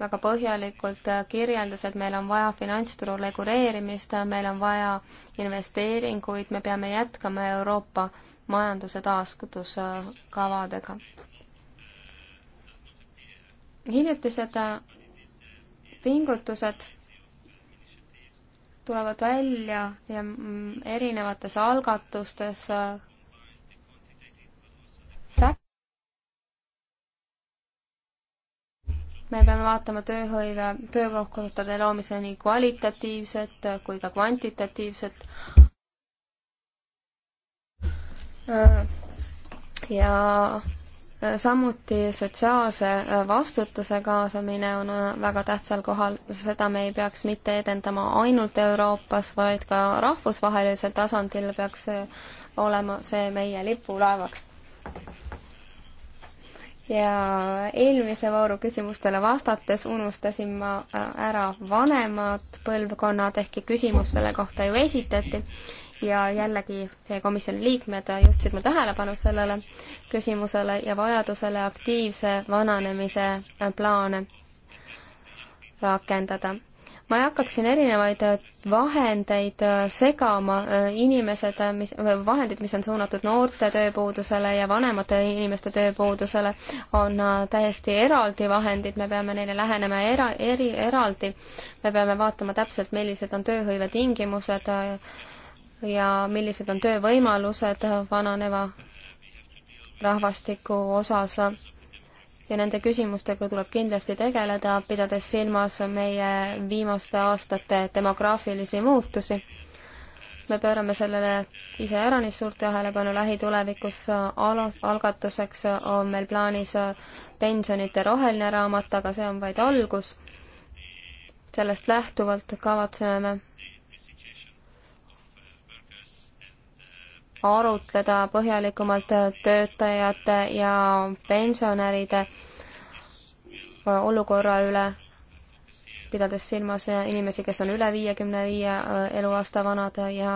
väga põhjalikult kirjeldas, et meil on vaja finantsturu reguleerimist, meil on vaja investeeringuid, me peame jätkama Euroopa majanduse taaskutuskavadega. hiljutised pingutused tulevad välja ja erinevates algatustes, me peame vaatama tööhõive, töökohtade loomise nii kvalitatiivset kui ka kvantitatiivset. Äh, ja äh, samuti sotsiaalse äh, vastutuse kaasamine on väga tähtsal kohal, seda me ei peaks mitte edendama ainult Euroopas, vaid ka rahvusvahelisel tasandil peaks olema see meie lipulaevaks ja eelmise vooru küsimustele vastates unustasin ma äh, ära vanemad põlvkonnad, ehkki küsimus selle kohta ju esitati ja jällegi teie komisjoni liikmed juhtisid mu tähelepanu sellele küsimusele ja vajadusele aktiivse vananemise plaane rakendada ma ei hakkaks siin erinevaid äh, vahendeid äh, segama, äh, inimesed, mis, vahendid, mis on suunatud noorte tööpuudusele ja vanemate inimeste tööpuudusele, on täiesti eraldi vahendid, me peame neile lähenema era-, eri, eraldi. me peame vaatama täpselt, millised on tööhõive tingimused ja millised on töövõimalused vananeva rahvastiku osas ja nende küsimustega tuleb kindlasti tegeleda, pidades silmas meie viimaste aastate demograafilisi muutusi. me pöörame sellele iseäranis suurt tähelepanu lähitulevikus ala, algatuseks on meil plaanis pensionite roheline raamat, aga see on vaid algus. sellest lähtuvalt kavatseme me arutleda põhjalikumalt töötajate ja pensionäride olukorra üle, pidades silmas inimesi, kes on üle viiekümne viie äh, eluaasta vanad ja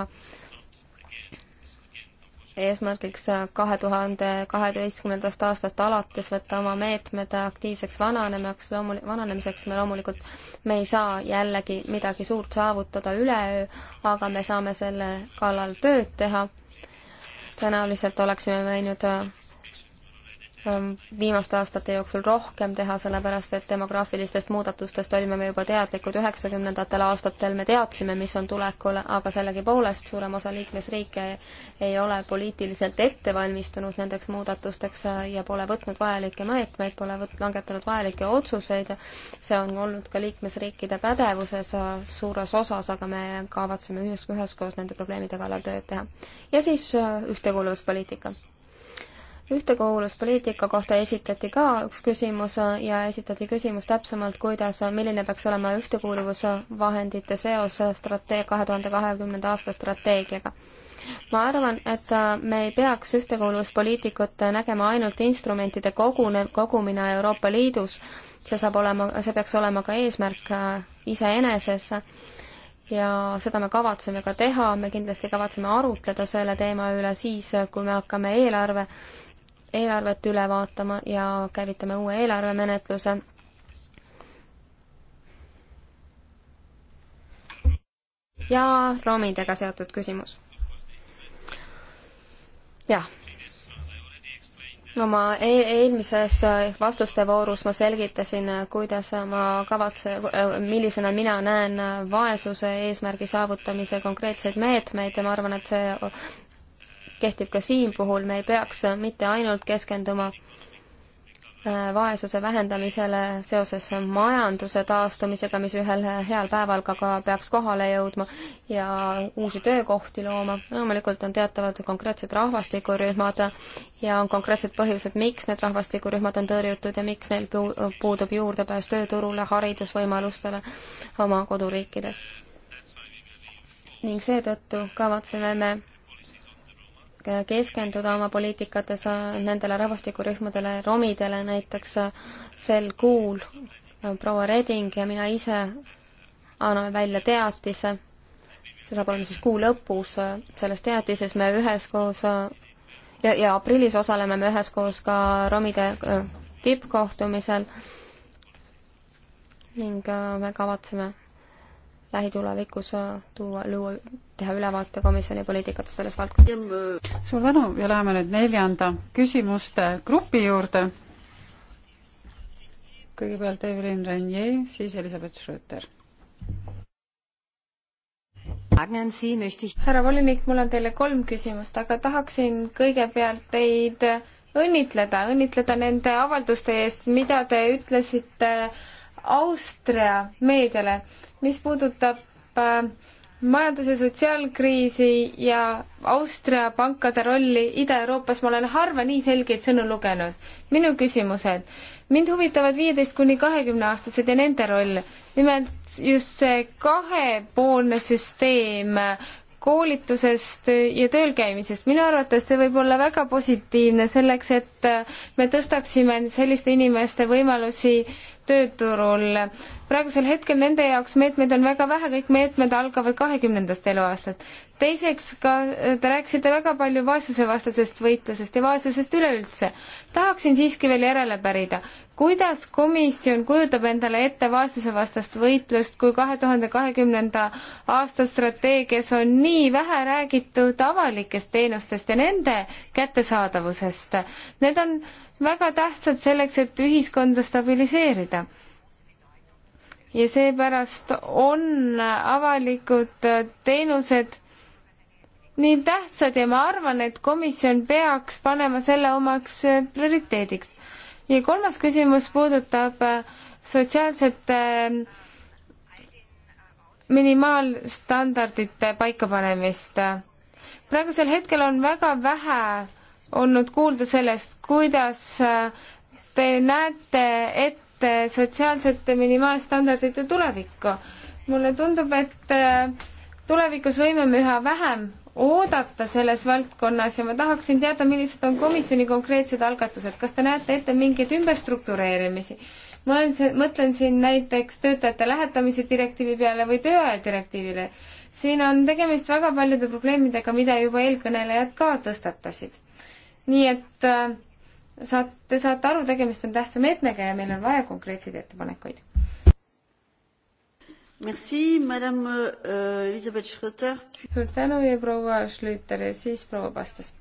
eesmärgiks kahe tuhande kaheteistkümnendast aastast alates võtta oma meetmed aktiivseks vananemaks, loomul-, vananemiseks me loomulikult, me ei saa jällegi midagi suurt saavutada üleöö, aga me saame selle kallal tööd teha tõenäoliselt oleksime võinud äh, Ehm, viimaste aastate jooksul rohkem teha, sellepärast et demograafilistest muudatustest olime me juba teadlikud üheksakümnendatel aastatel, me teadsime, mis on tulekul, aga sellegipoolest suurem osa liikmesriike ei ole poliitiliselt ette valmistunud nendeks muudatusteks ja pole võtnud vajalikke meetmeid, pole võt-, langetanud vajalikke otsuseid. see on olnud ka liikmesriikide pädevuses äh, suures osas, aga me kavatseme ühes, üheskoos nende probleemide kallal tööd teha. ja siis äh, ühtekuuluvuspoliitika ühtekuuluvuspoliitika kohta esitati ka üks küsimus ja esitati küsimus täpsemalt, kuidas, milline peaks olema ühtekuuluvusvahendite seos strateeg-, kahe tuhande kahekümnenda aasta strateegiaga. ma arvan, et me ei peaks ühtekuuluvuspoliitikut nägema ainult instrumentide kogune, kogumina Euroopa Liidus, see saab olema, see peaks olema ka eesmärk iseeneses ja seda me kavatseme ka teha, me kindlasti kavatseme arutleda selle teema üle siis, kui me hakkame eelarve eelarvet üle vaatama ja käivitame uue eelarvemenetluse. ja romidega seotud küsimus. jah oma no, e-, eelmises vastuste voorus ma selgitasin, kuidas ma kavatse, millisena mina näen vaesuse eesmärgi saavutamise konkreetseid meetmeid ja ma arvan, et see kehtib ka siin puhul, me ei peaks mitte ainult keskenduma äh, vaesuse vähendamisele seoses majanduse taastumisega, mis ühel heal päeval ka, ka peaks kohale jõudma ja uusi töökohti looma. loomulikult on teatavad konkreetsed rahvastikurühmad ja on konkreetsed põhjused, miks need rahvastikurühmad on tõrjutud ja miks neil puudub juurdepääs tööturule, haridusvõimalustele oma koduriikides. ning seetõttu kavatseme me keskenduda oma poliitikates äh, nendele rahvastikurühmadele, romidele näiteks äh, sel kuul äh, proua Reding ja mina ise anname välja teatise, see saab olema siis kuu lõpus, selles teatises me üheskoos ja, ja aprillis osaleme me üheskoos ka romide tippkohtumisel ning me kavatseme lähitulevikus äh, tuua, luua, teha ülevaate komisjoni poliitikatest selles valdkonnas. suur tänu ja läheme nüüd neljanda küsimuste grupi juurde. kõigepealt Evelyn Renier, siis Elizabeth Schröter. härra volinik, mul on teile kolm küsimust, aga tahaksin kõigepealt teid õnnitleda, õnnitleda nende avalduste eest, mida te ütlesite äh, Austria meediale, mis puudutab äh, majandus- ja sotsiaalkriisi ja Austria pankade rolli Ida-Euroopas, ma olen harva nii selgeid sõnu lugenud. minu küsimused. mind huvitavad viieteist kuni kahekümne aastased ja nende roll. nimelt just see kahepoolne süsteem, koolitusest ja tööl käimisest. minu arvates see võib olla väga positiivne selleks, et me tõstaksime selliste inimeste võimalusi tööturul. praegusel hetkel nende jaoks meetmeid on väga vähe, kõik meetmed algavad kahekümnendast eluaastat teiseks ka te rääkisite väga palju vaesusevastasest võitlusest ja vaesusest üleüldse. tahaksin siiski veel järele pärida, kuidas komisjon kujutab endale ette vaesusevastast võitlust, kui kahe tuhande kahekümnenda aasta strateegias on nii vähe räägitud avalikest teenustest ja nende kättesaadavusest. Need on väga tähtsad selleks, et ühiskonda stabiliseerida ja seepärast on avalikud teenused nii tähtsad ja ma arvan, et komisjon peaks panema selle omaks eh, prioriteediks. ja kolmas küsimus puudutab eh, sotsiaalsete eh, minimaalstandardite paikapanemist. praegusel hetkel on väga vähe olnud kuulda sellest, kuidas te näete ette sotsiaalsete minimaalstandardite tulevikku. mulle tundub, et tulevikus võime me üha vähem oodata selles valdkonnas ja ma tahaksin teada, millised on komisjoni konkreetsed algatused, kas te näete ette mingeid ümberstruktureerimisi? ma olen, mõtlen siin näiteks töötajate lähetamise direktiivi peale või tööaja direktiivile. siin on tegemist väga paljude probleemidega, mida juba eelkõnelejad ka tõstatasid. nii et äh, saate, saate aru, tegemist on tähtsa meetmega ja meil on vaja konkreetseid ettepanekuid. Merci, madame euh, Elizabeth Schröter. suur tänu ja proua Schlüter ja siis proua vastas.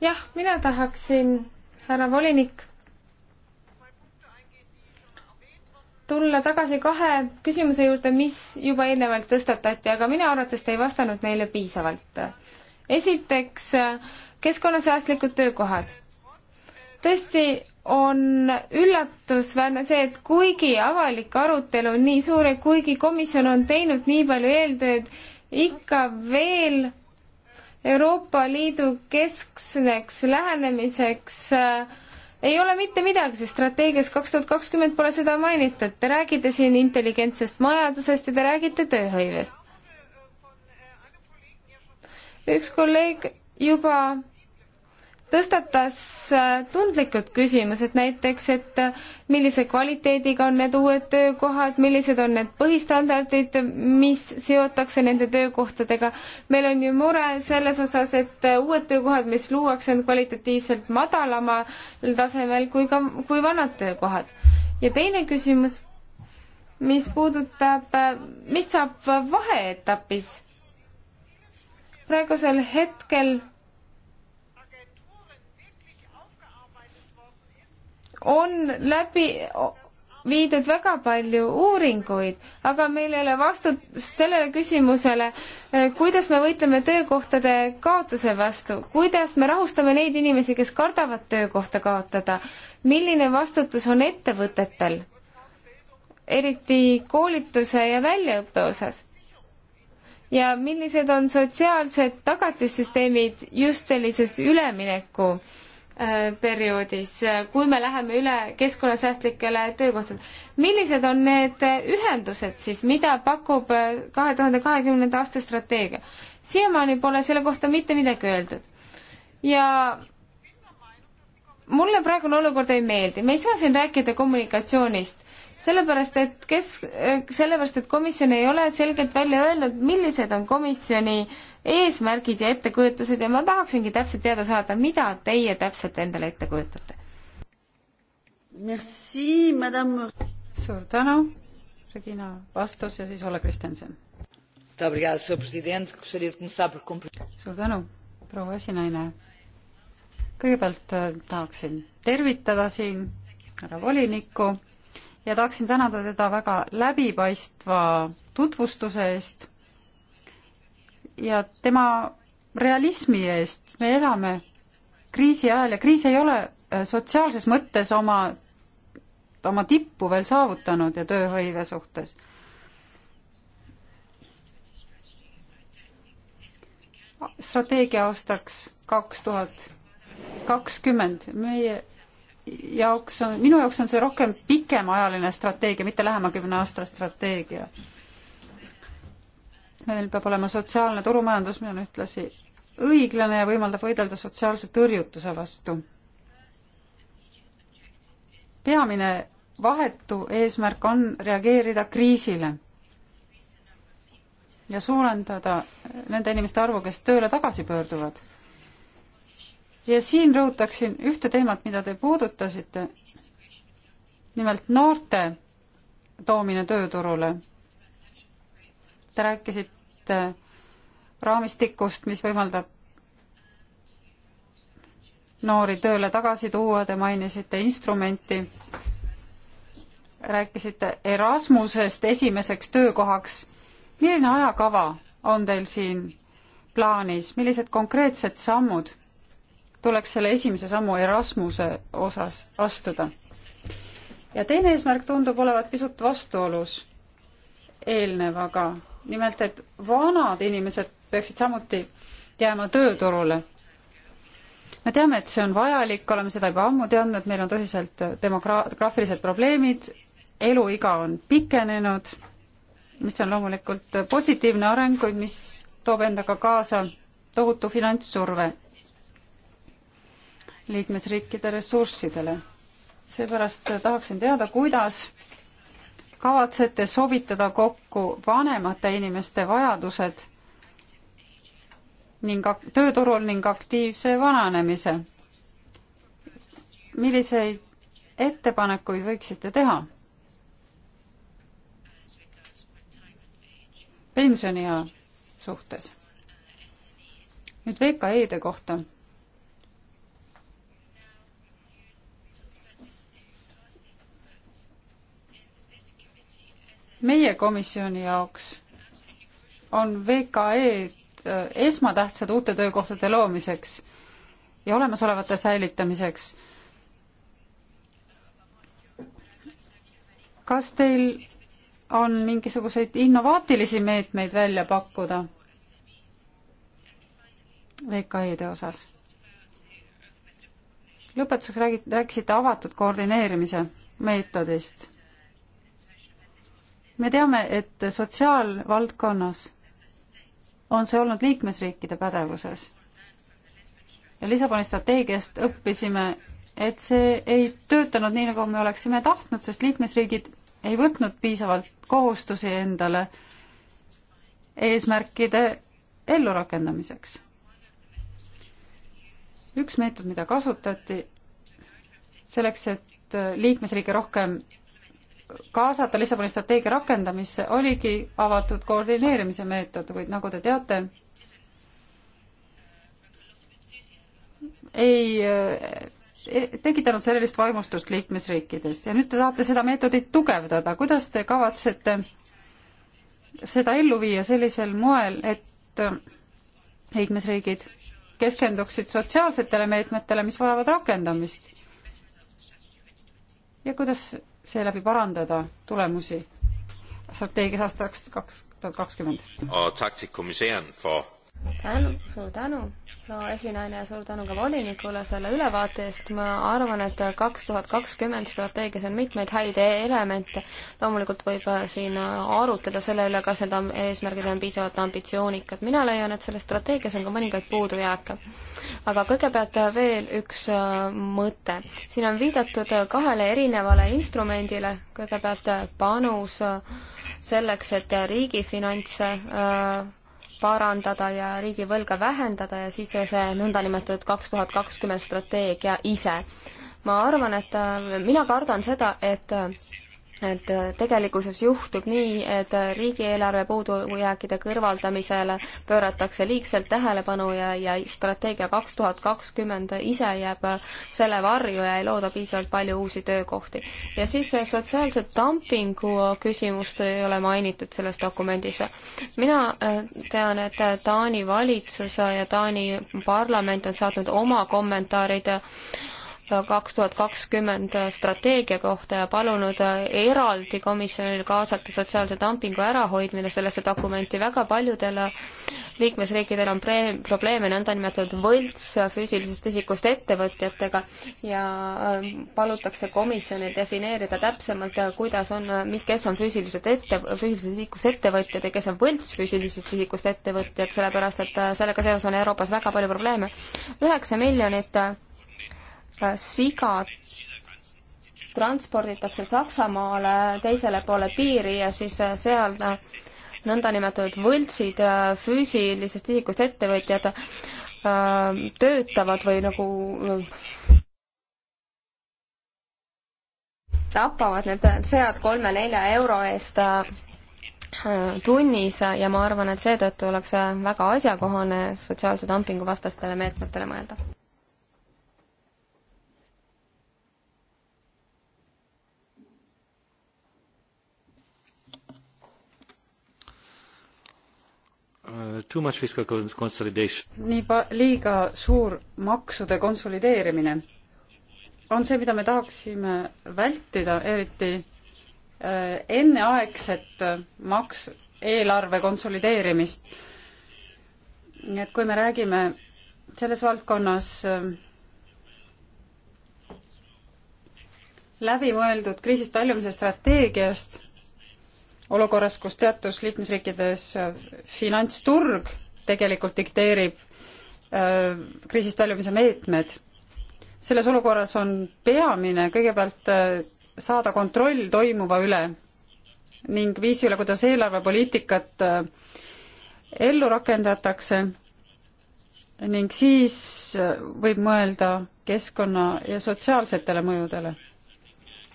jah, mina tahaksin, härra volinik, tulla tagasi kahe küsimuse juurde, mis juba eelnevalt tõstatati, aga minu arvates te ei vastanud neile piisavalt. esiteks, keskkonnasäästlikud töökohad. tõesti, on üllatusväärne see, et kuigi avalik arutelu on nii suur ja kuigi komisjon on teinud nii palju eeltööd, ikka veel Euroopa Liidu keskseks lähenemiseks äh, ei ole mitte midagi, sest strateegias kaks tuhat kakskümmend pole seda mainitud. Te räägite siin intelligentsest majandusest ja te räägite tööhõivest. üks kolleeg juba tõstatas äh, tundlikud küsimused, näiteks, et äh, millise kvaliteediga on need uued töökohad, millised on need põhistandardid, mis seotakse nende töökohtadega. meil on ju mure selles osas, et äh, uued töökohad, mis luuakse, on kvalitatiivselt madalamal tasemel kui ka, kui vanad töökohad. ja teine küsimus, mis puudutab, mis saab vaheetapis? praegusel hetkel on läbi viidud väga palju uuringuid, aga meil ei ole vastust sellele küsimusele, eh, kuidas me võitleme töökohtade kaotuse vastu, kuidas me rahustame neid inimesi, kes kardavad töökohta kaotada, milline vastutus on ettevõtetel, eriti koolituse ja väljaõppe osas ja millised on sotsiaalsed tagatissüsteemid just sellises ülemineku äh, perioodis, kui me läheme üle keskkonnasäästlikele töökohtadele. millised on need ühendused siis, mida pakub kahe tuhande kahekümnenda aasta strateegia? siiamaani pole selle kohta mitte midagi öeldud. ja mulle praegune olukord ei meeldi, me ei saa siin rääkida kommunikatsioonist sellepärast, et kes, sellepärast, et komisjon ei ole selgelt välja öelnud, millised on komisjoni eesmärgid ja ettekujutused ja ma tahaksingi täpselt teada saada, mida teie täpselt endale ette kujutate. Merci, madame. suur tänu, Regina, vastus ja siis Olle Kristjanson. suur tänu, proua esinaine. kõigepealt eh, tahaksin tervitada siin härra volinikku ja tahaksin tänada teda väga läbipaistva tutvustuse eest ja tema realismi eest. me elame kriisi ajal ja kriis ei ole äh, sotsiaalses mõttes oma, oma tippu veel saavutanud ja tööhõive suhtes. strateegia aastaks kaks tuhat kakskümmend, meie jaoks on, minu jaoks on see rohkem pikemaajaline strateegia, mitte lähema kümne aasta strateegia. meil peab olema sotsiaalne turumajandus, mida on ühtlasi õiglane ja võimaldab võidelda sotsiaalse tõrjutuse vastu. peamine vahetu eesmärk on reageerida kriisile ja suurendada nende inimeste arvu, kes tööle tagasi pöörduvad ja siin rõhutaksin ühte teemat, mida te puudutasite, nimelt noorte toomine tööturule. Te rääkisite raamistikust, mis võimaldab noori tööle tagasi tuua, te mainisite instrumenti, rääkisite Erasmusest esimeseks töökohaks. milline ajakava on teil siin plaanis, millised konkreetsed sammud tuleks selle esimese sammu Erasmuse osas astuda. ja teine eesmärk tundub olevat pisut vastuolus eelnevaga, nimelt et vanad inimesed peaksid samuti jääma tööturule. me teame, et see on vajalik, oleme seda juba ammu teadnud, meil on tõsiselt demograafilised probleemid, eluiga on pikenenud, mis on loomulikult positiivne areng, kuid mis toob endaga kaasa tohutu finantssurve liikmesriikide ressurssidele. seepärast tahaksin teada, kuidas kavatsete sobitada kokku vanemate inimeste vajadused ning tööturul ning aktiivse vananemise. milliseid ettepanekuid võiksite teha? pensioniea suhtes. nüüd VKE-de kohta meie komisjoni jaoks on VKE-d äh, esmatähtsad uute töökohtade loomiseks ja olemasolevate säilitamiseks. kas teil on mingisuguseid innovaatilisi meetmeid välja pakkuda VKE-de osas? lõpetuseks räägid, rääkisite avatud koordineerimise meetodist me teame, et sotsiaalvaldkonnas on see olnud liikmesriikide pädevuses. ja Lissaboni strateegiast õppisime, et see ei töötanud nii, nagu me oleksime tahtnud, sest liikmesriigid ei võtnud piisavalt kohustusi endale eesmärkide ellurakendamiseks. üks meetod, mida kasutati selleks, et liikmesriike rohkem kaasata Lissaboni strateegia rakendamisse, oligi avatud koordineerimise meetod, kuid nagu te teate, ei e, tekitanud sellist vaimustust liikmesriikides ja nüüd te tahate seda meetodit tugevdada, kuidas te kavatsete seda ellu viia sellisel moel, et liikmesriigid keskenduksid sotsiaalsetele meetmetele, mis vajavad rakendamist? ja kuidas seeläbi parandada tulemusi strateegias aastaks kaks tuhat kakskümmend. tänu, suur tänu proua esinaine ja suur tänu ka volinikule selle ülevaate eest. ma arvan, et kaks tuhat kakskümmend strateegias on mitmeid häid elemente. loomulikult võib äh, siin äh, arutleda selle üle, kas need eesmärgid on piisavalt ambitsioonikad. mina leian, et selles strateegias on ka mõningaid puudujääke. aga kõigepealt äh, veel üks mõte. siin on viidatud kahele erinevale instrumendile. kõigepealt panus selleks, et riigi finantse parandada ja riigivõlga vähendada ja siis see nõndanimetatud kaks tuhat kakskümmend strateegia ise. ma arvan, et äh, mina kardan seda, et et äh, tegelikkuses juhtub nii, et äh, riigieelarve puudujääkide kõrvaldamisele pööratakse liigselt tähelepanu ja, ja strateegia kaks tuhat kakskümmend ise jääb äh, selle varju ja ei looda piisavalt palju uusi töökohti. ja siis sotsiaalse dumpingu küsimust ei ole mainitud selles dokumendis. mina tean, et Taani valitsus ja Taani parlament on saatnud oma kommentaarid kaks tuhat kakskümmend strateegia kohta ja palunud äh, eraldi komisjonil kaasata sotsiaalse dumpingu ärahoidmine sellesse dokumenti. väga paljudel äh, liikmesriikidel on pre-, probleeme nõndanimetatud võlts äh, füüsilisest isikust ettevõtjatega ja palutakse komisjonil defineerida täpsemalt, kuidas on, mis, kes on füüsilised ette, füüsilisest isikust ettevõtjad ja kes on võlts füüsilisest isikust ettevõtjad, sellepärast et sellega seoses on Euroopas väga palju probleeme. üheksa miljonit Äh, sigad transporditakse Saksamaale teisele poole piiri ja siis äh, seal äh, nõndanimetatud võltsid füüsilisest isikust ettevõtjad töötavad või nagu tapavad need sead kolme-nelja euro eest tunnis ja ma arvan, et seetõttu oleks väga asjakohane sotsiaalse dumpingu vastastele meetmetele mõelda. Uh, too much fiscal consolidation. nii pa-, liiga suur maksude konsolideerimine on see, mida me tahaksime vältida, eriti uh, enneaegset uh, maks-, eelarve konsolideerimist. nii et kui me räägime selles valdkonnas läbimõeldud kriisist väljumise strateegiast olukorras, kus teatud liikmesriikides finantsturg tegelikult dikteerib äh, kriisist väljumise meetmed. selles olukorras on peamine kõigepealt äh, saada kontroll toimuva üle ning viisi üle, kuidas eelarvepoliitikat äh, ellu rakendatakse ning siis võib mõelda keskkonna ja sotsiaalsetele mõjudele.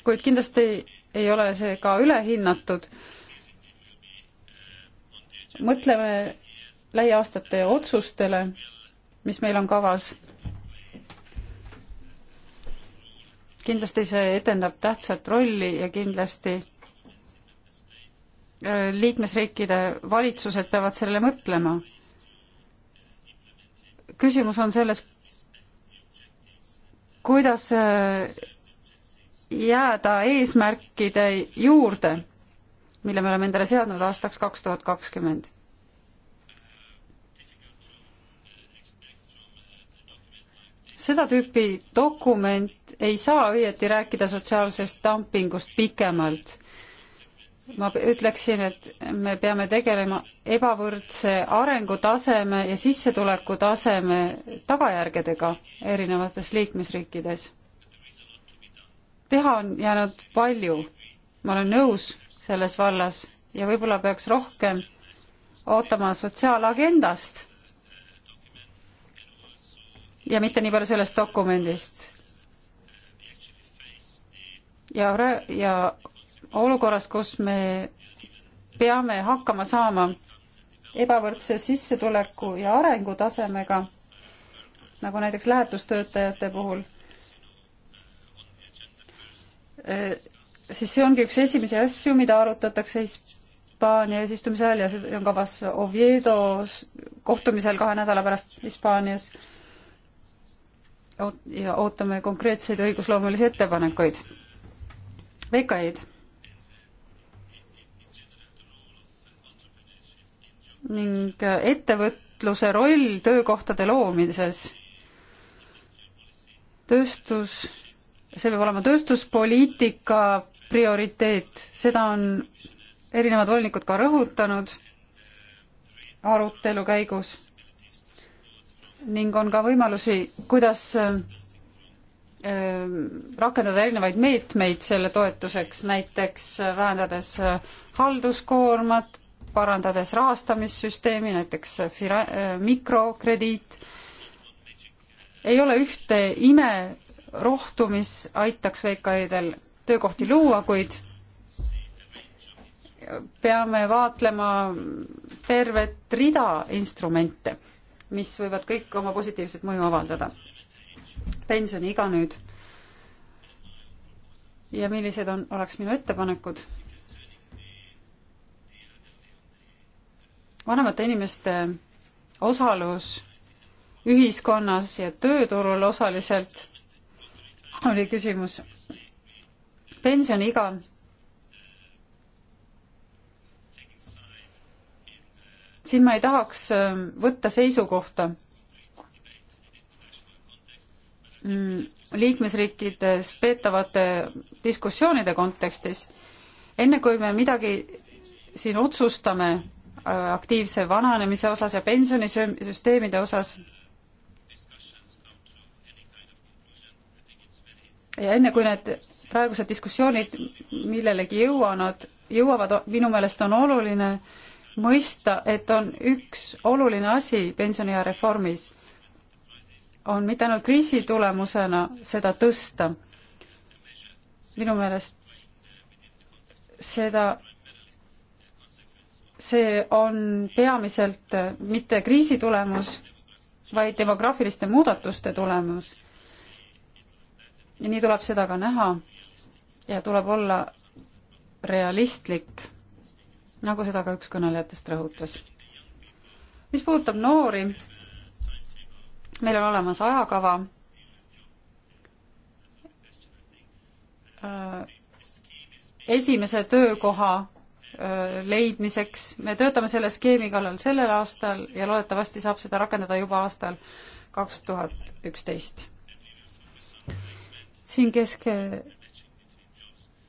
kuid kindlasti ei ole see ka ülehinnatud äh, mõtleme lähiaastate otsustele, mis meil on kavas. kindlasti see etendab tähtsat rolli ja kindlasti äh, liikmesriikide valitsused peavad sellele mõtlema. küsimus on selles, kuidas äh, jääda eesmärkide juurde mille me oleme endale seadnud aastaks kaks tuhat kakskümmend. seda tüüpi dokument ei saa õieti rääkida sotsiaalsest dumpingust pikemalt. ma ütleksin, et me peame tegelema ebavõrdse arengutaseme ja sissetulekutaseme tagajärgedega erinevates liikmesriikides. teha on jäänud palju, ma olen nõus selles vallas ja võib-olla peaks rohkem ootama sotsiaalagendast ja mitte nii palju sellest dokumendist. ja, ja olukorras, kus me peame hakkama saama ebavõrdse sissetuleku ja arengutasemega, nagu näiteks lähetustöötajate puhul, siis see ongi üks esimesi asju, mida arutatakse Hispaania eesistumise ajal ja see on kavas Oviedo kohtumisel kahe nädala pärast Hispaanias. ja ootame konkreetseid õigusloomelisi ettepanekuid. VKI-d ning ettevõtluse roll töökohtade loomises. tööstus, see peab olema tööstuspoliitika prioriteet, seda on erinevad volinikud ka rõhutanud arutelu käigus ning on ka võimalusi, kuidas äh, rakendada erinevaid meetmeid selle toetuseks, näiteks äh, vähendades äh, halduskoormat, parandades rahastamissüsteemi, näiteks mikrokrediit. ei ole ühte imerohtu, mis aitaks VKI-del töökohti luua, kuid peame vaatlema tervet rida instrumente, mis võivad kõik oma positiivset mõju avaldada. pensioniiga nüüd. ja millised on, oleks minu ettepanekud? vanemate inimeste osalus ühiskonnas ja tööturul osaliselt oli küsimus pensioniiga siin ma ei tahaks ähm, võtta seisukohta mm, liikmesriikides peetavate diskussioonide kontekstis. enne kui me midagi siin otsustame äh, aktiivse vananemise osas ja pensionisüsteemide osas, ja enne kui need praegused diskussioonid millelegi jõuanud, jõuavad, minu meelest on oluline mõista, et on üks oluline asi pensioniea reformis, on mitte ainult kriisi tulemusena seda tõsta, minu meelest seda, see on peamiselt mitte kriisi tulemus, vaid demograafiliste muudatuste tulemus. ja nii tuleb seda ka näha ja tuleb olla realistlik, nagu seda ka üks kõnelejatest rõhutas. mis puudutab noori, meil on olemas ajakava äh, esimese töökoha äh, leidmiseks, me töötame selle skeemi kallal sellel aastal ja loodetavasti saab seda rakendada juba aastal kaks tuhat üksteist. siin kesk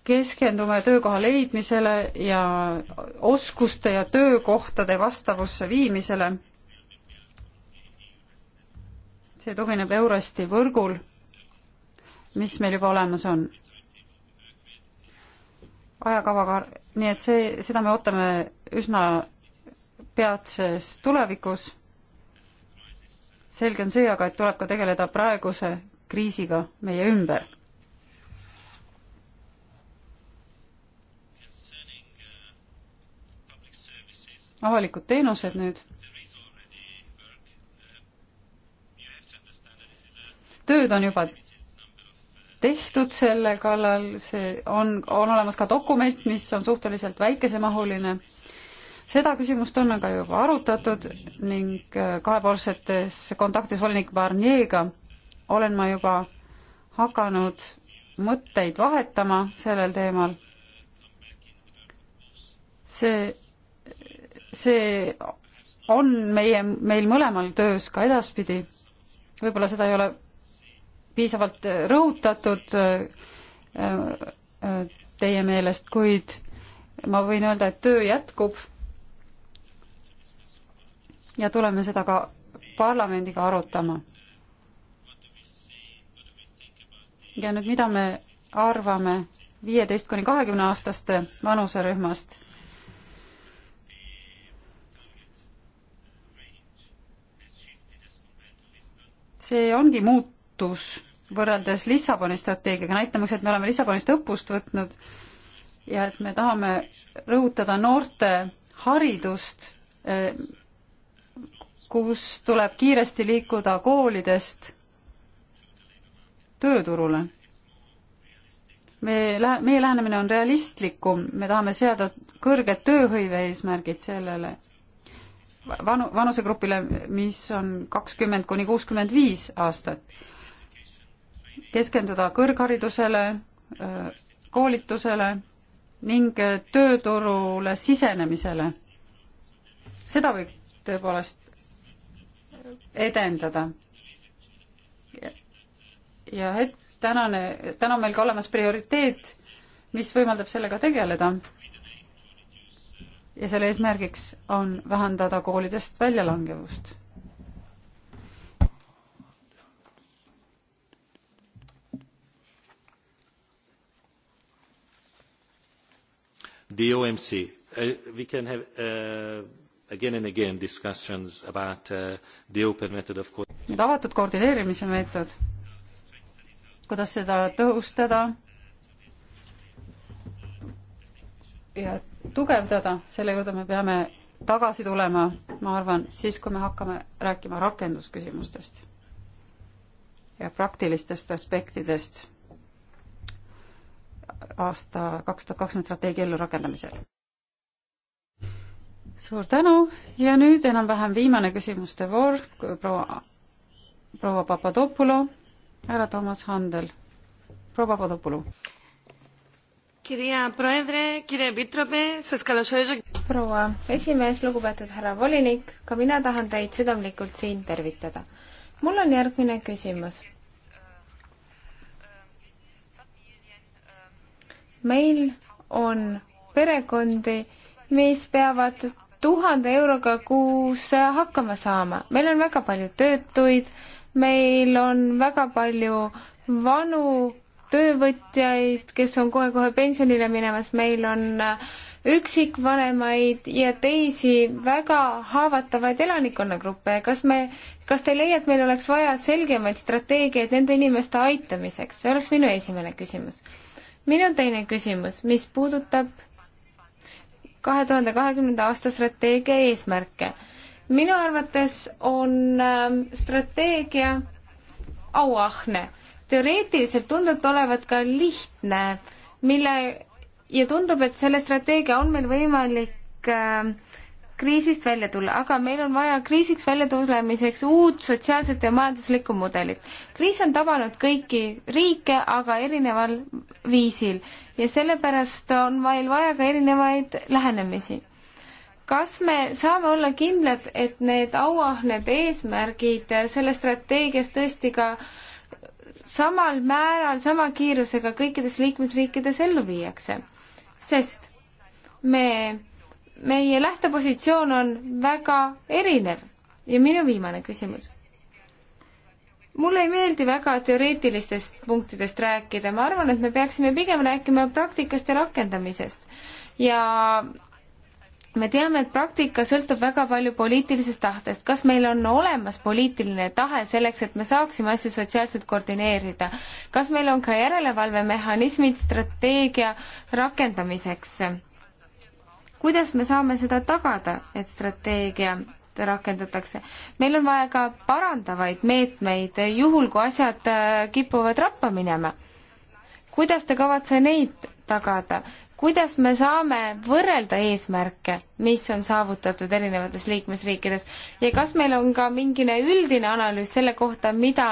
keskendume töökoha leidmisele ja oskuste ja töökohtade vastavusse viimisele. see tugineb Euresti võrgul, mis meil juba olemas on. ajakavaga, nii et see, seda me ootame üsna peatses tulevikus. selge on see aga, et tuleb ka tegeleda praeguse kriisiga meie ümber avalikud teenused nüüd. tööd on juba tehtud selle kallal, see on, on olemas ka dokument, mis on suhteliselt väikesemahuline. seda küsimust on aga juba arutatud ning äh, kahepoolsetes kontaktis volinik Barnier'ga olen ma juba hakanud mõtteid vahetama sellel teemal. see see on meie, meil mõlemal töös ka edaspidi. võib-olla seda ei ole piisavalt rõhutatud äh, äh, teie meelest, kuid ma võin öelda, et töö jätkub. ja tuleme seda ka parlamendiga arutama. ja nüüd, mida me arvame viieteist kuni kahekümne aastaste vanuserühmast see ongi muutus võrreldes Lissaboni strateegiaga, näitamaks, et me oleme Lissabonist õppust võtnud ja et me tahame rõhutada noorte haridust, eh, kus tuleb kiiresti liikuda koolidest tööturule. me lähe-, meie lähenemine on realistlikum, me tahame seada kõrged tööhõive eesmärgid sellele vanu, vanusegrupile, mis on kakskümmend kuni kuuskümmend viis aastat. keskenduda kõrgharidusele, koolitusele ning tööturule sisenemisele. seda võib tõepoolest edendada. ja hetk, tänane, täna on meil ka olemas prioriteet, mis võimaldab sellega tegeleda ja selle eesmärgiks on vähendada koolidest väljalangevust. The OMC, uh, we can have uh, again and again discussions about uh, the open method of nüüd avatud koordineerimise meetod, kuidas seda tõhustada ja et tugevdada, selle juurde me peame tagasi tulema, ma arvan, siis, kui me hakkame rääkima rakendusküsimustest ja praktilistest aspektidest aasta kaks tuhat kakskümmend strateegia ellurakendamisel. suur tänu ja nüüd enam-vähem viimane küsimuste voor, proua, proua Papadopulo, härra Toomas Handel, proua Papadopulo Kirja Proedre, Kirja Pitrope, sest kalosöös... proua esimees, lugupeetud härra volinik, ka mina tahan teid südamlikult siin tervitada. mul on järgmine küsimus. meil on perekondi, mis peavad tuhande euroga kuus hakkama saama. meil on väga palju töötuid, meil on väga palju vanu töövõtjaid, kes on kohe-kohe pensionile minemas, meil on äh, üksikvanemaid ja teisi väga haavatavaid elanikkonnagruppe. kas me, kas te ei leia, et meil oleks vaja selgemaid strateegiaid nende inimeste aitamiseks? see oleks minu esimene küsimus. minu teine küsimus, mis puudutab kahe tuhande kahekümnenda aasta strateegia eesmärke. minu arvates on ähm, strateegia auahne teoreetiliselt tundub ta olevat ka lihtne, mille ja tundub, et selle strateegia on meil võimalik äh, kriisist välja tulla, aga meil on vaja kriisiks välja tulemiseks uut sotsiaalset ja majanduslikku mudelit. kriis on tabanud kõiki riike, aga erineval viisil ja sellepärast on meil vaja ka erinevaid lähenemisi. kas me saame olla kindlad, et need auahned eesmärgid selles strateegias tõesti ka äh, samal määral, sama kiirusega kõikides liikmesriikides ellu viiakse. sest me, meie lähtepositsioon on väga erinev ja minu viimane küsimus. mulle ei meeldi väga teoreetilistest punktidest rääkida, ma arvan, et me peaksime pigem rääkima praktikast ja rakendamisest ja me teame, et praktika sõltub väga palju poliitilisest tahtest. kas meil on olemas poliitiline tahe selleks, et me saaksime asju sotsiaalselt koordineerida? kas meil on ka järelevalvemehhanismid strateegia rakendamiseks? kuidas me saame seda tagada, et strateegia rakendatakse. meil on vaja ka parandavaid meetmeid, juhul kui asjad äh, kipuvad rappa minema. kuidas te kavatse neid tagada? kuidas me saame võrrelda eesmärke, mis on saavutatud erinevates liikmesriikides ja kas meil on ka mingine üldine analüüs selle kohta, mida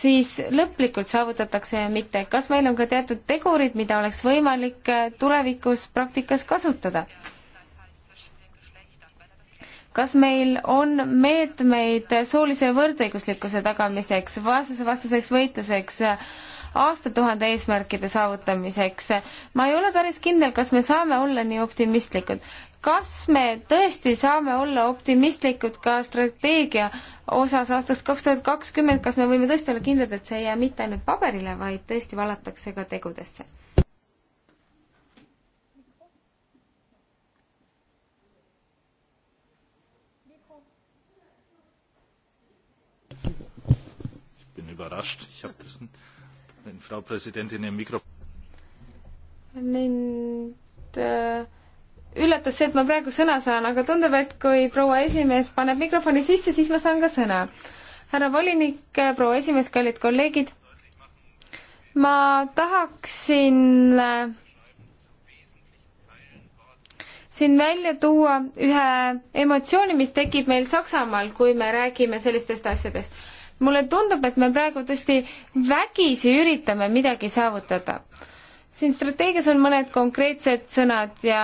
siis lõplikult saavutatakse ja mitte, kas meil on ka teatud tegurid, mida oleks võimalik äh, tulevikus praktikas kasutada? kas meil on meetmeid soolise võrdõiguslikkuse tagamiseks, vaesusevastaseks võitluseks äh, aastatuhande eesmärkide saavutamiseks. ma ei ole päris kindel, kas me saame olla nii optimistlikud. kas me tõesti saame olla optimistlikud ka strateegia osas aastaks kaks tuhat kakskümmend, kas me võime tõesti olla kindlad, et see ei jää mitte ainult paberile, vaid tõesti valatakse ka tegudesse? überrascht. Ich habe das Frau Präsidentin im Mikro. mind äh, üllatas see, et ma praegu sõna saan, aga tundub, et kui proua esimees paneb mikrofoni sisse, siis ma saan ka sõna. härra volinik, äh, proua esimees, kallid kolleegid, ma tahaksin äh, siin välja tuua ühe emotsiooni, mis tekib meil Saksamaal, kui me räägime sellistest asjadest mulle tundub, et me praegu tõesti vägisi üritame midagi saavutada. siin strateegias on mõned konkreetsed sõnad ja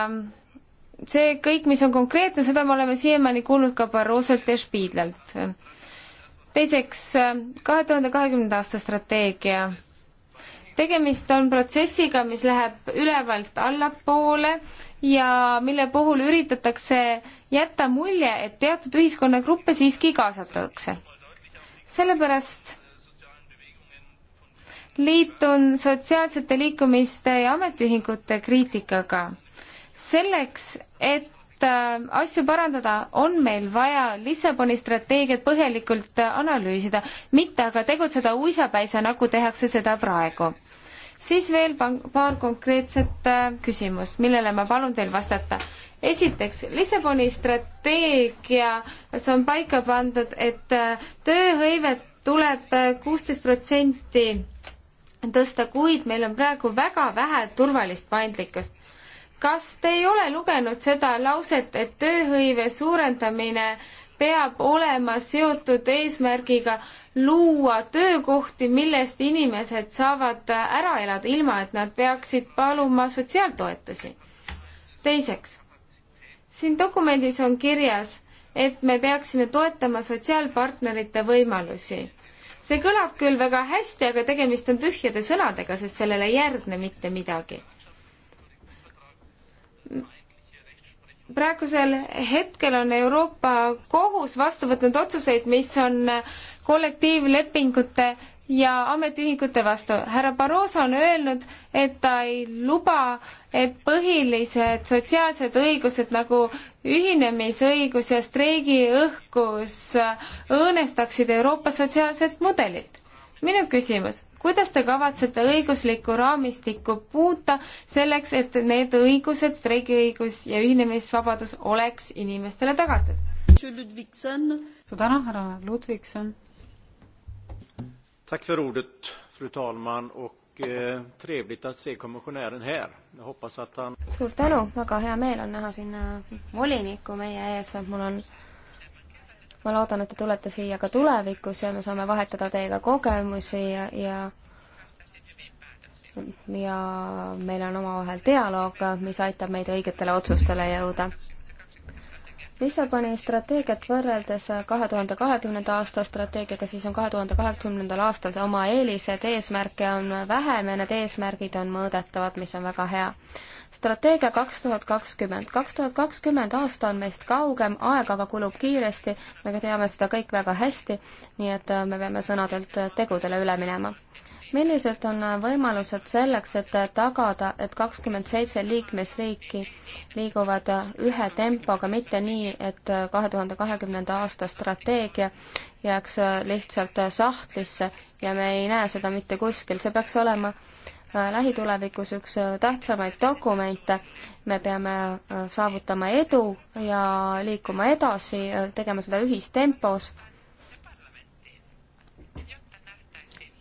see kõik, mis on konkreetne, seda me oleme siiamaani kuulnud ka Barrosolt ja Spiidlalt. teiseks, kahe tuhande kahekümnenda aasta strateegia. tegemist on protsessiga, mis läheb ülevalt allapoole ja mille puhul üritatakse jätta mulje, et teatud ühiskonnagruppe siiski kaasatakse sellepärast liitun sotsiaalsete liikumiste ja ametiühingute kriitikaga. selleks, et äh, asju parandada, on meil vaja Lissaboni strateegiat põhjalikult äh, analüüsida, mitte aga tegutseda uisapäisa, nagu tehakse seda praegu. siis veel paar konkreetset äh, küsimust, millele ma palun teil vastata esiteks, Lissaboni strateegias on paika pandud, et äh, tööhõivet tuleb äh, kuusteist protsenti tõsta, kuid meil on praegu väga vähe turvalist paindlikkust. kas te ei ole lugenud seda lauset, et tööhõive suurendamine peab olema seotud eesmärgiga luua töökohti, millest inimesed saavad äh, ära elada, ilma et nad peaksid paluma sotsiaaltoetusi? teiseks siin dokumendis on kirjas, et me peaksime toetama sotsiaalpartnerite võimalusi. see kõlab küll väga hästi, aga tegemist on tühjade sõnadega, sest sellele ei järgne mitte midagi. praegusel hetkel on Euroopa Kohus vastu võtnud otsuseid, mis on kollektiivlepingute ja ametiühingute vastu. härra Barroso on öelnud, et ta ei luba, et põhilised sotsiaalsed õigused nagu ühinemisõigus ja streigiõhkus õõnestaksid Euroopa sotsiaalset mudelit. minu küsimus, kuidas te kavatsete õiguslikku raamistikku puuta selleks, et need õigused, streigiõigus ja ühinemisvabadus oleks inimestele tagatud? suur tänu, härra Ludvigson Tack för ordet, fru talman, och eh, trevligt att se kommissionären här. Jag hoppas att han... Suur tänu, väga hea meel on näha siin äh, volinikku meie ees. Mul on... Ma loodan, et te tulete siia ka tulevikus ja me saame vahetada teiega kogemusi ja, ja ja meil on omavahel dialoog, mis aitab meid õigetele otsustele jõuda. Lissaboni strateegiat võrreldes kahe tuhande kahekümnenda aasta strateegiaga, siis on kahe tuhande kahekümnendal aastal oma eelised, eesmärke on vähem ja need eesmärgid on mõõdetavad, mis on väga hea. strateegia kaks tuhat kakskümmend. kaks tuhat kakskümmend aasta on meist kaugem, aeg aga kulub kiiresti, me teame seda kõik väga hästi, nii et me peame sõnadelt tegudele üle minema millised on võimalused selleks, et tagada, et kakskümmend seitse liikmesriiki liiguvad ühe tempoga, mitte nii, et kahe tuhande kahekümnenda aasta strateegia jääks lihtsalt sahtlisse ja me ei näe seda mitte kuskil, see peaks olema äh, lähitulevikus üks äh, tähtsamaid dokumente, me peame äh, saavutama edu ja liikuma edasi, tegema seda ühistempos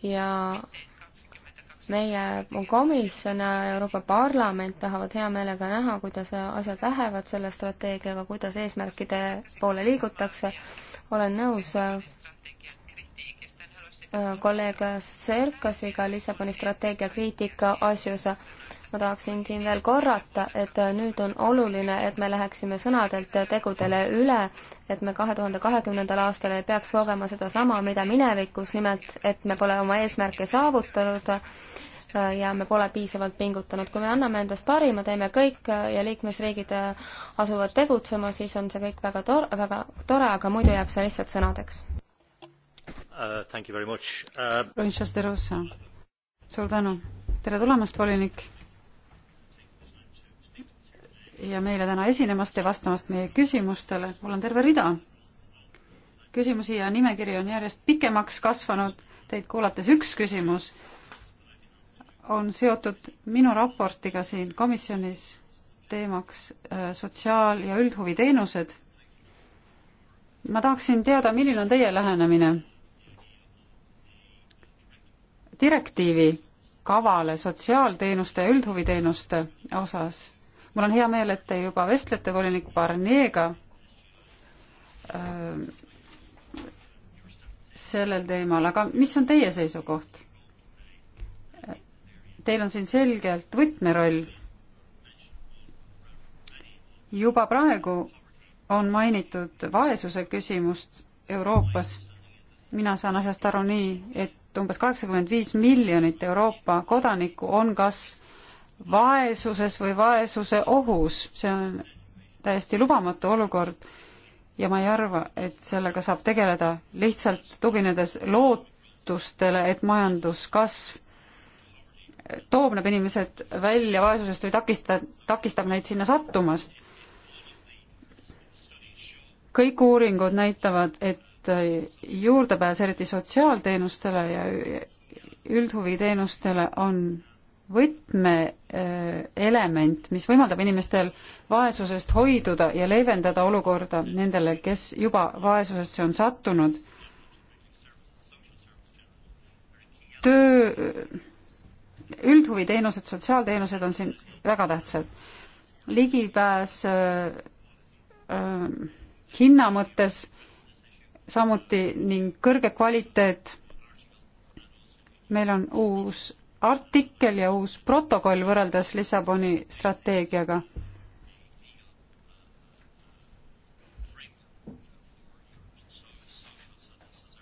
ja meie komisjon ja Euroopa Parlament tahavad hea meelega näha, kuidas asjad lähevad selle strateegiaga, kuidas eesmärkide poole liigutakse. olen nõus äh, kolleeg Serkasiga Lissaboni strateegia kriitika asjus ma tahaksin siin veel korrata, et nüüd on oluline, et me läheksime sõnadelt tegudele üle, et me kahe tuhande kahekümnendal aastal ei peaks kogema sedasama, mida minevikus, nimelt et me pole oma eesmärke saavutanud äh, ja me pole piisavalt pingutanud. kui me anname endast parima, teeme kõik äh, ja liikmesriigid äh, asuvad tegutsema, siis on see kõik väga tor-, väga tore, aga muidu jääb see lihtsalt sõnadeks uh,. Thank you very much uh.... suur tänu. tere tulemast, volinik ja meile täna esinemast ja vastamast meie küsimustele. mul on terve rida küsimusi ja nimekiri on järjest pikemaks kasvanud. Teid kuulates üks küsimus on seotud minu raportiga siin komisjonis teemaks äh, sotsiaal- ja üldhuviteenused. ma tahaksin teada, milline on teie lähenemine direktiivi kavale sotsiaalteenuste ja üldhuviteenuste osas mul on hea meel, et te juba vestlete volinik Barnier'ga ähm, sellel teemal, aga mis on teie seisukoht? Teil on siin selgelt võtmeroll. juba praegu on mainitud vaesuse küsimust Euroopas. mina saan asjast aru nii, et umbes kaheksakümmend viis miljonit Euroopa kodanikku on kas vaesuses või vaesuse ohus, see on täiesti lubamatu olukord ja ma ei arva, et sellega saab tegeleda lihtsalt tuginedes lootustele, et majanduskasv toobneb inimesed välja vaesusest või takista, takistab neid sinna sattumast. kõik uuringud näitavad, et juurdepääs eriti sotsiaalteenustele ja üldhuviteenustele on võtmeelement, mis võimaldab inimestel vaesusest hoiduda ja leevendada olukorda nendele, kes juba vaesusesse on sattunud. töö, üldhuviteenused, sotsiaalteenused on siin väga tähtsad. ligipääs äh, äh hinna mõttes samuti ning kõrge kvaliteet. meil on uus artikkel ja uus protokoll võrreldes Lissaboni strateegiaga.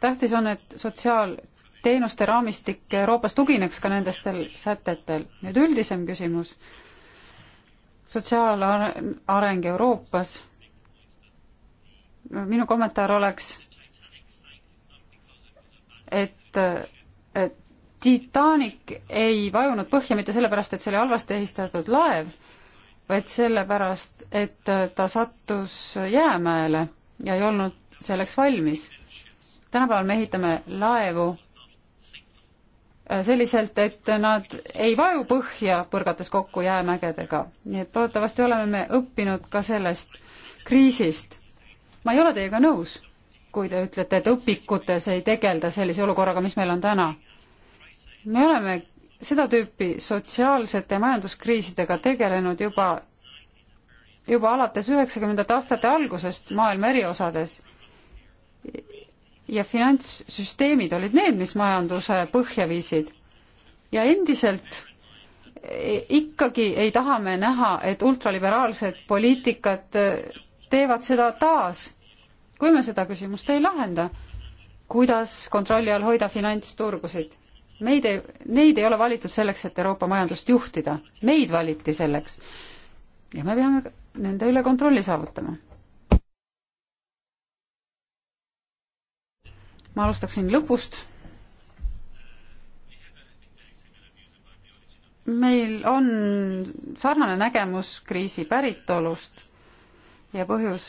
tähtis on, et sotsiaalteenuste raamistik Euroopas tugineks ka nendestel sätetel. nüüd üldisem küsimus. sotsiaalareng Euroopas. minu kommentaar oleks, et, et Titanic ei vajunud põhja mitte sellepärast, et see oli halvasti ehistatud laev, vaid sellepärast, et ta sattus jäämäele ja ei olnud selleks valmis. tänapäeval me ehitame laevu äh, selliselt, et nad ei vaju põhja, põrgates kokku jäämägedega. nii et loodetavasti oleme me õppinud ka sellest kriisist. ma ei ole teiega nõus, kui te ütlete, et õpikutes ei tegelda sellise olukorraga, mis meil on täna me oleme seda tüüpi sotsiaalsete majanduskriisidega tegelenud juba, juba alates üheksakümnendate aastate algusest maailma eri osades. ja finantssüsteemid olid need, mis majanduse põhja viisid. ja endiselt e, ikkagi ei taha me näha, et ultraliberaalsed poliitikad e, teevad seda taas. kui me seda küsimust ei lahenda, kuidas kontrolli all hoida finantsturgusid meid ei, neid ei ole valitud selleks, et Euroopa majandust juhtida, meid valiti selleks. ja me peame nende üle kontrolli saavutama. ma alustaksin lõpust. meil on sarnane nägemus kriisi päritolust ja põhjus,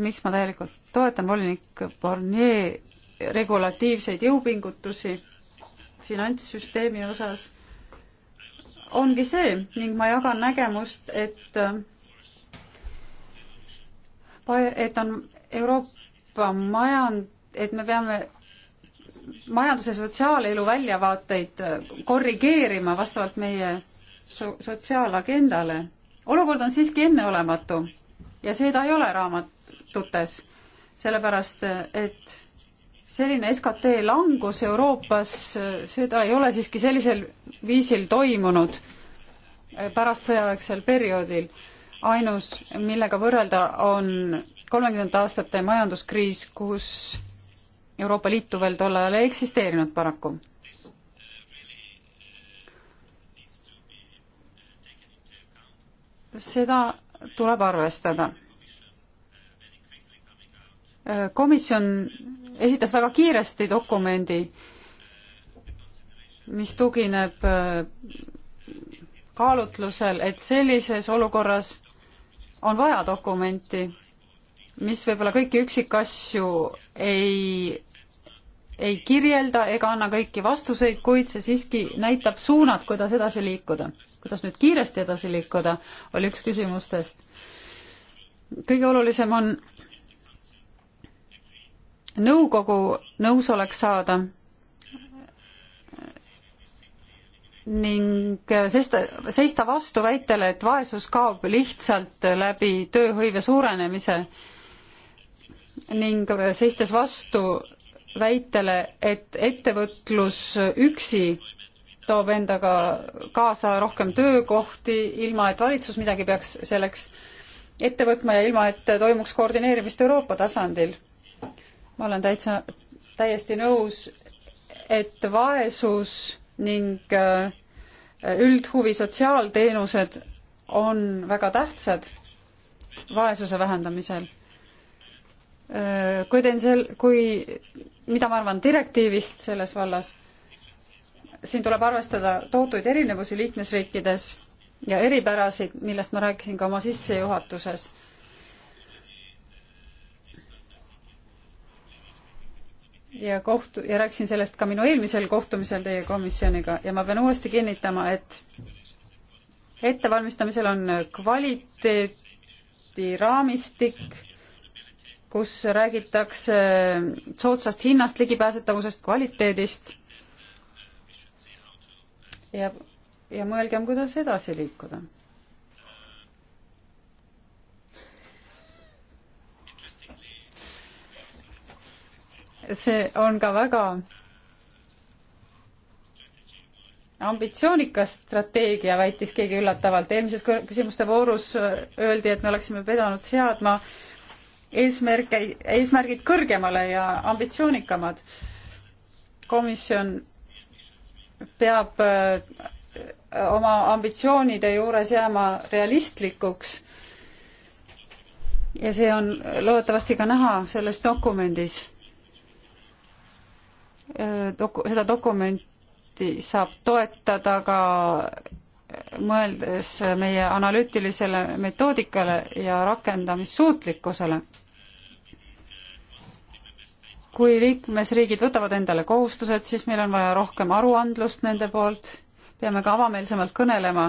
miks ma täielikult toetan volinik Barnier regulatiivseid jõupingutusi finantssüsteemi osas ongi see ning ma jagan nägemust, et et on Euroopa majand, et me peame majanduse sotsiaalelu väljavaateid korrigeerima vastavalt meie so sotsiaalagendale. olukord on siiski enneolematu ja seda ei ole raamatutes, sellepärast et selline SKT langus Euroopas, seda ei ole siiski sellisel viisil toimunud eh, pärast sõjaväeksel perioodil. ainus, millega võrrelda, on kolmekümnendate aastate majanduskriis, kus Euroopa Liitu veel tol ajal ei eksisteerinud paraku. seda tuleb arvestada komisjon esitas väga kiiresti dokumendi, mis tugineb äh, kaalutlusel, et sellises olukorras on vaja dokumenti, mis võib-olla kõiki üksikasju ei, ei kirjelda ega anna kõiki vastuseid, kuid see siiski näitab suunad, kuidas edasi liikuda. kuidas nüüd kiiresti edasi liikuda, oli üks küsimustest. kõige olulisem on nõukogu nõusolek saada ning seista, seista vastu väitele, et vaesus kaob lihtsalt läbi tööhõive suurenemise ning seistes vastu väitele, et ettevõtlus üksi toob endaga kaasa rohkem töökohti, ilma et valitsus midagi peaks selleks ette võtma ja ilma, et toimuks koordineerimist Euroopa tasandil ma olen täitsa, täiesti nõus, et vaesus ning äh, üldhuvi sotsiaalteenused on väga tähtsad vaesuse vähendamisel. Äh, kui teen sel-, kui, mida ma arvan direktiivist selles vallas, siin tuleb arvestada tohutuid erinevusi liikmesriikides ja eripärasid, millest ma rääkisin ka oma sissejuhatuses ja kohtu- ja rääkisin sellest ka minu eelmisel kohtumisel teie komisjoniga ja ma pean uuesti kinnitama, et ettevalmistamisel on kvaliteediraamistik, kus räägitakse soodsast hinnast, ligipääsetavusest, kvaliteedist ja, ja mõelgem, kuidas edasi liikuda see on ka väga ambitsioonikas strateegia, väitis keegi üllatavalt. eelmises küsimuste voorus äh, öeldi, et me oleksime pidanud seadma eesmärke, eesmärgid kõrgemale ja ambitsioonikamad. komisjon peab äh, oma ambitsioonide juures jääma realistlikuks ja see on loodetavasti ka näha selles dokumendis Äh, doku-, seda dokumenti saab toetada ka äh, mõeldes meie analüütilisele metoodikale ja rakendamissuutlikkusele. kui liikmesriigid võtavad endale kohustused, siis meil on vaja rohkem aruandlust nende poolt, peame ka avameelsemalt kõnelema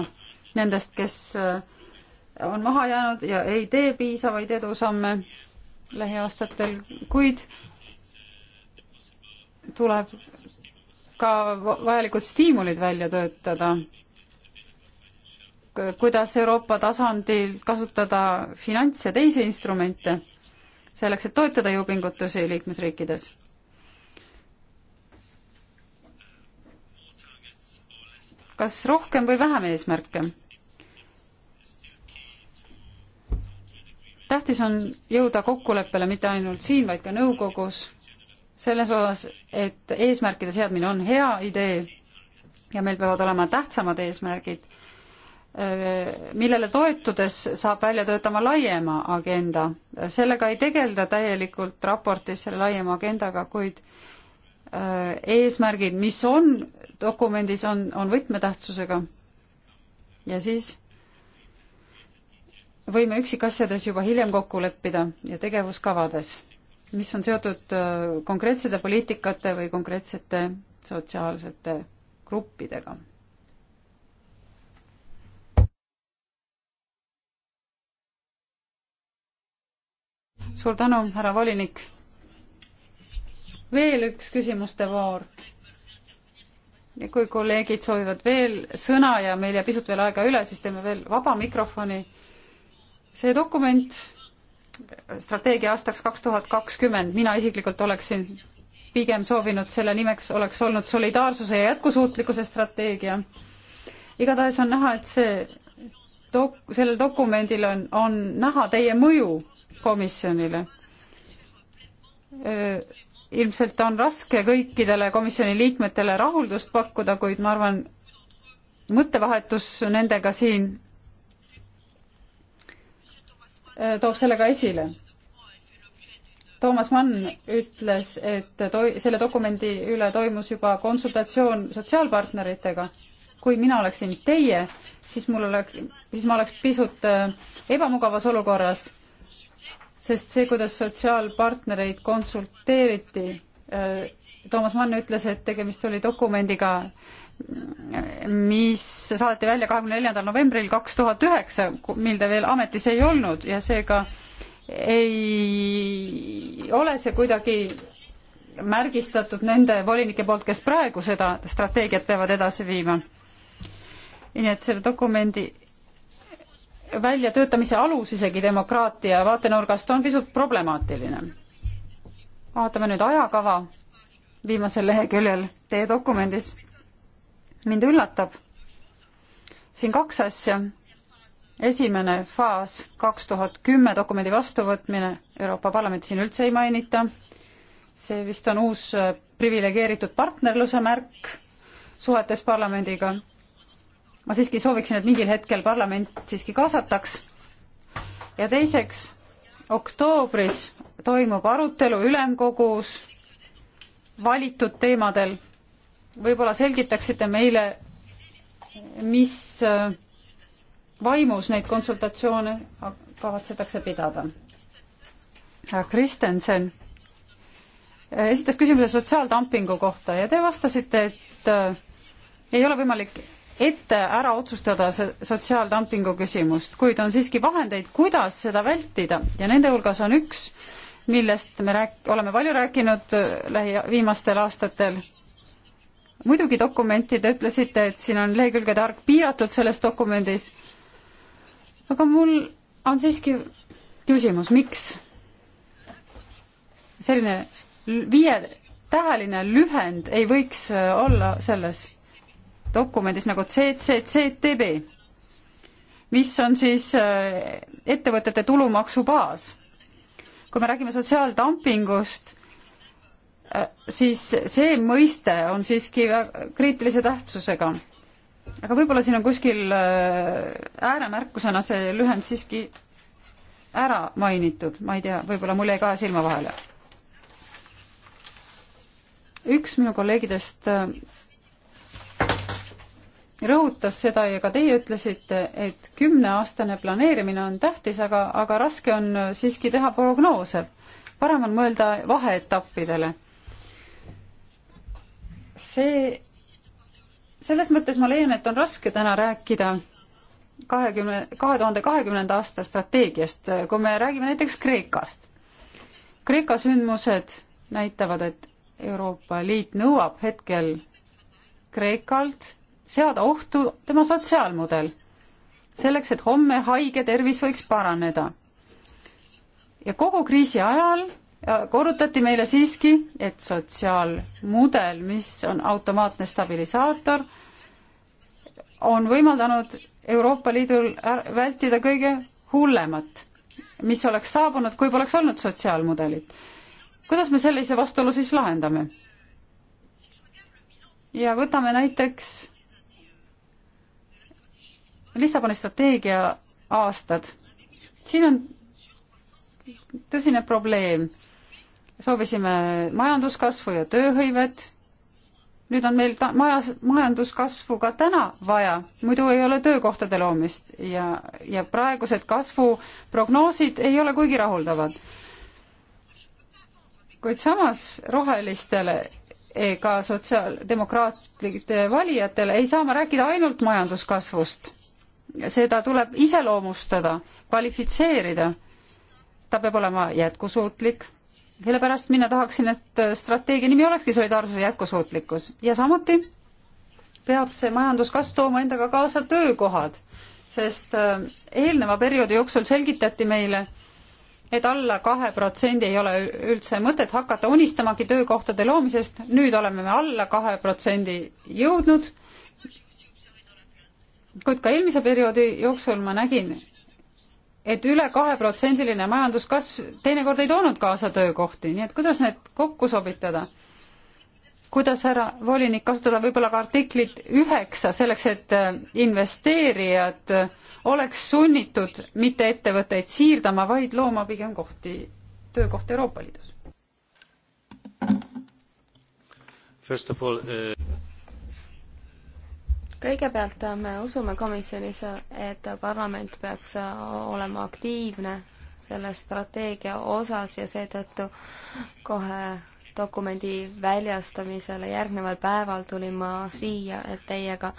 nendest, kes äh, on maha jäänud ja ei tee piisavaid edusamme lähiaastatel, kuid tuleb ka vajalikud stiimulid välja töötada, kuidas Euroopa tasandil kasutada finants- ja teisi instrumente selleks, et toetada jõupingutusi liikmesriikides. kas rohkem või vähem eesmärke? tähtis on jõuda kokkuleppele mitte ainult siin, vaid ka nõukogus selles osas, et eesmärkide seadmine on hea idee ja meil peavad olema tähtsamad eesmärgid, millele toetudes saab välja töötama laiema agenda. sellega ei tegelda täielikult raportis selle laiema agendaga, kuid äh, eesmärgid, mis on dokumendis, on, on võtmetähtsusega. ja siis võime üksikasjades juba hiljem kokku leppida ja tegevuskavades mis on seotud äh, konkreetsete poliitikate või konkreetsete sotsiaalsete gruppidega. suur tänu, härra volinik. veel üks küsimuste voor. ja kui kolleegid soovivad veel sõna ja meil jääb pisut veel aega üle, siis teeme veel vaba mikrofoni. see dokument strateegia aastaks kaks tuhat kakskümmend, mina isiklikult oleksin pigem soovinud, selle nimeks oleks olnud solidaarsuse ja jätkusuutlikkuse strateegia. igatahes on näha, et see dok-, sellel dokumendil on, on näha teie mõju komisjonile. ilmselt on raske kõikidele komisjoni liikmetele rahuldust pakkuda, kuid ma arvan, mõttevahetus nendega siin Äh, toob selle ka esile. Toomas Mann ütles, et toi-, selle dokumendi üle toimus juba konsultatsioon sotsiaalpartneritega. kui mina oleksin teie, siis mul oleks, siis ma oleks pisut äh, ebamugavas olukorras, sest see, kuidas sotsiaalpartnereid konsulteeriti, äh, Toomas Mann ütles, et tegemist oli dokumendiga, mis saadeti välja kahekümne neljandal novembril kaks tuhat üheksa, mil ta veel ametis ei olnud ja seega ei ole see kuidagi märgistatud nende volinike poolt, kes praegu seda strateegiat peavad edasi viima. nii et selle dokumendi väljatöötamise alus isegi demokraatia vaatenurgast on pisut problemaatiline. vaatame nüüd ajakava viimasel leheküljel teie dokumendis mind üllatab siin kaks asja. esimene faas, kaks tuhat kümme dokumendi vastuvõtmine, Euroopa Parlamenti siin üldse ei mainita, see vist on uus äh, priviligeeritud partnerluse märk suhetes parlamendiga. ma siiski sooviksin, et mingil hetkel parlament siiski kaasataks. ja teiseks, oktoobris toimub arutelu ülemkogus valitud teemadel võib-olla selgitaksite meile, mis äh, vaimus neid konsultatsioone kavatsetakse pidada? härra Kristensen äh, esitas küsimuse sotsiaaldumpingu kohta ja te vastasite, et äh, ei ole võimalik ette ära otsustada see sotsiaaldumpingu küsimust, kuid on siiski vahendeid, kuidas seda vältida ja nende hulgas on üks, millest me rääk-, oleme palju rääkinud lähi-, viimastel aastatel muidugi dokumenti, te ütlesite, et siin on lehekülgede arv piiratud selles dokumendis. aga mul on siiski küsimus, miks selline viietäheline lühend ei võiks äh, olla selles dokumendis nagu CCCTB, mis on siis äh, ettevõtete tulumaksubaas. kui me räägime sotsiaaldumpingust Äh, siis see mõiste on siiski kriitilise tähtsusega. aga võib-olla siin on kuskil äh, ääremärkusena see lühend siiski ära mainitud, ma ei tea, võib-olla mul jäi kahe silma vahele. üks minu kolleegidest äh, rõhutas seda ja ka teie ütlesite, et kümneaastane planeerimine on tähtis, aga, aga raske on siiski teha prognoose. parem on mõelda vaheetappidele see, selles mõttes ma leian, et on raske täna rääkida kahekümne, kahe tuhande kahekümnenda aasta strateegiast, kui me räägime näiteks Kreekast. Kreeka sündmused näitavad, et Euroopa Liit nõuab hetkel Kreekalt seada ohtu tema sotsiaalmudel, selleks et homme haige tervis võiks paraneda. ja kogu kriisi ajal korrutati meile siiski, et sotsiaalmudel, mis on automaatne stabilisaator, on võimaldanud Euroopa Liidul vältida kõige hullemat, mis oleks saabunud, kui poleks olnud sotsiaalmudelit. kuidas me sellise vastuolu siis lahendame? ja võtame näiteks Lissaboni strateegia aastad. siin on tõsine probleem soovisime majanduskasvu ja tööhõivet. nüüd on meil ta-, majas, majanduskasvu ka täna vaja, muidu ei ole töökohtade loomist ja, ja praegused kasvuprognoosid ei ole kuigi rahuldavad. kuid samas rohelistele ega sotsiaaldemokraatide valijatele ei saa ma rääkida ainult majanduskasvust. seda tuleb iseloomustada, kvalifitseerida. ta peab olema jätkusuutlik sellepärast mina tahaksin, et äh, strateegia nimi olekski solidaarsuse jätkusuutlikkus ja samuti peab see majanduskasv tooma endaga kaasa töökohad, sest äh, eelneva perioodi jooksul selgitati meile, et alla kahe protsendi ei ole üldse mõtet hakata unistamagi töökohtade loomisest, nüüd oleme me alla kahe protsendi jõudnud, kuid ka eelmise perioodi jooksul ma nägin, et üle kaheprotsendiline majanduskasv teinekord ei toonud kaasa töökohti, nii et kuidas need kokku sobitada? kuidas härra volinik kasutada võib-olla ka artiklit üheksa selleks, et äh, investeerijad äh, oleks sunnitud mitte ettevõtteid siirdama, vaid looma pigem kohti, töökohti Euroopa Liidus? All, uh kõigepealt äh, me usume komisjonis, et parlament peaks äh, olema aktiivne selle strateegia osas ja seetõttu kohe dokumendi väljastamisele järgneval päeval tulin ma siia, et teiega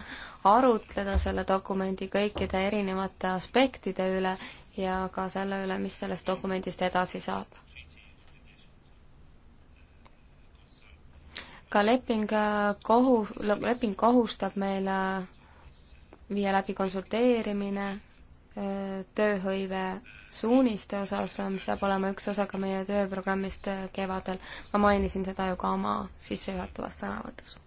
arutleda selle dokumendi kõikide erinevate aspektide üle ja ka selle üle, mis sellest dokumendist edasi saab. ka leping äh, kohu, leping kohustab meile viia läbi konsulteerimine äh, tööhõive suuniste osas, mis saab olema üks osa ka meie tööprogrammist äh, kevadel. ma mainisin seda ju ka oma sissejuhatavas sõnavõtus.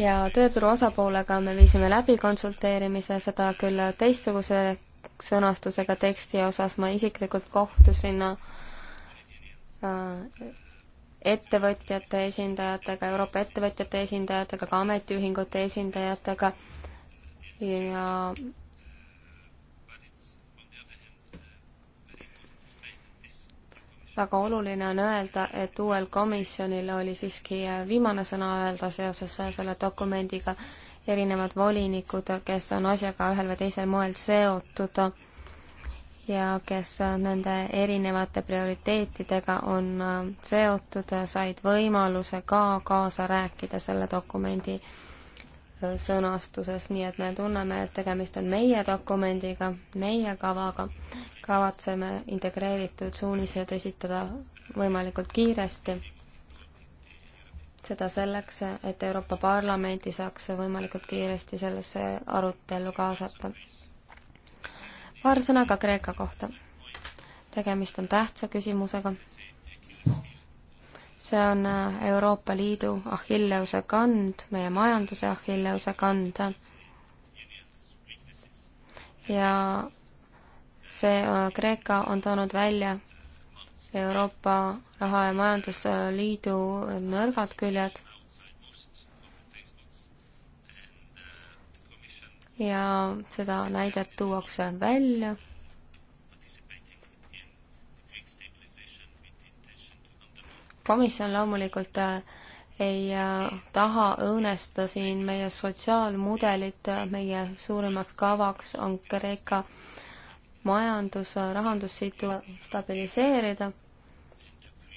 ja tööturu osapoolega me viisime läbi konsulteerimise, seda küll teistsuguse sõnastusega teksti osas, ma isiklikult kohtusin äh, ettevõtjate esindajatega, Euroopa ettevõtjate esindajatega, ka ametiühingute esindajatega ja väga oluline on öelda, et uuel komisjonil oli siiski viimane sõna öelda seoses selle dokumendiga, erinevad volinikud, kes on asjaga ühel või teisel moel seotud ja kes äh, nende erinevate prioriteetidega on äh, seotud, said võimaluse ka kaasa rääkida selle dokumendi äh, sõnastuses, nii et me tunneme, et tegemist on meie dokumendiga, meie kavaga, kavatseme integreeritud suunised esitada võimalikult kiiresti. seda selleks, et Euroopa Parlamenti saaks võimalikult kiiresti sellesse arutellu kaasata paar sõna ka Kreeka kohta. tegemist on tähtsa küsimusega. see on äh, Euroopa Liidu Achilleuse kand, meie majanduse Achilleuse kand. ja see äh, Kreeka on toonud välja Euroopa Raha- ja Majandusliidu äh, nõrgad küljed ja seda näidet tuuakse välja. komisjon loomulikult äh, ei äh, taha õõnesta siin meie sotsiaalmudelit, meie suurimaks kavaks on Kreeka majandus, äh, rahandussitu stabiliseerida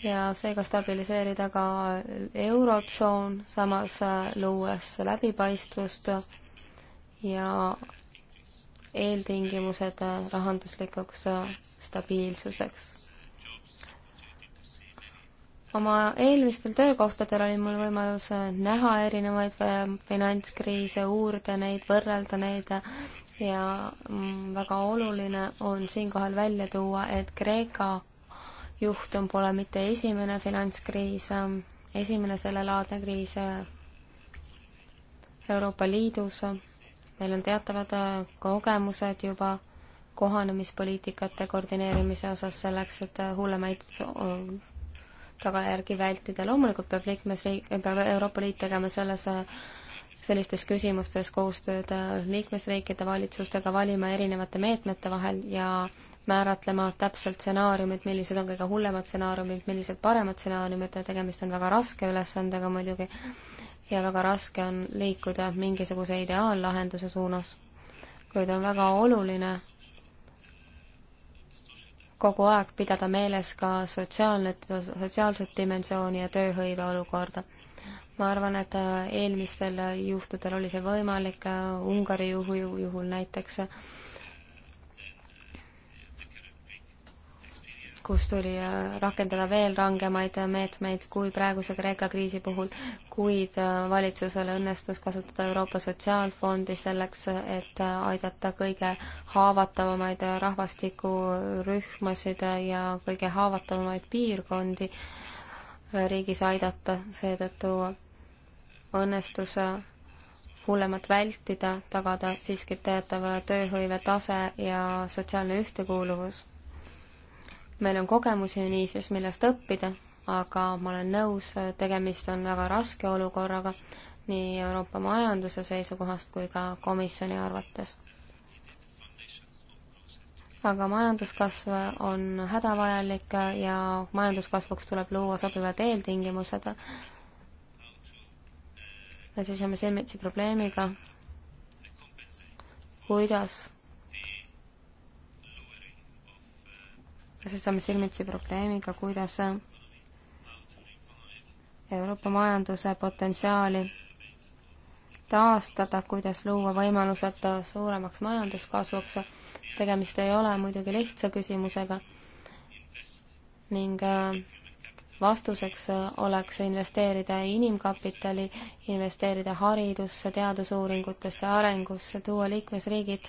ja seega stabiliseerida ka Eurotsoon, samas luues läbipaistvust ja eeltingimused rahanduslikuks stabiilsuseks. oma eelmistel töökohtadel oli mul võimalus näha erinevaid finantskriise, uurida neid, võrrelda neid ja väga oluline on siinkohal välja tuua, et Kreeka juhtum pole mitte esimene finantskriis, esimene sellelaadne kriis Euroopa Liidus meil on teatavad äh, kogemused juba kohanemispoliitikate koordineerimise osas selleks, et äh, hullemaid äh, tagajärgi vältida. loomulikult peab liikmesriik, peab Euroopa Liit tegema selles, sellistes küsimustes koostööd liikmesriikide valitsustega, valima erinevate meetmete vahel ja määratlema täpselt stsenaariumid, millised on kõige hullemad stsenaariumid, millised paremad stsenaariumid, tegemist on väga raske ülesandega muidugi ja väga raske on liikuda mingisuguse ideaallahenduse suunas, kuid on väga oluline kogu aeg pidada meeles ka sotsiaalne, sotsiaalset dimensiooni ja tööhõive olukorda. ma arvan, et äh, eelmistel juhtudel oli see võimalik, äh, Ungari juhu, juhul näiteks kus tuli äh, rakendada veel rangemaid äh, meetmeid kui praeguse Kreeka kriisi puhul, kuid äh, valitsusele õnnestus kasutada Euroopa Sotsiaalfondi selleks, et aidata kõige haavatavamaid rahvastikurühmasid ja kõige haavatavamaid piirkondi riigis aidata, seetõttu õnnestus hullemat vältida, tagada siiski teatav tööhõive tase ja sotsiaalne ühtekuuluvus meil on kogemusi niisiis, millest õppida, aga ma olen nõus, tegemist on väga raske olukorraga nii Euroopa majanduse seisukohast kui ka komisjoni arvates. aga majanduskasv on hädavajalik ja majanduskasvuks tuleb luua sobivad eeltingimused. me seisame silmitsi probleemiga, kuidas seisame silmitsi probleemiga, kuidas Euroopa majanduse potentsiaali taastada, kuidas luua võimalused suuremaks majanduskasvuks. tegemist ei ole muidugi lihtsa küsimusega ning äh, vastuseks oleks investeerida inimkapitali, investeerida haridusse, teadusuuringutesse, arengusse, tuua liikmesriigid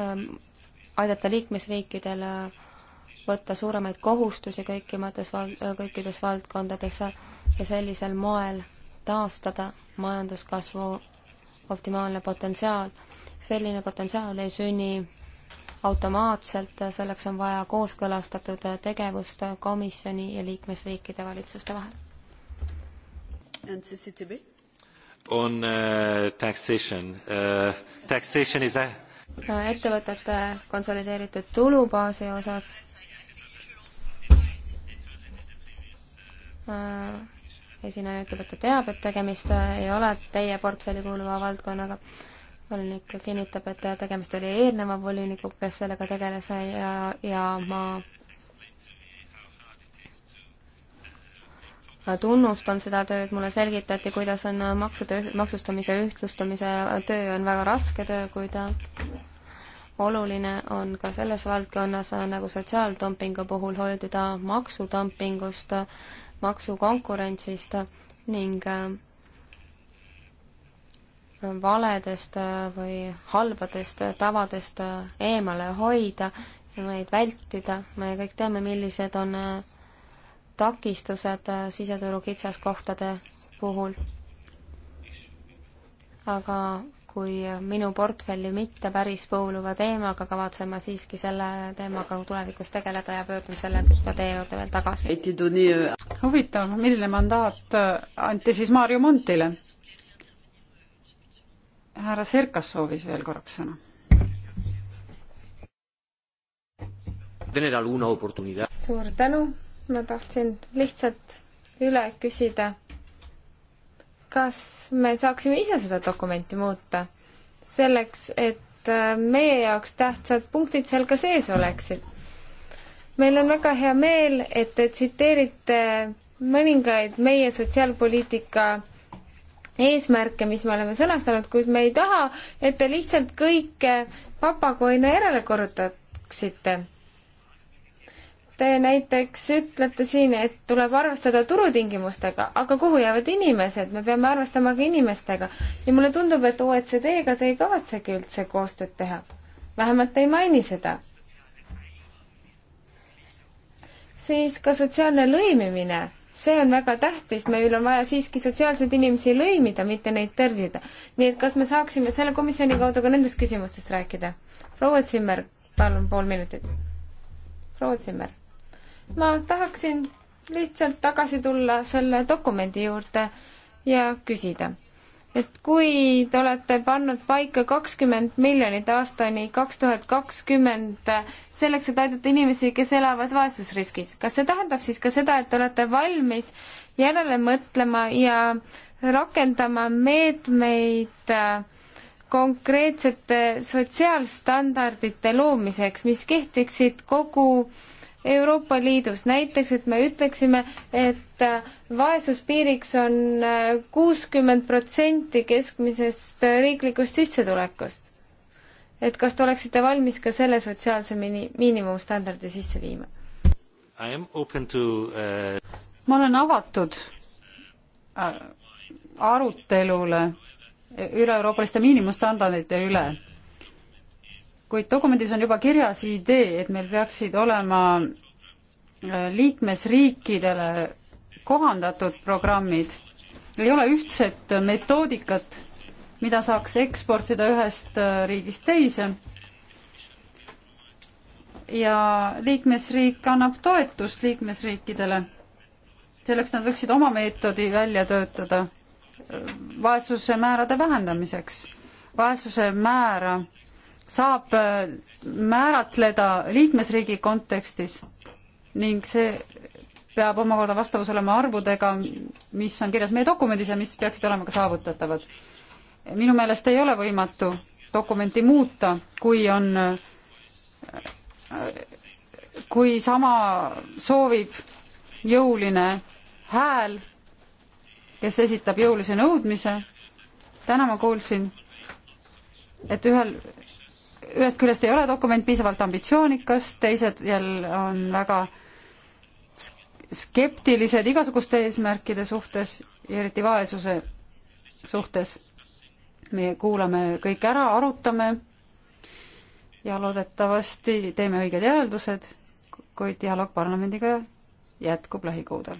ähm, aidata liikmesriikidel äh, võtta suuremaid kohustusi kõikimates val-, äh, kõikides valdkondades ja sellisel moel taastada majanduskasvu optimaalne potentsiaal. selline potentsiaal ei sünni automaatselt, äh, selleks on vaja kooskõlastatud tegevust komisjoni ja liikmesriikide valitsuste vahel. on uh, taxation uh,, taxation is a ettevõtete konsolideeritud tulubaasi osas äh, esineja ütleb, et ta teab, et tegemist äh, ei ole teie portfelli kuuluva valdkonnaga. volinik kinnitab, et äh, tegemist oli eelneva volinikuga, kes sellega tegeles ja, ja ma tunnustan seda tööd, mulle selgitati, kuidas on maksude, maksustamise ühtlustamise töö on väga raske töö, kuid oluline on ka selles valdkonnas nagu sotsiaaldumpingu puhul hoiduda maksudumpingust, maksukonkurentsist ning valedest või halbadest tavadest eemale hoida ja neid vältida. me kõik teame, millised on takistused äh, siseturu kitsaskohtade puhul. aga kui minu portfelli mitte päris kuuluva teemaga kavatsen ma siiski selle teemaga tulevikus tegeleda ja pöördun selle ka teie juurde veel tagasi. Äh, huvitav, milline mandaat äh, anti siis Maarju Montile? härra Serkas soovis veel korraks sõna. suur tänu ma tahtsin lihtsalt üle küsida, kas me saaksime ise seda dokumenti muuta selleks, et äh, meie jaoks tähtsad punktid seal ka sees oleksid. meil on väga hea meel, et te tsiteerite mõningaid meie sotsiaalpoliitika eesmärke, mis me oleme sõnastanud, kuid me ei taha, et te lihtsalt kõike papagoina järele korrutaksite. Te näiteks ütlete siin, et tuleb arvestada turutingimustega, aga kuhu jäävad inimesed, me peame arvestama ka inimestega. ja mulle tundub, et OECD-ga te ei kavatsegi üldse koostööd teha. vähemalt te ei maini seda. siis ka sotsiaalne lõimimine, see on väga tähtis, meil on vaja siiski sotsiaalseid inimesi lõimida, mitte neid tõrjuda. nii et kas me saaksime selle komisjoni kaudu ka nendest küsimustest rääkida? proua Zimmer, palun pool minutit. proua Zimmer ma tahaksin lihtsalt tagasi tulla selle dokumendi juurde ja küsida, et kui te olete pannud paika kakskümmend miljonit aastani kaks tuhat kakskümmend selleks, et aidata inimesi, kes elavad vaesusriskis, kas see tähendab siis ka seda, et te olete valmis järele mõtlema ja rakendama meetmeid äh, konkreetsete sotsiaalstandardite loomiseks, mis kehtiksid kogu äh, Euroopa Liidus, näiteks et me ütleksime, et äh, vaesuspiiriks on äh, kuuskümmend protsenti keskmisest äh, riiklikust sissetulekust. et kas te oleksite valmis ka selle sotsiaalse mini-, miinimumstandardi sisse viima? Uh... ma olen avatud arutelule üle-euroopaliste miinimumstandardite üle kuid dokumendis on juba kirjas idee, et meil peaksid olema äh, liikmesriikidele kohandatud programmid, ei ole ühtset metoodikat, mida saaks eksportida ühest äh, riigist teise. ja liikmesriik annab toetust liikmesriikidele, selleks nad võiksid oma meetodi välja töötada äh, vaesuse määrade vähendamiseks. vaesuse määra saab äh, määratleda liikmesriigi kontekstis ning see peab omakorda vastavus olema arvudega, mis on kirjas meie dokumendis ja mis peaksid olema ka saavutatavad. minu meelest ei ole võimatu dokumenti muuta, kui on, äh, kui sama soovib jõuline hääl, kes esitab jõulise nõudmise. täna ma kuulsin, et ühel ühest küljest ei ole dokument piisavalt ambitsioonikas, teised jälle on väga skeptilised igasuguste eesmärkide suhtes ja eriti vaesuse suhtes. me kuulame kõik ära, arutame ja loodetavasti teeme õiged järeldused, kuid dialoog parlamendiga jätkub lähikuudel.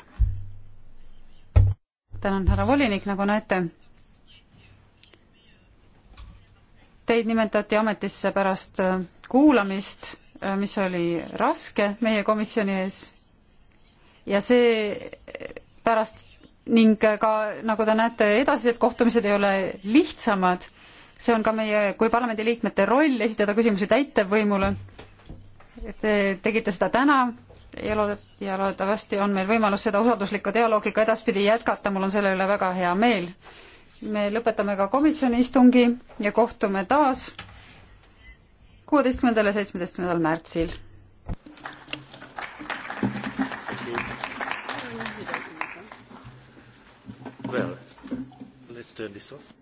tänan, härra volinik, nagu näete Teid nimetati ametisse pärast äh, kuulamist, äh, mis oli raske meie komisjoni ees ja see äh, pärast ning ka, nagu te näete, edasised kohtumised ei ole lihtsamad. see on ka meie kui parlamendiliikmete roll esitada küsimusi täitevvõimule. Te tegite seda täna ja loodet- ja loodetavasti on meil võimalus seda usalduslikku dialoogi ka edaspidi jätkata, mul on selle üle väga hea meel me lõpetame ka komisjoni istungi ja kohtume taas kuueteistkümnendal ja seitsmeteistkümnendal märtsil. Well, let's turn this off.